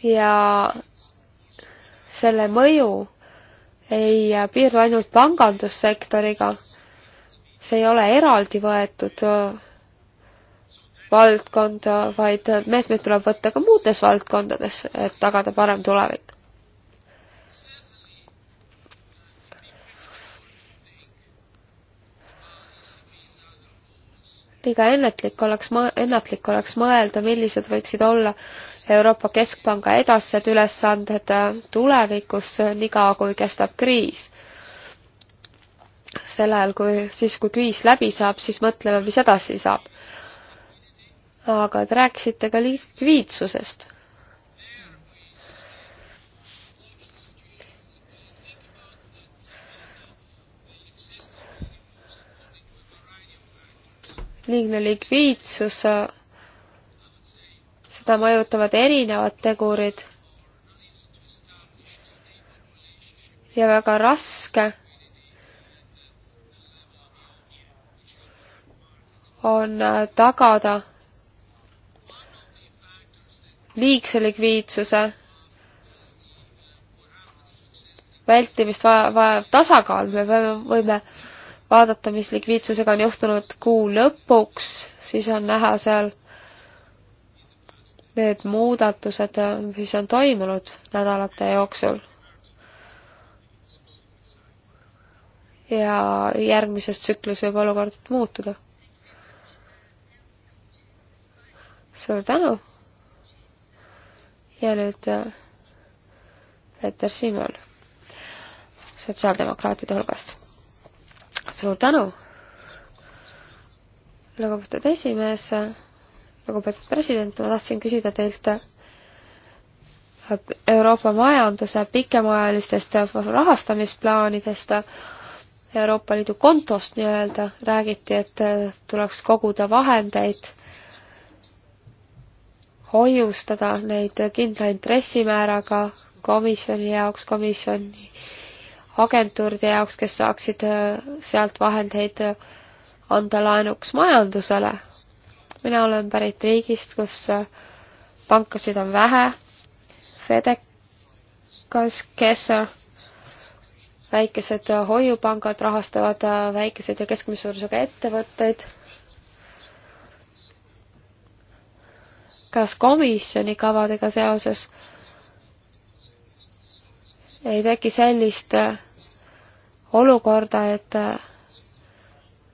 ja selle mõju ei piirdu ainult pangandussektoriga, see ei ole eraldi võetud äh, valdkonda, vaid meetmeid tuleb võtta ka muudes valdkondades, et tagada parem tulevik. liiga ennatlik oleks, ennatlik oleks mõelda, millised võiksid olla Euroopa Keskpanga edasised ülesanded tulevikus, niikaua kui kestab kriis sel ajal, kui, siis kui kriis läbi saab, siis mõtleme, mis edasi saab aga te rääkisite ka likviidsusest. liigne likviidsus, seda mõjutavad erinevad tegurid ja väga raske on tagada liigse likviidsuse vältimist vajav vaja tasakaal, me võime, võime vaadata, mis likviidsusega on juhtunud kuu lõpuks, siis on näha seal need muudatused, mis on toimunud nädalate jooksul. ja järgmises tsüklis võib olukord muutuda. suur tänu! ja nüüd äh, Peeter Simon sotsiaaldemokraatide hulgast. suur tänu, lugupeetud esimees, lugupeetud president, ma tahtsin küsida teilt äh, Euroopa majanduse pikemaajalistest rahastamisplaanidest, Euroopa Liidu kontost nii-öelda, räägiti, et äh, tuleks koguda vahendeid hoiustada neid kindla intressimääraga komisjoni jaoks, komisjoni agentuuride jaoks, kes saaksid äh, sealt vahendeid äh, anda laenuks majandusele. mina olen pärit riigist, kus äh, pankasid on vähe, Fedekas, Kessa, väikesed hoiupangad rahastavad väikeseid ja keskmise suurusega ettevõtteid kas komisjoni kavadega seoses ei teki sellist olukorda, et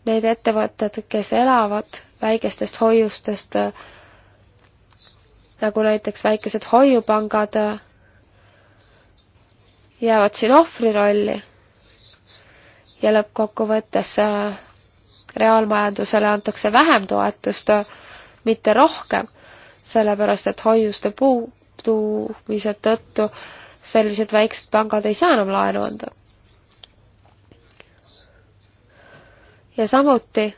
need ettevõtted, kes elavad väikestest hoiustest, nagu näiteks väikesed hoiupangad, jäävad siin ohvri rolli ja lõppkokkuvõttes äh, reaalmajandusele antakse vähem toetust, mitte rohkem sellepärast et hoiuste puudumise tõttu sellised väiksed pangad ei saa enam laenu anda. ja samuti,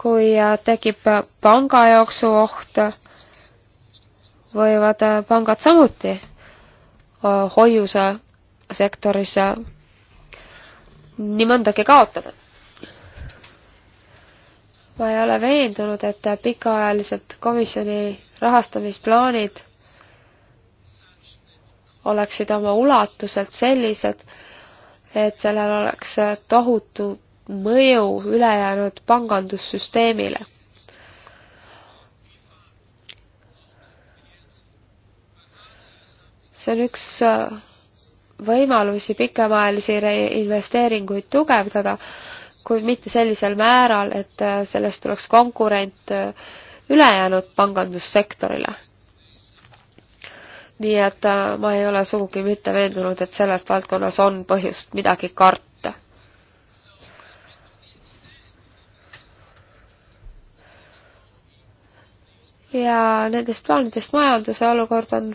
kui tekib pangajooksu oht, võivad pangad samuti hoiuse sektoris nii mõndagi kaotada ma ei ole veendunud, et pikaajaliselt komisjoni rahastamisplaanid oleksid oma ulatuselt sellised, et sellel oleks tohutu mõju ülejäänud pangandussüsteemile. see on üks äh, võimalusi pikemaajalisi investeeringuid tugevdada kuid mitte sellisel määral, et äh, sellest tuleks konkurent äh, ülejäänud pangandussektorile. nii et äh, ma ei ole sugugi mitte veendunud, et selles valdkonnas on põhjust midagi karta. ja nendest plaanidest majanduse olukord on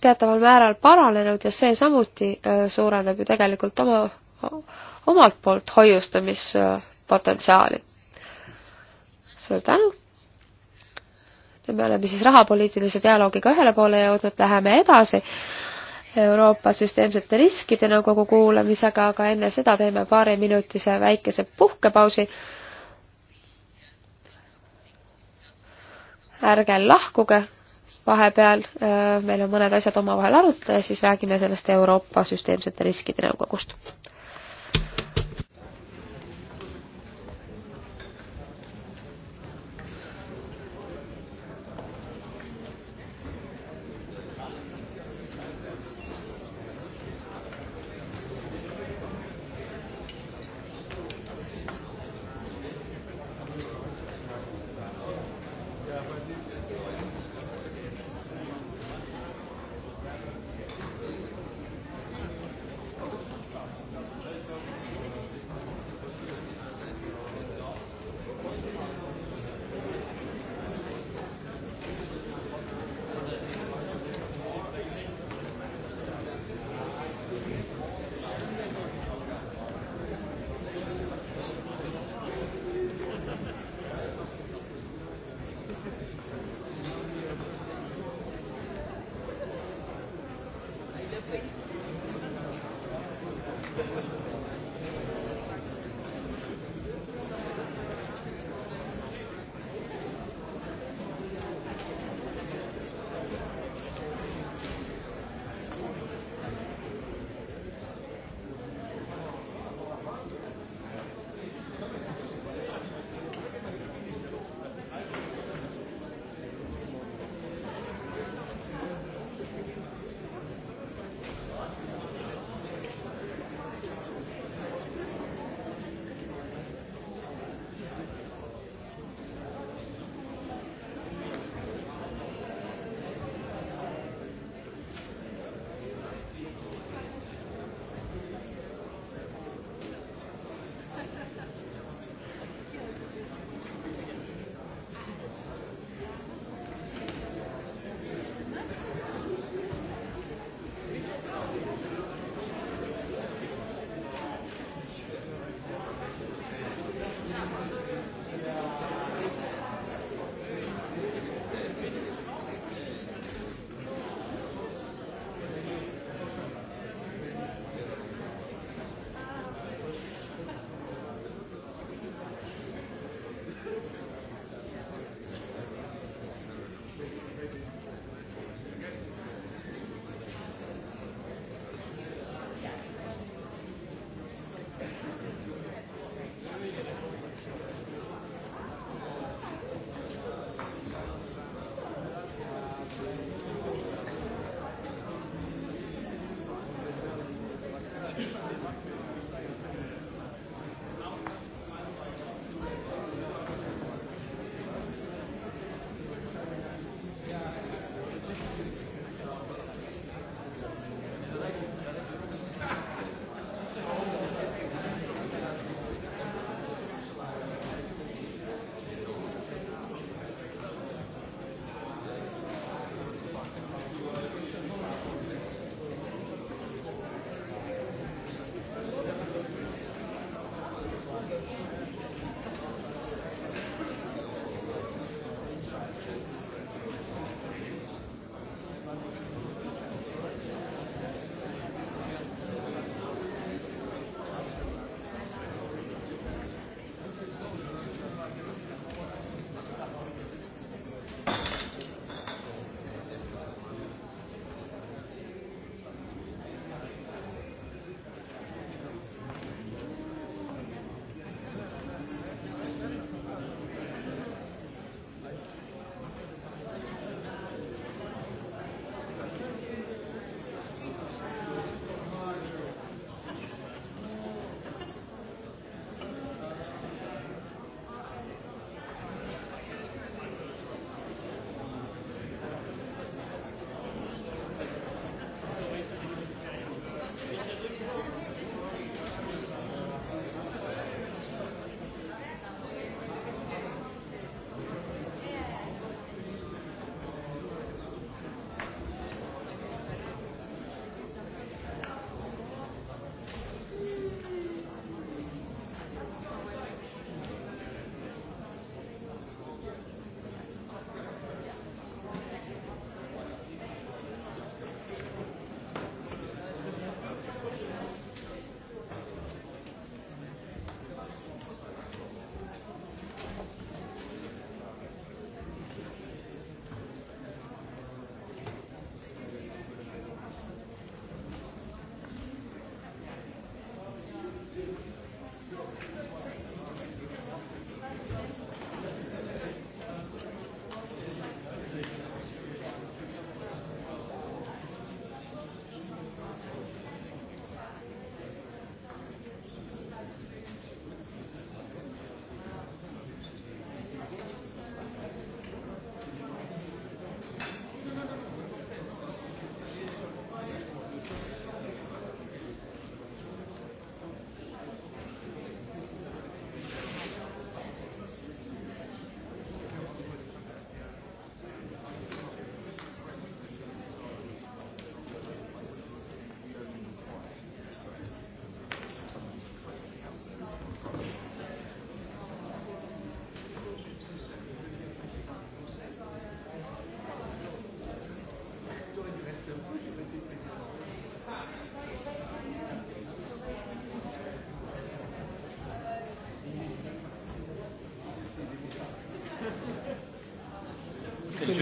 teataval määral paranenud ja see samuti äh, suurendab ju tegelikult oma, omalt poolt hoiustamispotentsiaali. suur tänu! ja me oleme siis rahapoliitilise dialoogiga ühele poole jõudnud, läheme edasi Euroopa süsteemsete riskide nõukogu kuulamisega, aga enne seda teeme paariminutise väikese puhkepausi. ärge lahkuge vahepeal meil on mõned asjad omavahel arutada ja siis räägime sellest Euroopa süsteemsete riskide nõukogust.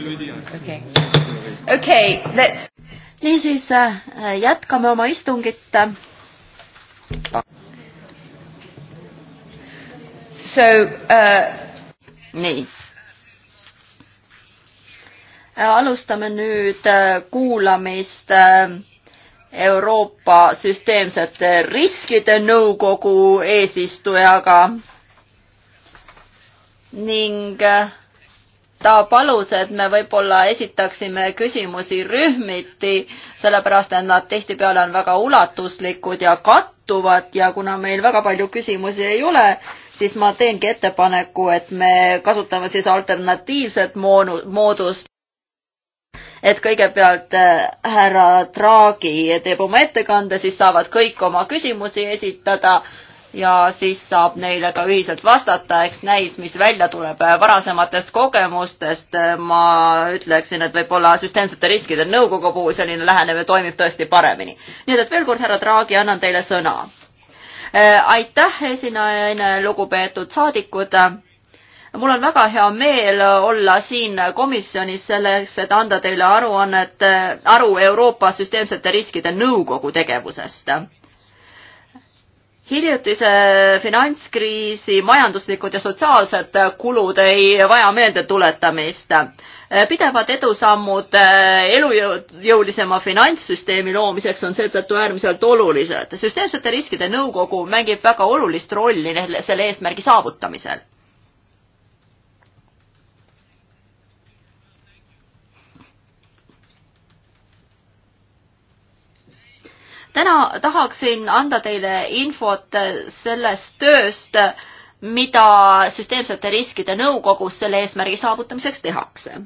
okei okay. okay,, let's. niisiis äh, jätkame oma istungit. So uh, nii. Äh, alustame nüüd kuulamist Euroopa Süsteemsete Riskide Nõukogu eesistujaga ning uh, ta palus, et me võib-olla esitaksime küsimusi rühmiti, sellepärast et nad tihtipeale on väga ulatuslikud ja kattuvad ja kuna meil väga palju küsimusi ei ole, siis ma teengi ettepaneku, et me kasutame siis alternatiivset moonu-, moodust. et kõigepealt äh, härra Draghi teeb oma ettekande, siis saavad kõik oma küsimusi esitada ja siis saab neile ka ühiselt vastata, eks näis, mis välja tuleb varasematest kogemustest. ma ütleksin, et võib-olla süsteemsete riskide nõukogu puhul selline lähenemine toimib tõesti paremini. nii et, et veel kord, härra Draagi, annan teile sõna. aitäh, esineja, lugupeetud saadikud mul on väga hea meel olla siin komisjonis selleks, et anda teile aruannet, aru Euroopa Süsteemsete Riskide Nõukogu tegevusest hiljutise finantskriisi majanduslikud ja sotsiaalsed kulud ei vaja meeldetuletamist. pidevad edusammud elujõulisema finantssüsteemi loomiseks on seetõttu äärmiselt olulised. süsteemsete riskide nõukogu mängib väga olulist rolli selle eesmärgi saavutamisel täna tahaksin anda teile infot sellest tööst, mida süsteemsete riskide nõukogus selle eesmärgi saavutamiseks tehakse.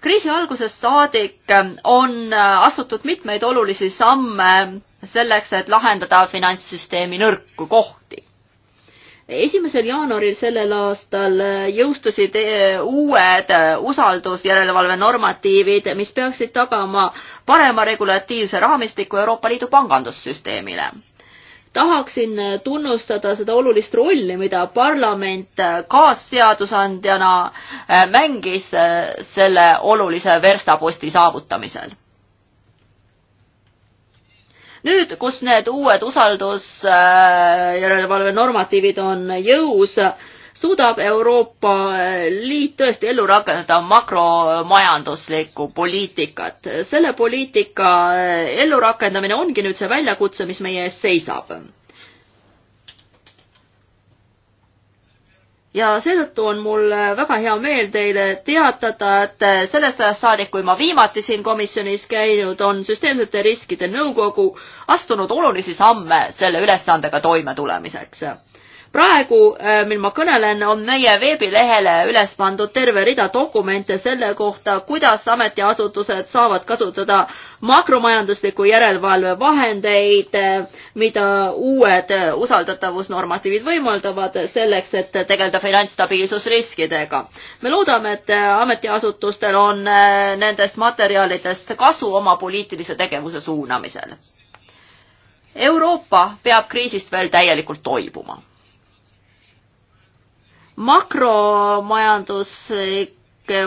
kriisi algusest saadik on astutud mitmeid olulisi samme selleks, et lahendada finantssüsteemi nõrku kohti esimesel jaanuaril sellel aastal jõustusid eh, uued eh, usaldusjärelevalve normatiivid, mis peaksid tagama parema regulatiivse raamistiku Euroopa Liidu pangandussüsteemile. tahaksin tunnustada seda olulist rolli, mida parlament kaasseadusandjana eh, mängis selle olulise verstaposti saavutamisel nüüd, kus need uued usaldusjärelevalve äh, normatiivid on jõus, suudab Euroopa Liit tõesti ellu rakendada makromajanduslikku poliitikat. selle poliitika ellurakendamine ongi nüüd see väljakutse, mis meie ees seisab ja seetõttu on mul äh, väga hea meel teile teatada, et äh, sellest ajast saadik, kui ma viimati siin komisjonis käinud, on süsteemsete riskide nõukogu astunud olulisi samme selle ülesandega toimetulemiseks praegu, äh, mil ma kõnelen, on meie veebilehele üles pandud terve rida dokumente selle kohta, kuidas ametiasutused saavad kasutada makromajandusliku järelevalve vahendeid, äh, mida uued äh, usaldatavusnormatiivid võimaldavad selleks, et tegeleda finantsstabiilsusriskidega. me loodame, et ametiasutustel on nendest materjalidest kasu oma poliitilise tegevuse suunamisel. Euroopa peab kriisist veel täielikult toibuma makromajanduslik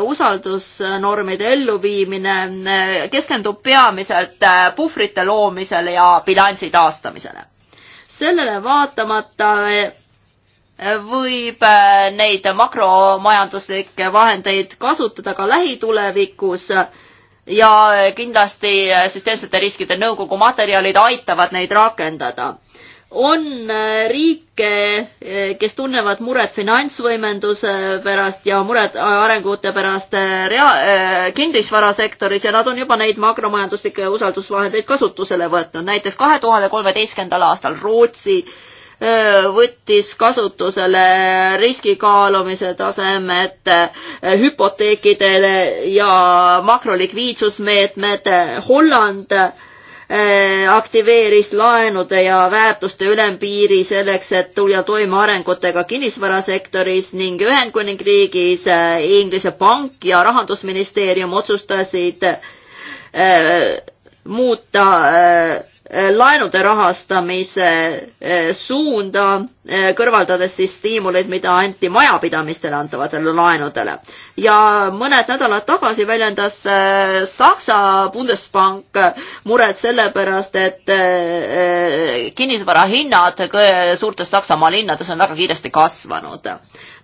usaldusnormide elluviimine eh, keskendub peamiselt eh, puhvrite loomisele ja bilansi taastamisele. sellele vaatamata eh, võib neid makromajanduslikke vahendeid kasutada ka lähitulevikus ja kindlasti süsteemsete riskide nõukogu materjalid aitavad neid rakendada on äh, riike, äh, kes tunnevad muret finantsvõimenduse pärast ja muret arengute pärast äh, rea-, kinnisvarasektoris ja nad on juba neid makromajanduslikke usaldusvahendeid kasutusele võtnud. näiteks kahe tuhande kolmeteistkümnendal aastal Rootsi võttis kasutusele riski kaalumise tasemed hüpoteekidele ja makrolikviidsusmeetmed. Holland Äh, aktiveeris laenude ja väärtuste ülempiiri selleks, et tulla toime arengutega kinnisvarasektoris ning Ühendkuningriigis äh, Inglise Pank ja rahandusministeerium otsustasid äh, muuta Eh, laenude rahastamise eh, suunda, eh, kõrvaldades siis stiimuleid, mida anti majapidamistele antavatele laenudele. ja mõned nädalad tagasi väljendas Saksa Bundespank muret sellepärast, et kinnisvara hinnad suurtes Saksamaa linnades on väga kiiresti kasvanud.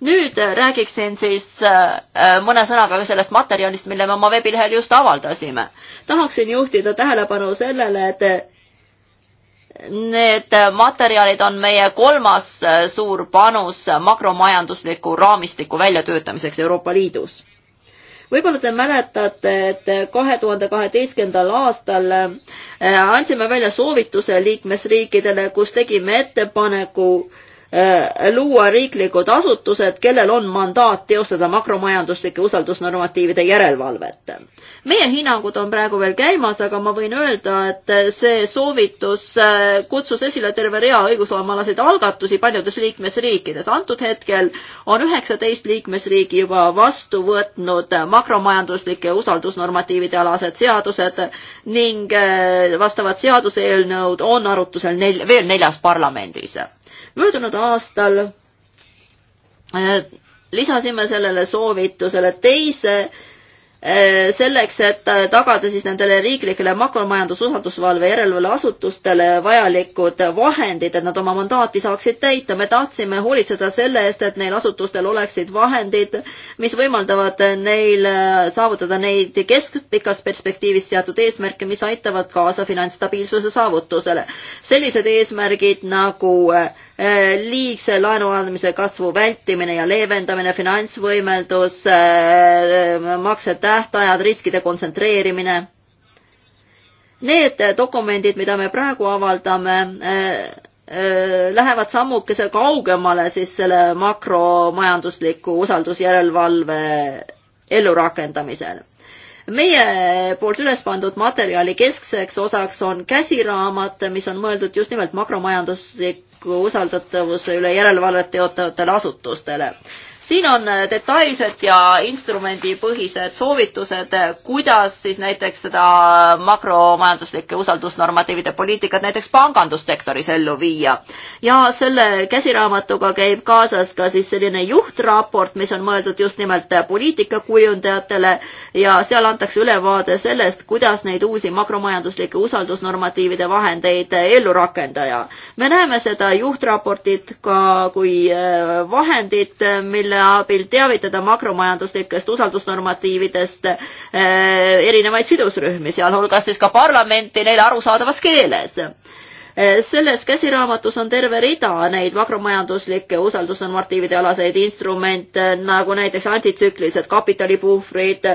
nüüd räägiksin siis mõne sõnaga ka sellest materjalist, mille me oma veebilehel just avaldasime. tahaksin juhtida tähelepanu sellele, et Need materjalid on meie kolmas äh, suur panus makromajandusliku raamistiku väljatöötamiseks Euroopa Liidus. võib-olla te mäletate, et kahe tuhande kaheteistkümnendal aastal äh, andsime välja soovituse liikmesriikidele, kus tegime ettepaneku äh, Äh, luua riiklikud asutused, kellel on mandaat teostada makromajanduslike usaldusnormatiivide järelevalvet. meie hinnangud on praegu veel käimas, aga ma võin öelda, et see soovitus äh, kutsus esile terve rea õigusloomalaseid algatusi paljudes liikmesriikides. antud hetkel on üheksateist liikmesriigi juba vastu võtnud makromajanduslike usaldusnormatiivide alased seadused ning äh, vastavad seaduseelnõud on arutusel nel-, veel neljas parlamendis möödunud aastal äh, lisasime sellele soovitusele teise äh, selleks, et äh, tagada siis nendele riiklikele makromajandus usaldusvalve järelevalveasutustele vajalikud vahendid, et nad oma mandaati saaksid täita. me tahtsime hoolitseda selle eest, et neil asutustel oleksid vahendid, mis võimaldavad neil saavutada neid keskpikas perspektiivis seatud eesmärke, mis aitavad kaasa finantsstabiilsuse saavutusele. sellised eesmärgid nagu äh, Äh, liigse laenu andmise kasvu vältimine ja leevendamine, finantsvõimeldus, äh, maksetähtajad, riskide kontsentreerimine. Need dokumendid, mida me praegu avaldame, äh, lähevad sammukese kaugemale siis selle makromajandusliku usaldusjärelevalve ellurakendamisel meie poolt üles pandud materjali keskseks osaks on käsiraamat, mis on mõeldud just nimelt makromajanduslik, isiku usaldatavuse üle järelevalvet teotavatele asutustele siin on äh, detailsed ja instrumendipõhised soovitused, äh, kuidas siis näiteks seda makromajanduslike usaldusnormatiivide poliitikat näiteks pangandussektoris ellu viia. ja selle käsiraamatuga käib kaasas ka siis selline juhtraport, mis on mõeldud just nimelt äh, poliitikakujundajatele ja seal antakse ülevaade sellest, kuidas neid uusi makromajanduslike usaldusnormatiivide vahendeid ellu rakendada. me näeme seda juhtraportit ka kui vahendit, mille mille abil teavitada makromajanduslikest usaldusnormatiividest eh, erinevaid sidusrühmi, sealhulgas siis ka parlamenti neile arusaadavas keeles Eh, selles käsiraamatus on terve rida neid makromajanduslikke usaldusnormatiivide alaseid instrumente, nagu näiteks antitsüklilised kapitalipuhvrid,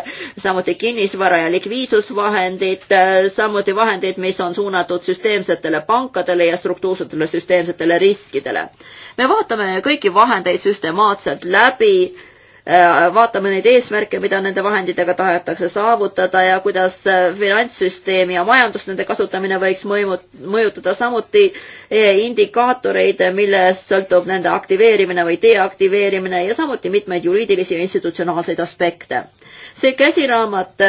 samuti kinnisvara ja likviidsusvahendid, eh, samuti vahendid, mis on suunatud süsteemsetele pankadele ja struktuursetele süsteemsetele riskidele. me vaatame kõiki vahendeid süstemaatselt läbi Äh, vaatame neid eesmärke, mida nende vahenditega tahetakse saavutada ja kuidas äh, finantssüsteemi ja majandust nende kasutamine võiks mõimut, mõjutada, samuti äh, indikaatoreid, millest sõltub nende aktiveerimine või deaktiveerimine ja samuti mitmeid juriidilisi ja institutsionaalseid aspekte. see käsiraamat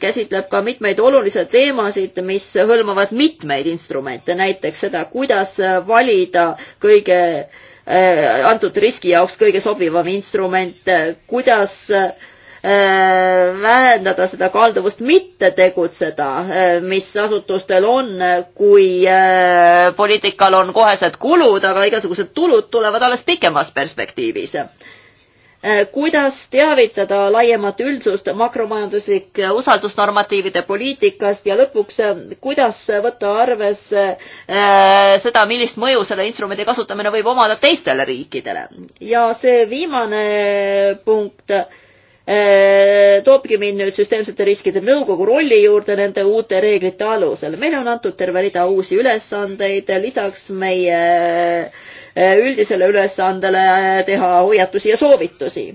käsitleb ka mitmeid olulisi teemasid, mis hõlmavad mitmeid instrumente, näiteks seda, kuidas valida kõige Äh, antud riski jaoks kõige sobivam instrument, äh, kuidas äh, vähendada seda kalduvust mitte tegutseda, mis asutustel on, kui poliitikal on kohesed kulud, aga igasugused tulud tulevad alles pikemas perspektiivis Äh, kuidas teavitada laiemat üldsust makromajanduslike äh, usaldusnormatiivide poliitikast ja lõpuks, äh, kuidas võtta arvesse seda, millist mõju selle instrumendi kasutamine võib omada teistele riikidele. ja see viimane punkt Äh, toobki mind nüüd süsteemsete riskide nõukogu rolli juurde nende uute reeglite alusel. meile on antud terve rida uusi ülesandeid, lisaks meie äh, üldisele ülesandele teha hoiatusi ja soovitusi.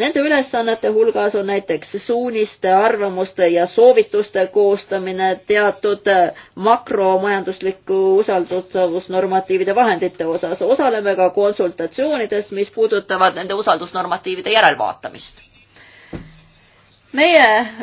Nende ülesannete hulgas on näiteks suuniste, arvamuste ja soovituste koostamine teatud äh, makromajandusliku usaldusnormatiivide vahendite osas. osaleme ka konsultatsioonides, mis puudutavad nende usaldusnormatiivide järelvaatamist meie äh,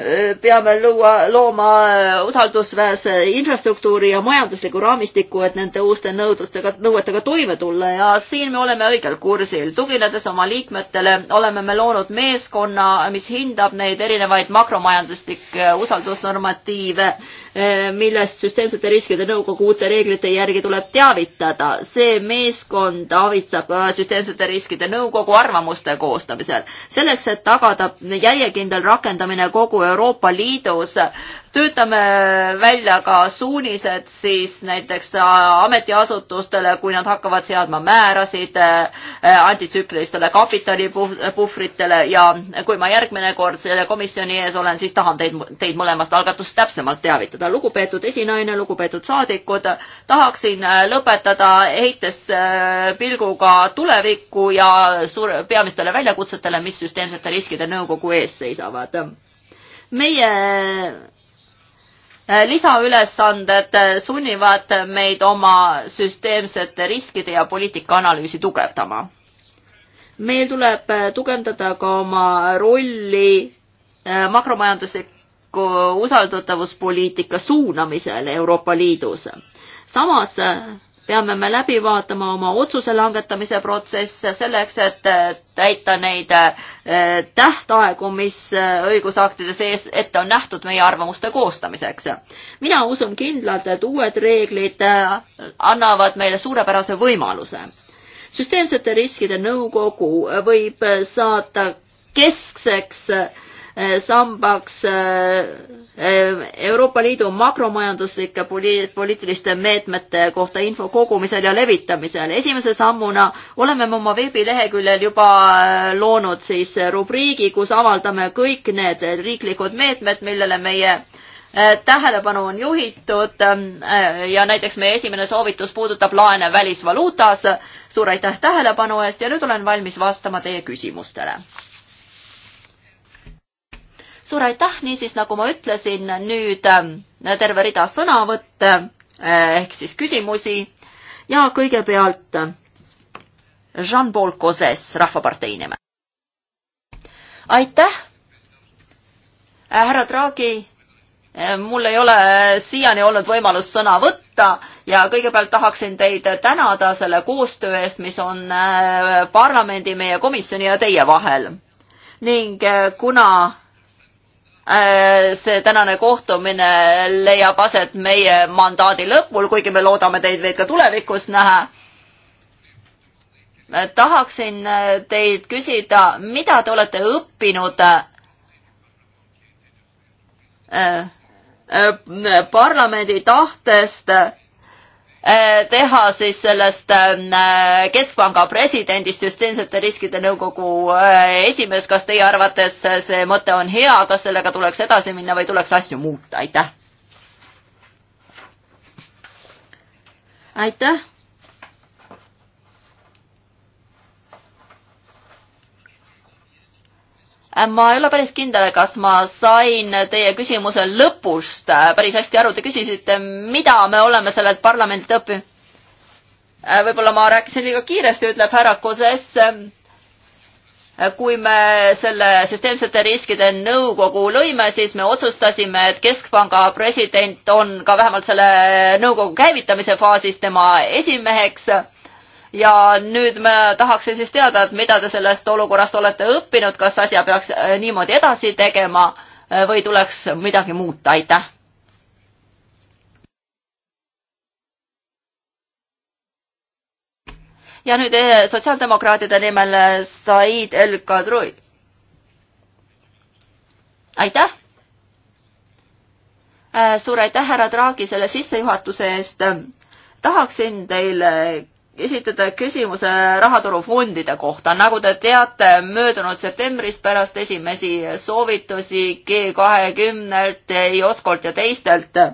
peame luua, looma äh, usaldusväärse infrastruktuuri ja majandusliku raamistiku, et nende uuste nõudlustega, nõuetega toime tulla ja siin me oleme õigel kursil. tuginedes oma liikmetele, oleme me loonud meeskonna, mis hindab neid erinevaid makromajanduslikke äh, usaldusnormatiive Eh, millest süsteemsete riskide nõukogu uute reeglite järgi tuleb teavitada. see meeskond abistab ka süsteemsete riskide nõukogu arvamuste koostamisel. selleks, et tagada järjekindel rakendamine kogu Euroopa Liidus, töötame välja ka suunised siis näiteks äh, ametiasutustele, kui nad hakkavad seadma määrasid äh, äh, antitsüklilistele kapitalipuhvritele ja kui ma järgmine kord selle komisjoni ees olen, siis tahan teid, teid mõlemast algatust täpsemalt teavitada. lugupeetud esinaine, lugupeetud saadikud, tahaksin lõpetada heites pilguga tulevikku ja suur, peamistele väljakutsetele, mis süsteemsete riskide nõukogu ees seisavad meie Äh, lisaülesanded äh, sunnivad meid oma süsteemsete riskide ja poliitikaanalüüsi tugevdama. meil tuleb äh, tugevdada ka oma rolli makromajandusliku usaldatavuspoliitika suunamisel Euroopa Liidus. samas peame me läbi vaatama oma otsuse langetamise protsesse selleks, et äh, täita neid äh, tähtaegu, mis äh, õigusaktides ees ette on nähtud meie arvamuste koostamiseks. mina usun kindlalt, et uued reeglid annavad meile suurepärase võimaluse. süsteemsete riskide nõukogu võib saata keskseks äh, Eh, sambaks eh, eh, Euroopa Liidu makromajanduslike poliitiliste meetmete kohta info kogumisel ja levitamisel. esimese sammuna oleme me oma veebileheküljel juba loonud siis rubriigi, kus avaldame kõik need riiklikud meetmed, millele meie tähelepanu on juhitud ja näiteks meie esimene soovitus puudutab laene välisvaluutas. suur aitäh tähelepanu eest ja nüüd olen valmis vastama teie küsimustele suur aitäh, niisiis nagu ma ütlesin, nüüd ähm, terve rida sõnavõtte äh, ehk siis küsimusi ja kõigepealt äh, Jean-Paul Coses Rahvapartei nimel. aitäh, äh, härra Draghi mul ei ole siiani olnud võimalust sõna võtta ja kõigepealt tahaksin teid tänada selle koostöö eest, mis on parlamendi, meie komisjoni ja teie vahel. ning kuna Äh, see tänane kohtumine leiab aset meie mandaadi lõpul, kuigi me loodame teid veel ka tulevikus näha. Äh, tahaksin äh, teilt küsida, mida te olete õppinud parlamendi tahtest Äh, teha siis sellest ähm, äh, Keskpanga presidendist süsteemsete riskide nõukogu äh, esimees, kas teie arvates see mõte on hea, kas sellega tuleks edasi minna või tuleks asju muuta, aitäh? aitäh Äh, ma ei ole päris kindel, kas ma sain teie küsimuse lõpust äh, päris hästi aru, te küsisite, mida me oleme sellelt parlamendilt õppinud. Äh, võib-olla ma rääkisin liiga kiiresti, ütleb härra Koses. Ähm, kui me selle süsteemsete riskide nõukogu lõime, siis me otsustasime, et Keskpanga president on ka vähemalt selle nõukogu käivitamise faasis tema esimeheks ja nüüd ma tahaksin siis teada, et mida te sellest olukorrast olete õppinud, kas asja peaks äh, niimoodi edasi tegema äh, või tuleks midagi muuta, aitäh. ja nüüd äh, sotsiaaldemokraatide nimel Said El-Kadri. aitäh. suur aitäh, härra Draagi, selle sissejuhatuse eest. tahaksin teile esitada küsimuse rahaturufondide kohta. nagu te teate, möödunud septembris pärast esimesi soovitusi G kahekümnelt, EOSCO-lt ja teistelt e,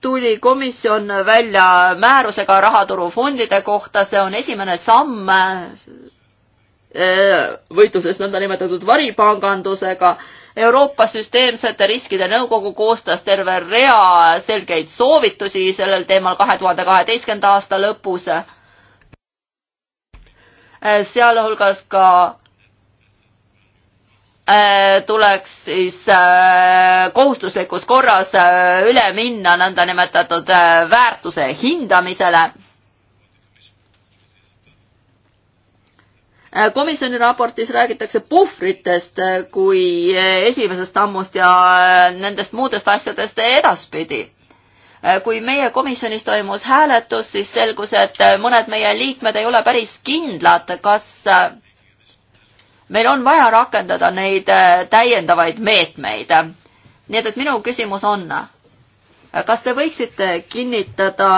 tuli komisjon välja määrusega rahaturufondide kohta, see on esimene samm e, võitluses nõndanimetatud varipangandusega Euroopa Süsteemsete Riskide Nõukogu koostas terve rea selgeid soovitusi sellel teemal kahe tuhande kaheteistkümnenda aasta lõpus. Äh, sealhulgas ka äh, tuleks siis äh, kohustuslikus korras üle minna nõndanimetatud väärtuse hindamisele Äh, komisjoni raportis räägitakse puhvritest äh, kui äh, esimesest sammust ja nendest muudest asjadest edaspidi. kui meie komisjonis toimus hääletus, siis selgus, et mõned meie liikmed ei ole päris kindlad, kas meil on vaja rakendada neid täiendavaid meetmeid. nii et, et minu küsimus on, kas te võiksite kinnitada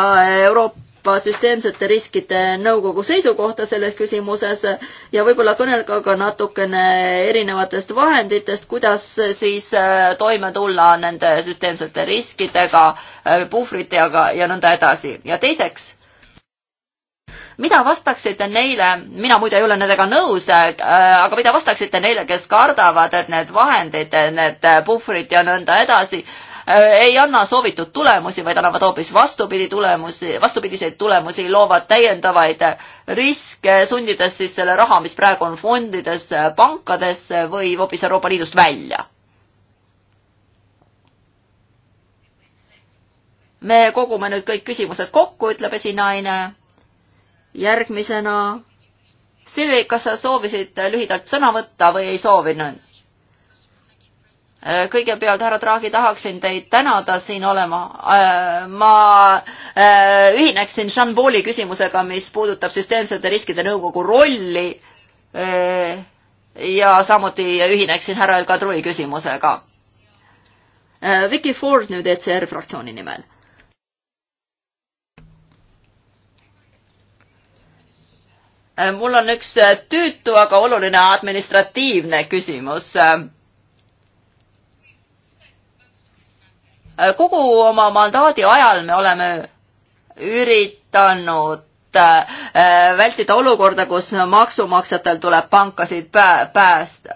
Euroopa Euroopa süsteemsete riskide nõukogu seisukohta selles küsimuses ja võib-olla kõnelge ka natukene erinevatest vahenditest, kuidas siis äh, toime tulla nende süsteemsete riskidega, äh, puhvritega ja nõnda edasi. ja teiseks, mida vastaksite neile, mina muide ei ole nendega nõus, äh, aga mida vastaksite neile, kes kardavad, et need vahendid, need puhvrid ja nõnda edasi äh, Äh, ei anna soovitud tulemusi, vaid annavad hoopis vastupidi tulemusi, vastupidiseid tulemusi, loovad täiendavaid riske, sundides siis selle raha, mis praegu on fondides, pankadesse või hoopis Euroopa Liidust välja. me kogume nüüd kõik küsimused kokku, ütleb esinaine. järgmisena Silvi, kas sa soovisid lühidalt sõna võtta või ei soovinud? Äh, kõigepealt, härra Draghi, tahaksin teid tänada siin olema. Äh, ma äh, ühineksin Jean Pauli küsimusega, mis puudutab süsteemsete riskide nõukogu rolli. ja samuti ühineksin härra El Kadri küsimusega. Vicky Ford nüüd ECR fraktsiooni nimel. mul on üks tüütu, aga oluline administratiivne küsimus Äh, kogu oma mandaadi ajal me oleme üritanud äh, äh, vältida olukorda, kus maksumaksjatel tuleb pankasid päästa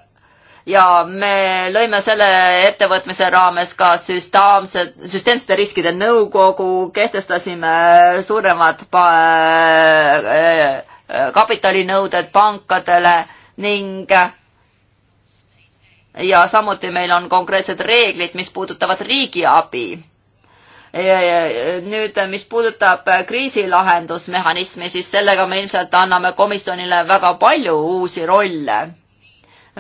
ja me lõime selle ettevõtmise raames ka süstaamse, süsteemsete riskide nõukogu, kehtestasime suuremad kapitalinõuded pankadele ning äh, ja samuti meil on konkreetsed reeglid, mis puudutavad riigiabi. nüüd, mis puudutab kriisilahendusmehhanismi, siis sellega me ilmselt anname komisjonile väga palju uusi rolle,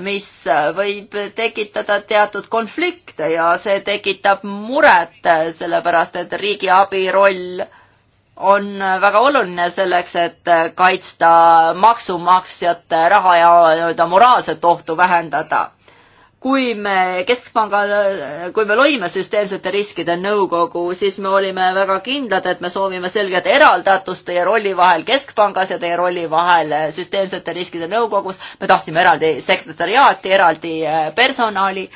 mis võib tekitada teatud konflikte ja see tekitab muret, sellepärast et riigiabi roll on väga oluline selleks, et kaitsta maksumaksjate raha ja nii-öelda moraalset ohtu vähendada kui me keskpangal, kui me loime süsteemsete riskide nõukogu, siis me olime väga kindlad, et me soovime selget eraldatust teie rolli vahel keskpangas ja teie rolli vahel süsteemsete riskide nõukogus. me tahtsime eraldi sekretäriaati, eraldi äh, personali.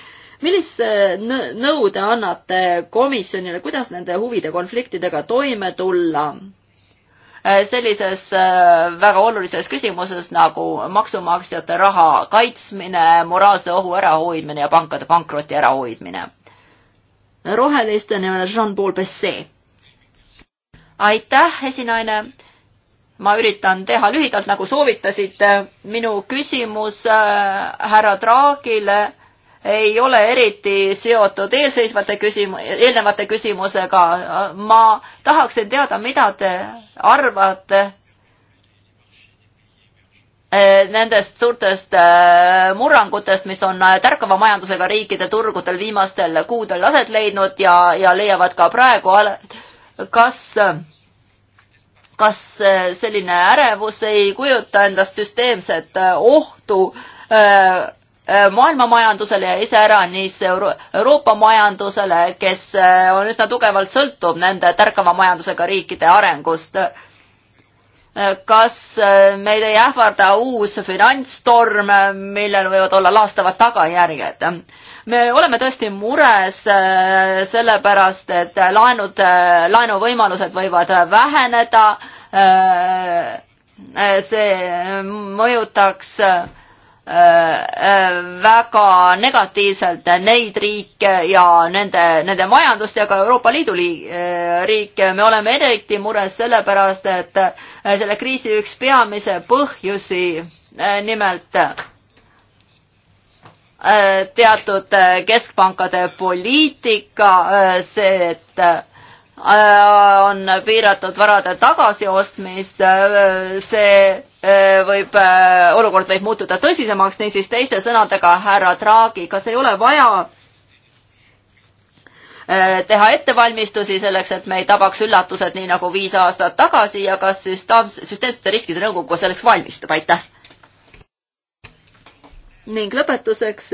millise äh, nõu te annate komisjonile, kuidas nende huvide konfliktidega toime tulla? Äh, sellises äh, väga olulises küsimuses nagu maksumaksjate raha kaitsmine, moraalse ohu ärahoidmine ja pankade pankroti ärahoidmine. roheliste nimel Jean-Paul Besset. aitäh, esinaine. ma üritan teha lühidalt, nagu soovitasite. minu küsimus äh, härra Draagile ei ole eriti seotud eelseisvate küsim-, eelnevate küsimusega. ma tahaksin teada, mida te arvate eh, nendest suurtest eh, murrangutest, mis on eh, tärkava majandusega riikide turgudel viimastel kuudel aset leidnud ja, ja leiavad ka praegu. kas, kas selline ärevus ei kujuta endast süsteemset ohtu Äh, maailmamajandusele ja iseäranis Euro Euroopa majandusele, kes äh, on üsna tugevalt sõltub nende tärkava majandusega riikide arengust. Äh, kas meid ei ähvarda uus finantstorm, millel võivad olla laastavad tagajärjed? me oleme tõesti mures sellepärast, et laenud, laenuvõimalused võivad väheneda. see mõjutaks Äh, äh, väga negatiivselt neid riike ja nende, nende majandust ja ka Euroopa Liidu äh, riike. me oleme eriti mures sellepärast, et selle kriisi üks peamise põhjusi, nimelt teatud keskpankade poliitika, see, et on piiratud varade tagasiostmist, see võib, olukord võib muutuda tõsisemaks, niisiis teiste sõnadega, härra Draghi, kas ei ole vaja teha ettevalmistusi selleks, et me ei tabaks üllatused nii nagu viis aastat tagasi ja kas siis süsteemsete riskide nõukogu selleks valmistub, aitäh! ning lõpetuseks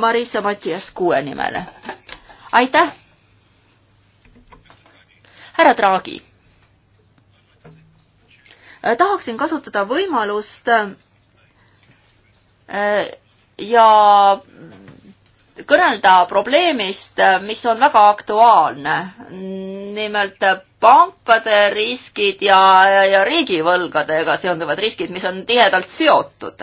Marissa Matias kuue nimele. aitäh! härra Draghi Äh, tahaksin kasutada võimalust äh, ja kõnelda probleemist, äh, mis on väga aktuaalne, nimelt pankade riskid ja, ja, ja riigivõlgadega seonduvad riskid, mis on tihedalt seotud.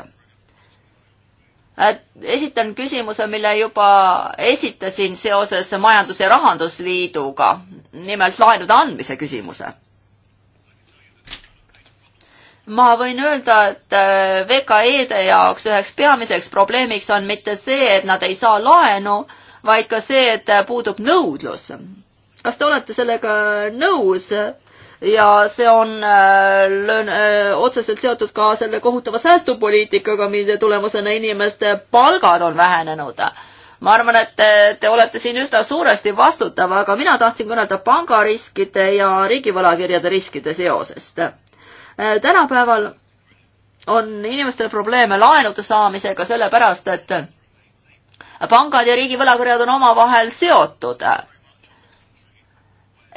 esitan küsimuse, mille juba esitasin seoses Majandus- ja Rahandusliiduga, nimelt laenude andmise küsimuse ma võin öelda, et äh, VKE-de jaoks üheks peamiseks probleemiks on mitte see, et nad ei saa laenu, vaid ka see, et äh, puudub nõudlus. kas te olete sellega nõus? ja see on öö, äh, otseselt seotud ka selle kohutava säästupoliitikaga, mille tulemusena inimeste palgad on vähenenud. ma arvan, et te, te olete siin üsna suuresti vastutav, aga mina tahtsin kõnelda pangariskide ja riigivõlakirjade riskide seosest Äh, tänapäeval on inimestel probleeme laenude saamisega, sellepärast et pangad ja riigivõlakirjad on omavahel seotud.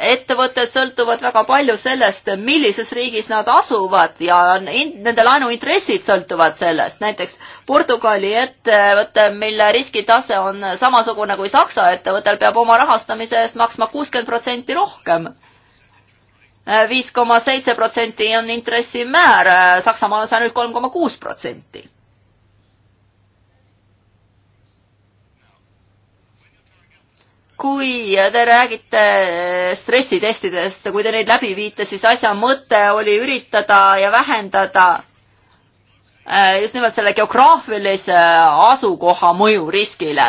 ettevõtted sõltuvad väga palju sellest, millises riigis nad asuvad ja nende laenuintressid sõltuvad sellest. näiteks Portugali ettevõte, mille riskitase on samasugune kui Saksa ettevõttel, peab oma rahastamise eest maksma kuuskümmend protsenti rohkem viis koma seitse protsenti on intressimäär, Saksamaal on see ainult kolm koma kuus protsenti. kui te räägite stressitestidest, kui te neid läbi viite, siis asja mõte oli üritada ja vähendada eh, just nimelt selle geograafilise asukoha mõju riskile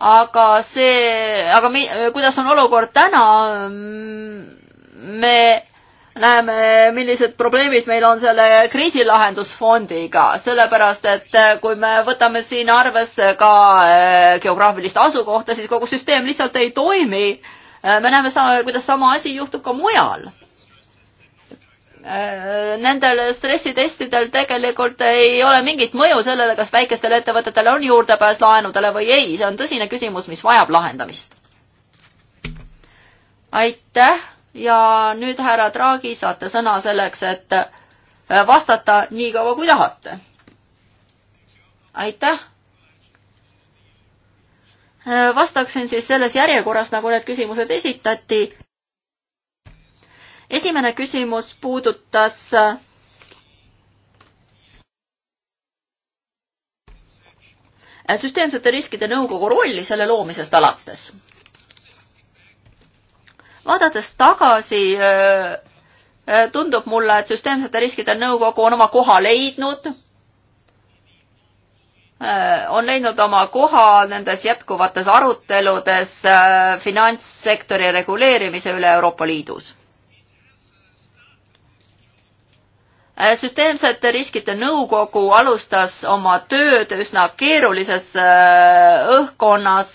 aga see, aga mi, kuidas on olukord täna? Mm, me näeme, millised probleemid meil on selle kriisilahendusfondiga, sellepärast et äh, kui me võtame siin arvesse ka äh, geograafilist asukohta, siis kogu süsteem lihtsalt ei toimi. Äh, me näeme, kuidas sama asi juhtub ka mujal nendel stressitestidel tegelikult ei ole mingit mõju sellele, kas väikestel ettevõtetel on juurdepääs laenudele või ei, see on tõsine küsimus, mis vajab lahendamist. aitäh ja nüüd, härra Draghi, saate sõna selleks, et äh, vastata nii kaua, kui tahate. aitäh. Äh, vastaksin siis selles järjekorras, nagu need küsimused esitati. esimene küsimus puudutas äh, süsteemsete riskide nõukogu rolli selle loomisest alates vaadates tagasi äh, äh, tundub mulle, et süsteemsete riskide nõukogu on oma koha leidnud, äh, on leidnud oma koha nendes jätkuvates aruteludes finantssektori reguleerimise üle Euroopa Liidus. süsteemsete riskide nõukogu alustas oma tööd üsna keerulises õhkkonnas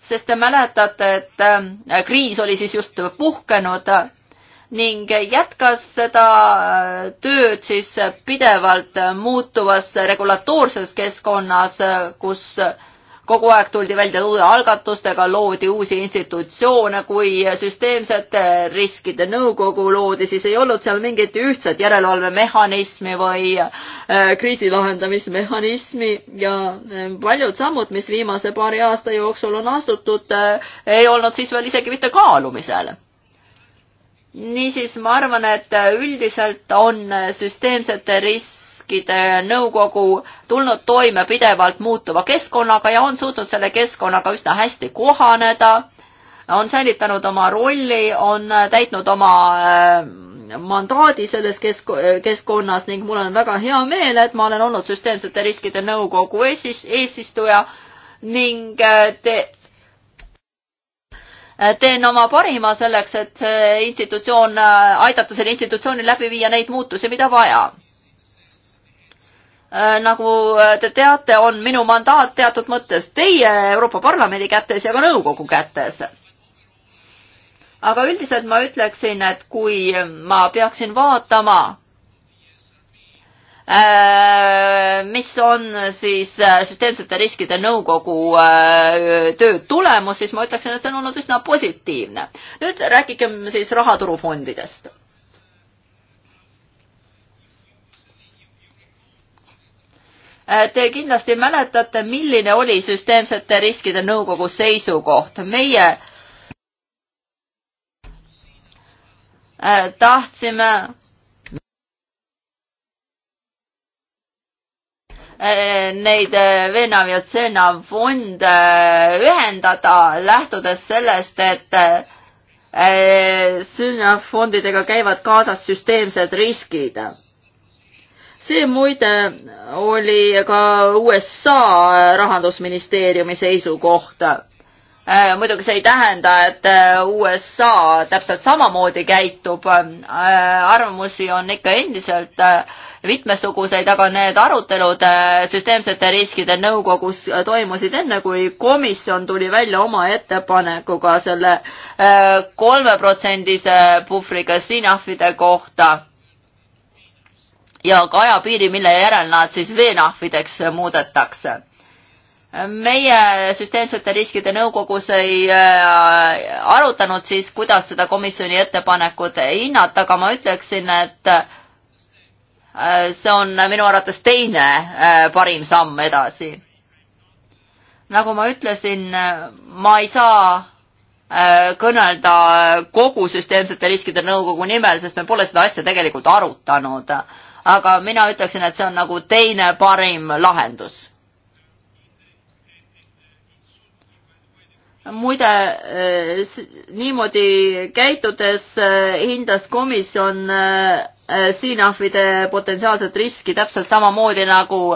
sest te mäletate, et ähm, kriis oli siis just puhkenud ning jätkas seda äh, tööd siis pidevalt muutuvas regulatoorses keskkonnas, kus kogu aeg tuldi välja uue algatustega, loodi uusi institutsioone, kui süsteemsete riskide nõukogu loodi, siis ei olnud seal mingit ühtset järelevalvemehhanismi või äh, kriisi lahendamismehhanismi ja äh, paljud sammud, mis viimase paari aasta jooksul on astutud, äh, ei olnud siis veel isegi mitte kaalumisel niisiis ma arvan, et üldiselt on süsteemsete ris-, riikide nõukogu tulnud toime pidevalt muutuva keskkonnaga ja on suutnud selle keskkonnaga üsna hästi kohaneda, on säilitanud oma rolli, on täitnud oma äh, mandaadi selles kesk-, keskkonnas ning mul on väga hea meel, et ma olen olnud süsteemsete riskide nõukogu eesis-, eesistuja ning äh, te, äh, teen oma parima selleks, et institutsioon, aidata selle institutsiooni läbi viia neid muutusi, mida vaja Äh, nagu äh, te teate, on minu mandaat teatud mõttes teie Euroopa Parlamendi kätes ja ka nõukogu kätes. aga üldiselt ma ütleksin, et kui ma peaksin vaatama, äh, mis on siis süsteemsete riskide nõukogu töö tulemus, siis ma ütleksin, et see on olnud üsna positiivne. nüüd rääkigem siis rahaturufondidest Äh, te kindlasti mäletate, milline oli süsteemsete riskide nõukogu seisukoht. meie äh, tahtsime äh, neid Venav ja Tsena fonde ühendada, lähtudes sellest, et Tsena fondidega käivad kaasas süsteemsed riskid see muide oli ka USA rahandusministeeriumi seisukoht. Äh, muidugi see ei tähenda, et äh, USA täpselt samamoodi käitub. Äh, arvamusi on ikka endiselt mitmesuguseid, aga need arutelud süsteemsete riskide nõukogus toimusid enne, kui komisjon tuli välja oma ettepanekuga selle kolmeprotsendise puhvriga CNAF-ide kohta ja ka ajapiiri, mille järel nad siis veenahvideks muudetakse. meie süsteemsete riskide nõukogus ei äh, arutanud siis, kuidas seda komisjoni ettepanekut hinnata, aga ma ütleksin, et äh, see on minu arvates teine äh, parim samm edasi. nagu ma ütlesin, ma ei saa kõnelda kogu süsteemsete riskide nõukogu nimel, sest me pole seda asja tegelikult arutanud aga mina ütleksin, et see on nagu teine parim lahendus. muide, eh, niimoodi käitudes eh, hindas komisjon CNAF-ide eh, potentsiaalset riski täpselt samamoodi nagu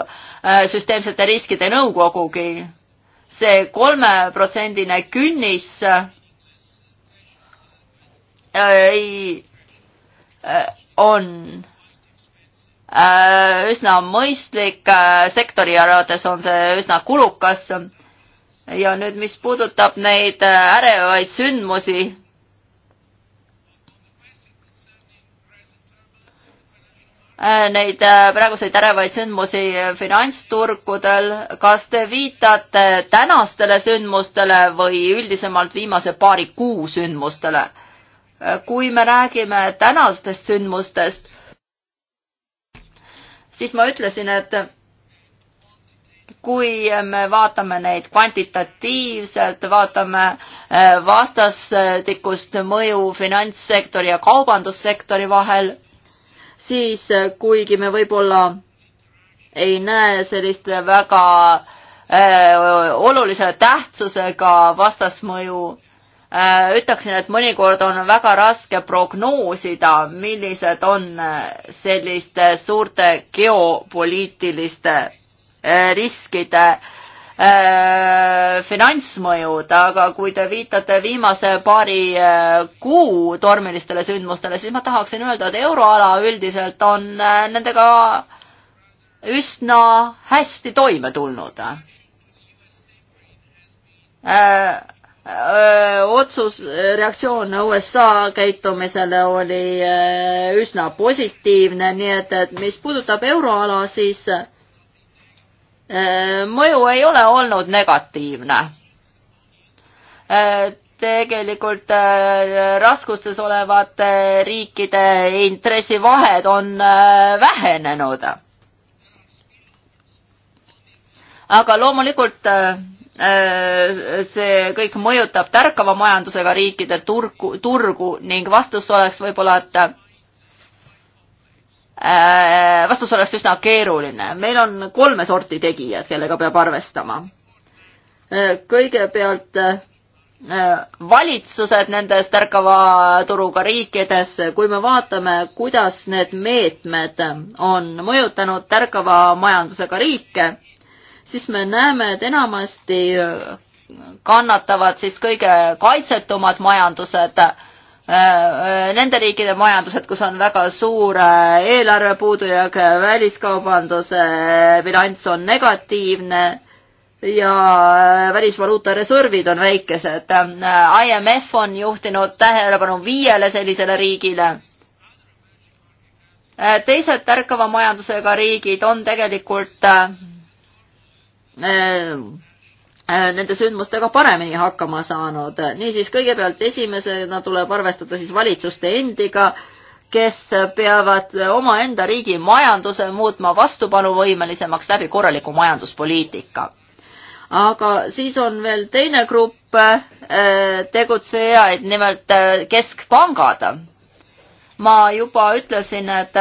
süsteemsete riskide nõukogugi. see kolmeprotsendine künnis ei, on Äh, üsna mõistlik, äh, sektori arvates on see üsna kulukas. ja nüüd, mis puudutab neid äh, ärevaid sündmusi, neid praeguseid ärevaid sündmusi finantsturgudel, kas te viitate tänastele sündmustele või üldisemalt viimase paari kuu sündmustele? kui me räägime tänastest sündmustest, siis ma ütlesin, et kui me vaatame neid kvantitatiivselt, vaatame äh, vastastikust mõju finantssektori ja kaubandussektori vahel, siis äh, kuigi me võib-olla ei näe sellist väga äh, olulise tähtsusega vastasmõju Äh, ütleksin, et mõnikord on väga raske prognoosida, millised on äh, selliste suurte geopoliitiliste äh, riskide finantsmõjud, aga kui te viitate viimase paari kuu tormilistele sündmustele, siis ma tahaksin öelda, et euroala üldiselt on nendega üsna hästi toime tulnud otsus, reaktsioon USA käitumisele oli üsna positiivne, nii et, et mis puudutab euroala, siis mõju ei ole olnud negatiivne. tegelikult raskustes olevate riikide intressivahed on vähenenud. aga loomulikult Äh, see kõik mõjutab tärkava majandusega riikide turgu, turgu ning vastus oleks võib-olla, et äh, vastus oleks üsna keeruline. meil on kolme sorti tegijad, kellega peab arvestama. Äh, kõigepealt valitsused nendes tärkava turuga riikides, kui me vaatame, kuidas need meetmed on mõjutanud tärkava majandusega riike siis me näeme, et enamasti äh, kannatavad siis kõige kaitsetumad majandused, äh, äh, nende riikide majandused, kus on väga suur eelarve puudujääk, väliskaubanduse bilanss on negatiivne ja välisvaluuta reservid on väikesed. IMF on juhtinud tähelepanu viiele sellisele riigile. teised tärkava majandusega riigid on tegelikult Äh, äh, nende sündmustega paremini hakkama saanud. niisiis, kõigepealt esimesena tuleb arvestada siis valitsuste endiga, kes peavad omaenda riigi majanduse muutma vastupanuvõimelisemaks läbi korraliku majanduspoliitika. aga siis on veel teine grupp äh, tegutsejaid, nimelt keskpangad. ma juba ütlesin, et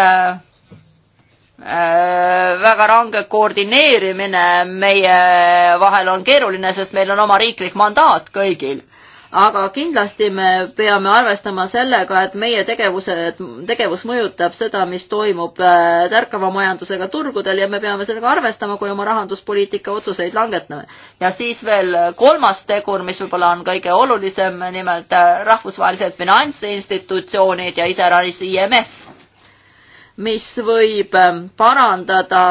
Äh, väga range koordineerimine meie vahel on keeruline, sest meil on oma riiklik mandaat kõigil. aga kindlasti me peame arvestama sellega, et meie tegevuse, tegevus mõjutab seda, mis toimub äh, tärkava majandusega turgudel ja me peame sellega arvestama, kui oma rahanduspoliitika otsuseid langetame. ja siis veel kolmas tegur, mis võib-olla on kõige olulisem, nimelt äh, rahvusvahelised finantsinstitutsioonid ja iseäranis IMF mis võib ähm, parandada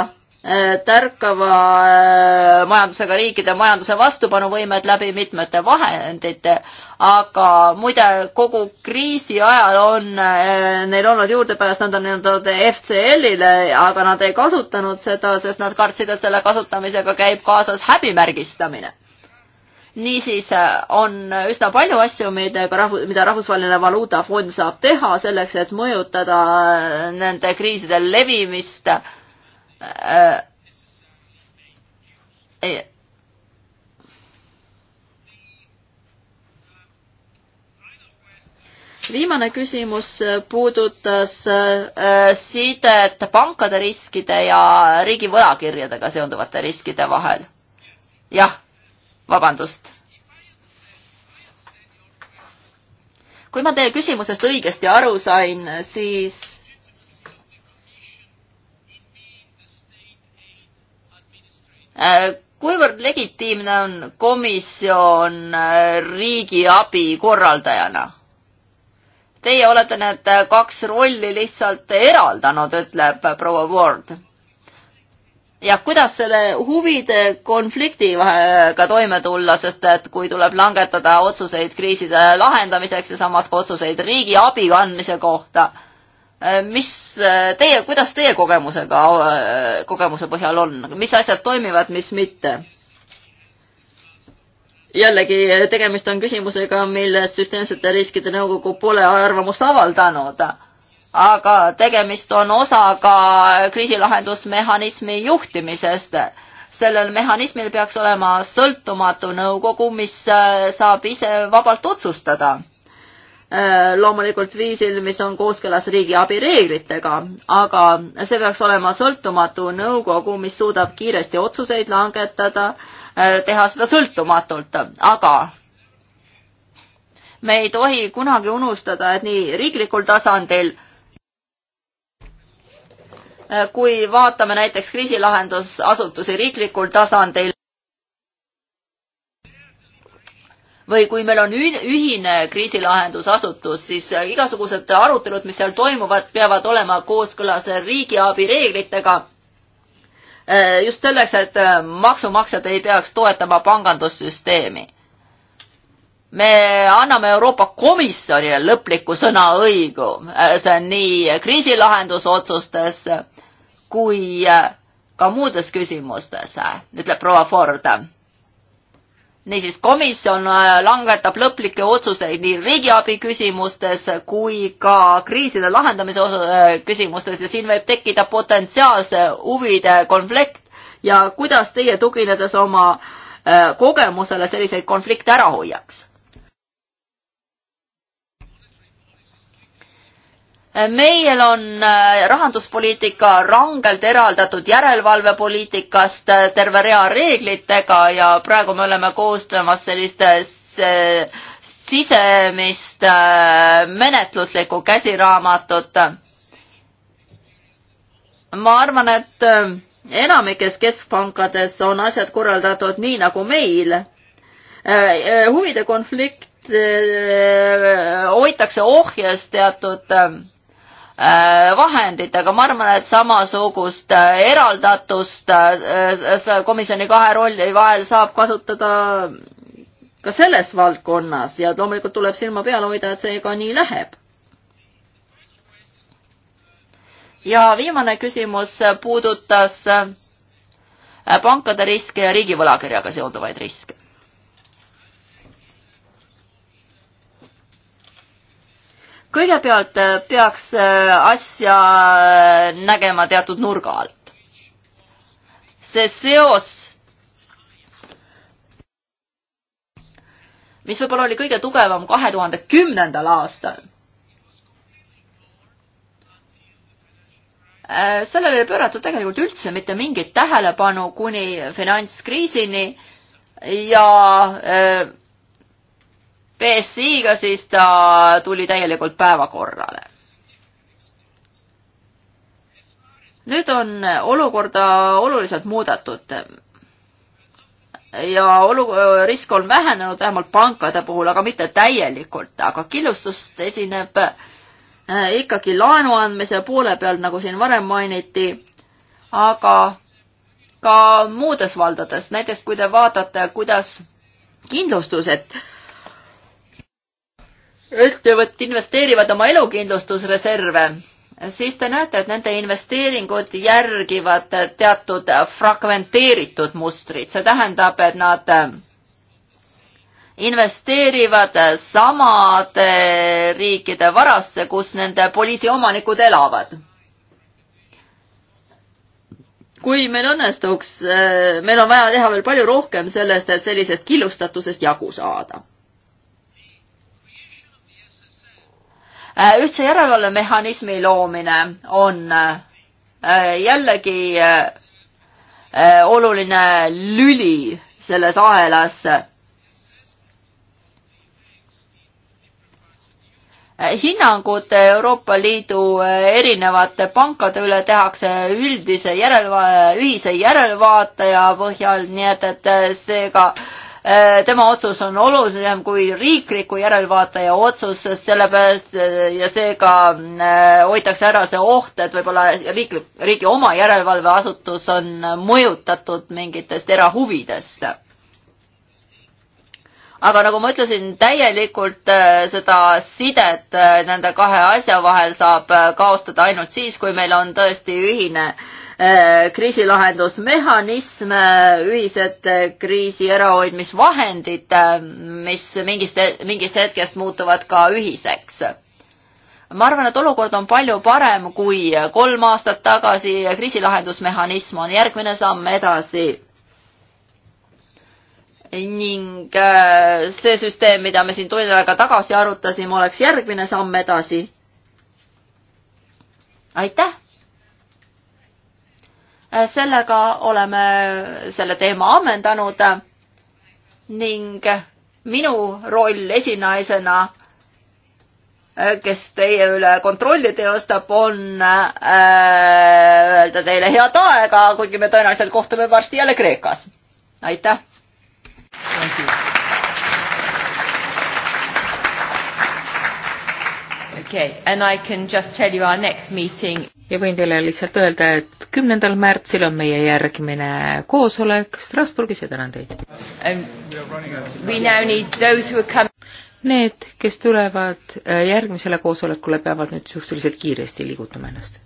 äh, tärkava äh, majandusega riikide majanduse vastupanuvõimed läbi mitmete vahendite, aga muide, kogu kriisi ajal on äh, neil olnud juurdepääs nõndanimetatud FCL-ile, aga nad ei kasutanud seda, sest nad kartsid, et selle kasutamisega käib kaasas häbimärgistamine niisiis äh, on üsna palju asju, millega rahvu-, mida Rahvusvaheline Valuutafond saab teha selleks, et mõjutada äh, nende kriiside levimist äh,. viimane küsimus puudutas äh, sidet pankade riskide ja riigi võlakirjadega seonduvate riskide vahel. jah vabandust. kui ma teie küsimusest õigesti aru sain, siis äh, kuivõrd legitiimne on komisjon äh, riigiabi korraldajana? Teie olete need äh, kaks rolli lihtsalt eraldanud, ütleb proua Ward ja kuidas selle huvide konflikti ka toime tulla, sest et kui tuleb langetada otsuseid kriiside lahendamiseks ja samas ka otsuseid riigi abi andmise kohta, eh, mis eh, teie, kuidas teie kogemusega, eh, kogemuse põhjal on, mis asjad toimivad, mis mitte? jällegi, tegemist on küsimusega, milles süsteemsete riskide nõukogu pole arvamust avaldanud aga tegemist on osaga kriisilahendusmehhanismi juhtimisest. sellel mehhanismil peaks olema sõltumatu nõukogu, mis äh, saab ise vabalt otsustada äh, loomulikult viisil, mis on kooskõlas riigiabi reeglitega, aga see peaks olema sõltumatu nõukogu, mis suudab kiiresti otsuseid langetada, äh, teha seda sõltumatult, aga me ei tohi kunagi unustada, et nii riiklikul tasandil Äh, kui vaatame näiteks kriisilahendusasutusi riiklikul tasandil või kui meil on ühine kriisilahendusasutus, siis äh, igasugused arutelud, mis seal toimuvad, peavad olema kooskõlas riigiabi reeglitega. Äh, just selleks, et maksumaksjad ei peaks toetama pangandussüsteemi. me anname Euroopa Komisjonile lõpliku sõnaõigu, see on nii kriisilahendusotsustes kui äh, ka muudes küsimustes, äh, ütleb proua Ford. niisiis, komisjon äh, langetab lõplikke otsuseid nii riigiabi küsimustes kui ka kriiside lahendamise küsimustes ja siin võib tekkida potentsiaalse huvide konflikt ja kuidas teie, tuginedes oma kogemusele, selliseid konflikte ära hoiaks meil on äh, rahanduspoliitika rangelt eraldatud järelevalvepoliitikast äh, terve rea reeglitega ja praegu me oleme koostamas sellist äh, sisemist menetluslikku käsiraamatut. ma arvan, et enamikes keskpankades on asjad korraldatud nii nagu meil. huvide konflikt hoitakse ohjes teatud Äh, vahendid, aga ma arvan, et samasugust äh, eraldatust äh, komisjoni kahe rolli vahel saab kasutada ka selles valdkonnas ja loomulikult tuleb silma peal hoida, et see ka nii läheb. ja viimane küsimus puudutas pankade riske ja riigivõlakirjaga seonduvaid riske. kõigepealt äh, peaks äh, asja äh, nägema teatud nurga alt. see seos, mis võib-olla oli kõige tugevam kahe tuhande kümnendal aastal, sellele ei pööratud tegelikult üldse mitte mingit tähelepanu kuni finantskriisini ja BSI-ga, siis ta tuli täielikult päevakorrale. nüüd on olukorda oluliselt muudetud ja olu-, risk on vähenenud vähemalt pankade puhul, aga mitte täielikult, aga killustust esineb eh, ikkagi laenu andmise poole peal, nagu siin varem mainiti, aga ka muudes valdades, näiteks kui te vaatate, kuidas kindlustused ettevõtted investeerivad oma elukindlustusreserve, siis te näete, et nende investeeringud järgivad teatud fragmenteeritud mustrit, see tähendab, et nad investeerivad samade riikide varasse, kus nende poliisiomanikud elavad. kui meil õnnestuks, meil on vaja teha veel palju rohkem sellest, et sellisest killustatusest jagu saada Äh, ühtse järelevalvemehhanismi loomine on äh, jällegi äh, oluline lüli selles ahelas hinnangud Euroopa Liidu erinevate pankade üle tehakse üldise järelva-, ühise järelevaataja põhjal, nii et, et seega Äh, tema otsus on olulisem kui riikliku järelevaataja otsus, sest sellepärast äh, ja seega äh, hoitakse ära see oht, et võib-olla riiklik, riigi oma järelevalveasutus on mõjutatud mingitest erahuvidest aga nagu ma ütlesin, täielikult seda sidet nende kahe asja vahel saab kaostada ainult siis, kui meil on tõesti ühine äh, Äh, kriisilahendusmehhanism, äh, ühised äh, kriisi ärahoidmisvahendid, mis mingist, mingist hetkest muutuvad ka ühiseks. ma arvan, et olukord on palju parem kui kolm aastat tagasi, kriisilahendusmehhanism on järgmine samm edasi ning see süsteem, mida me siin tund aega tagasi arutasime, oleks järgmine samm edasi. aitäh! Äh, sellega oleme selle teema ammendanud ning minu roll esinaisena, äh, kes teie üle kontrolli teostab, on äh, öelda teile head aega, kuigi me tõenäoliselt kohtume varsti jälle Kreekas. aitäh! Okay, and I can just tell you our next meeting ja võin teile lihtsalt öelda, et kümnendal märtsil on meie järgmine koosolek Strasbourgis ja tänan teid. Um, need, kes tulevad äh, järgmisele koosolekule, peavad nüüd suhteliselt kiiresti liigutama ennast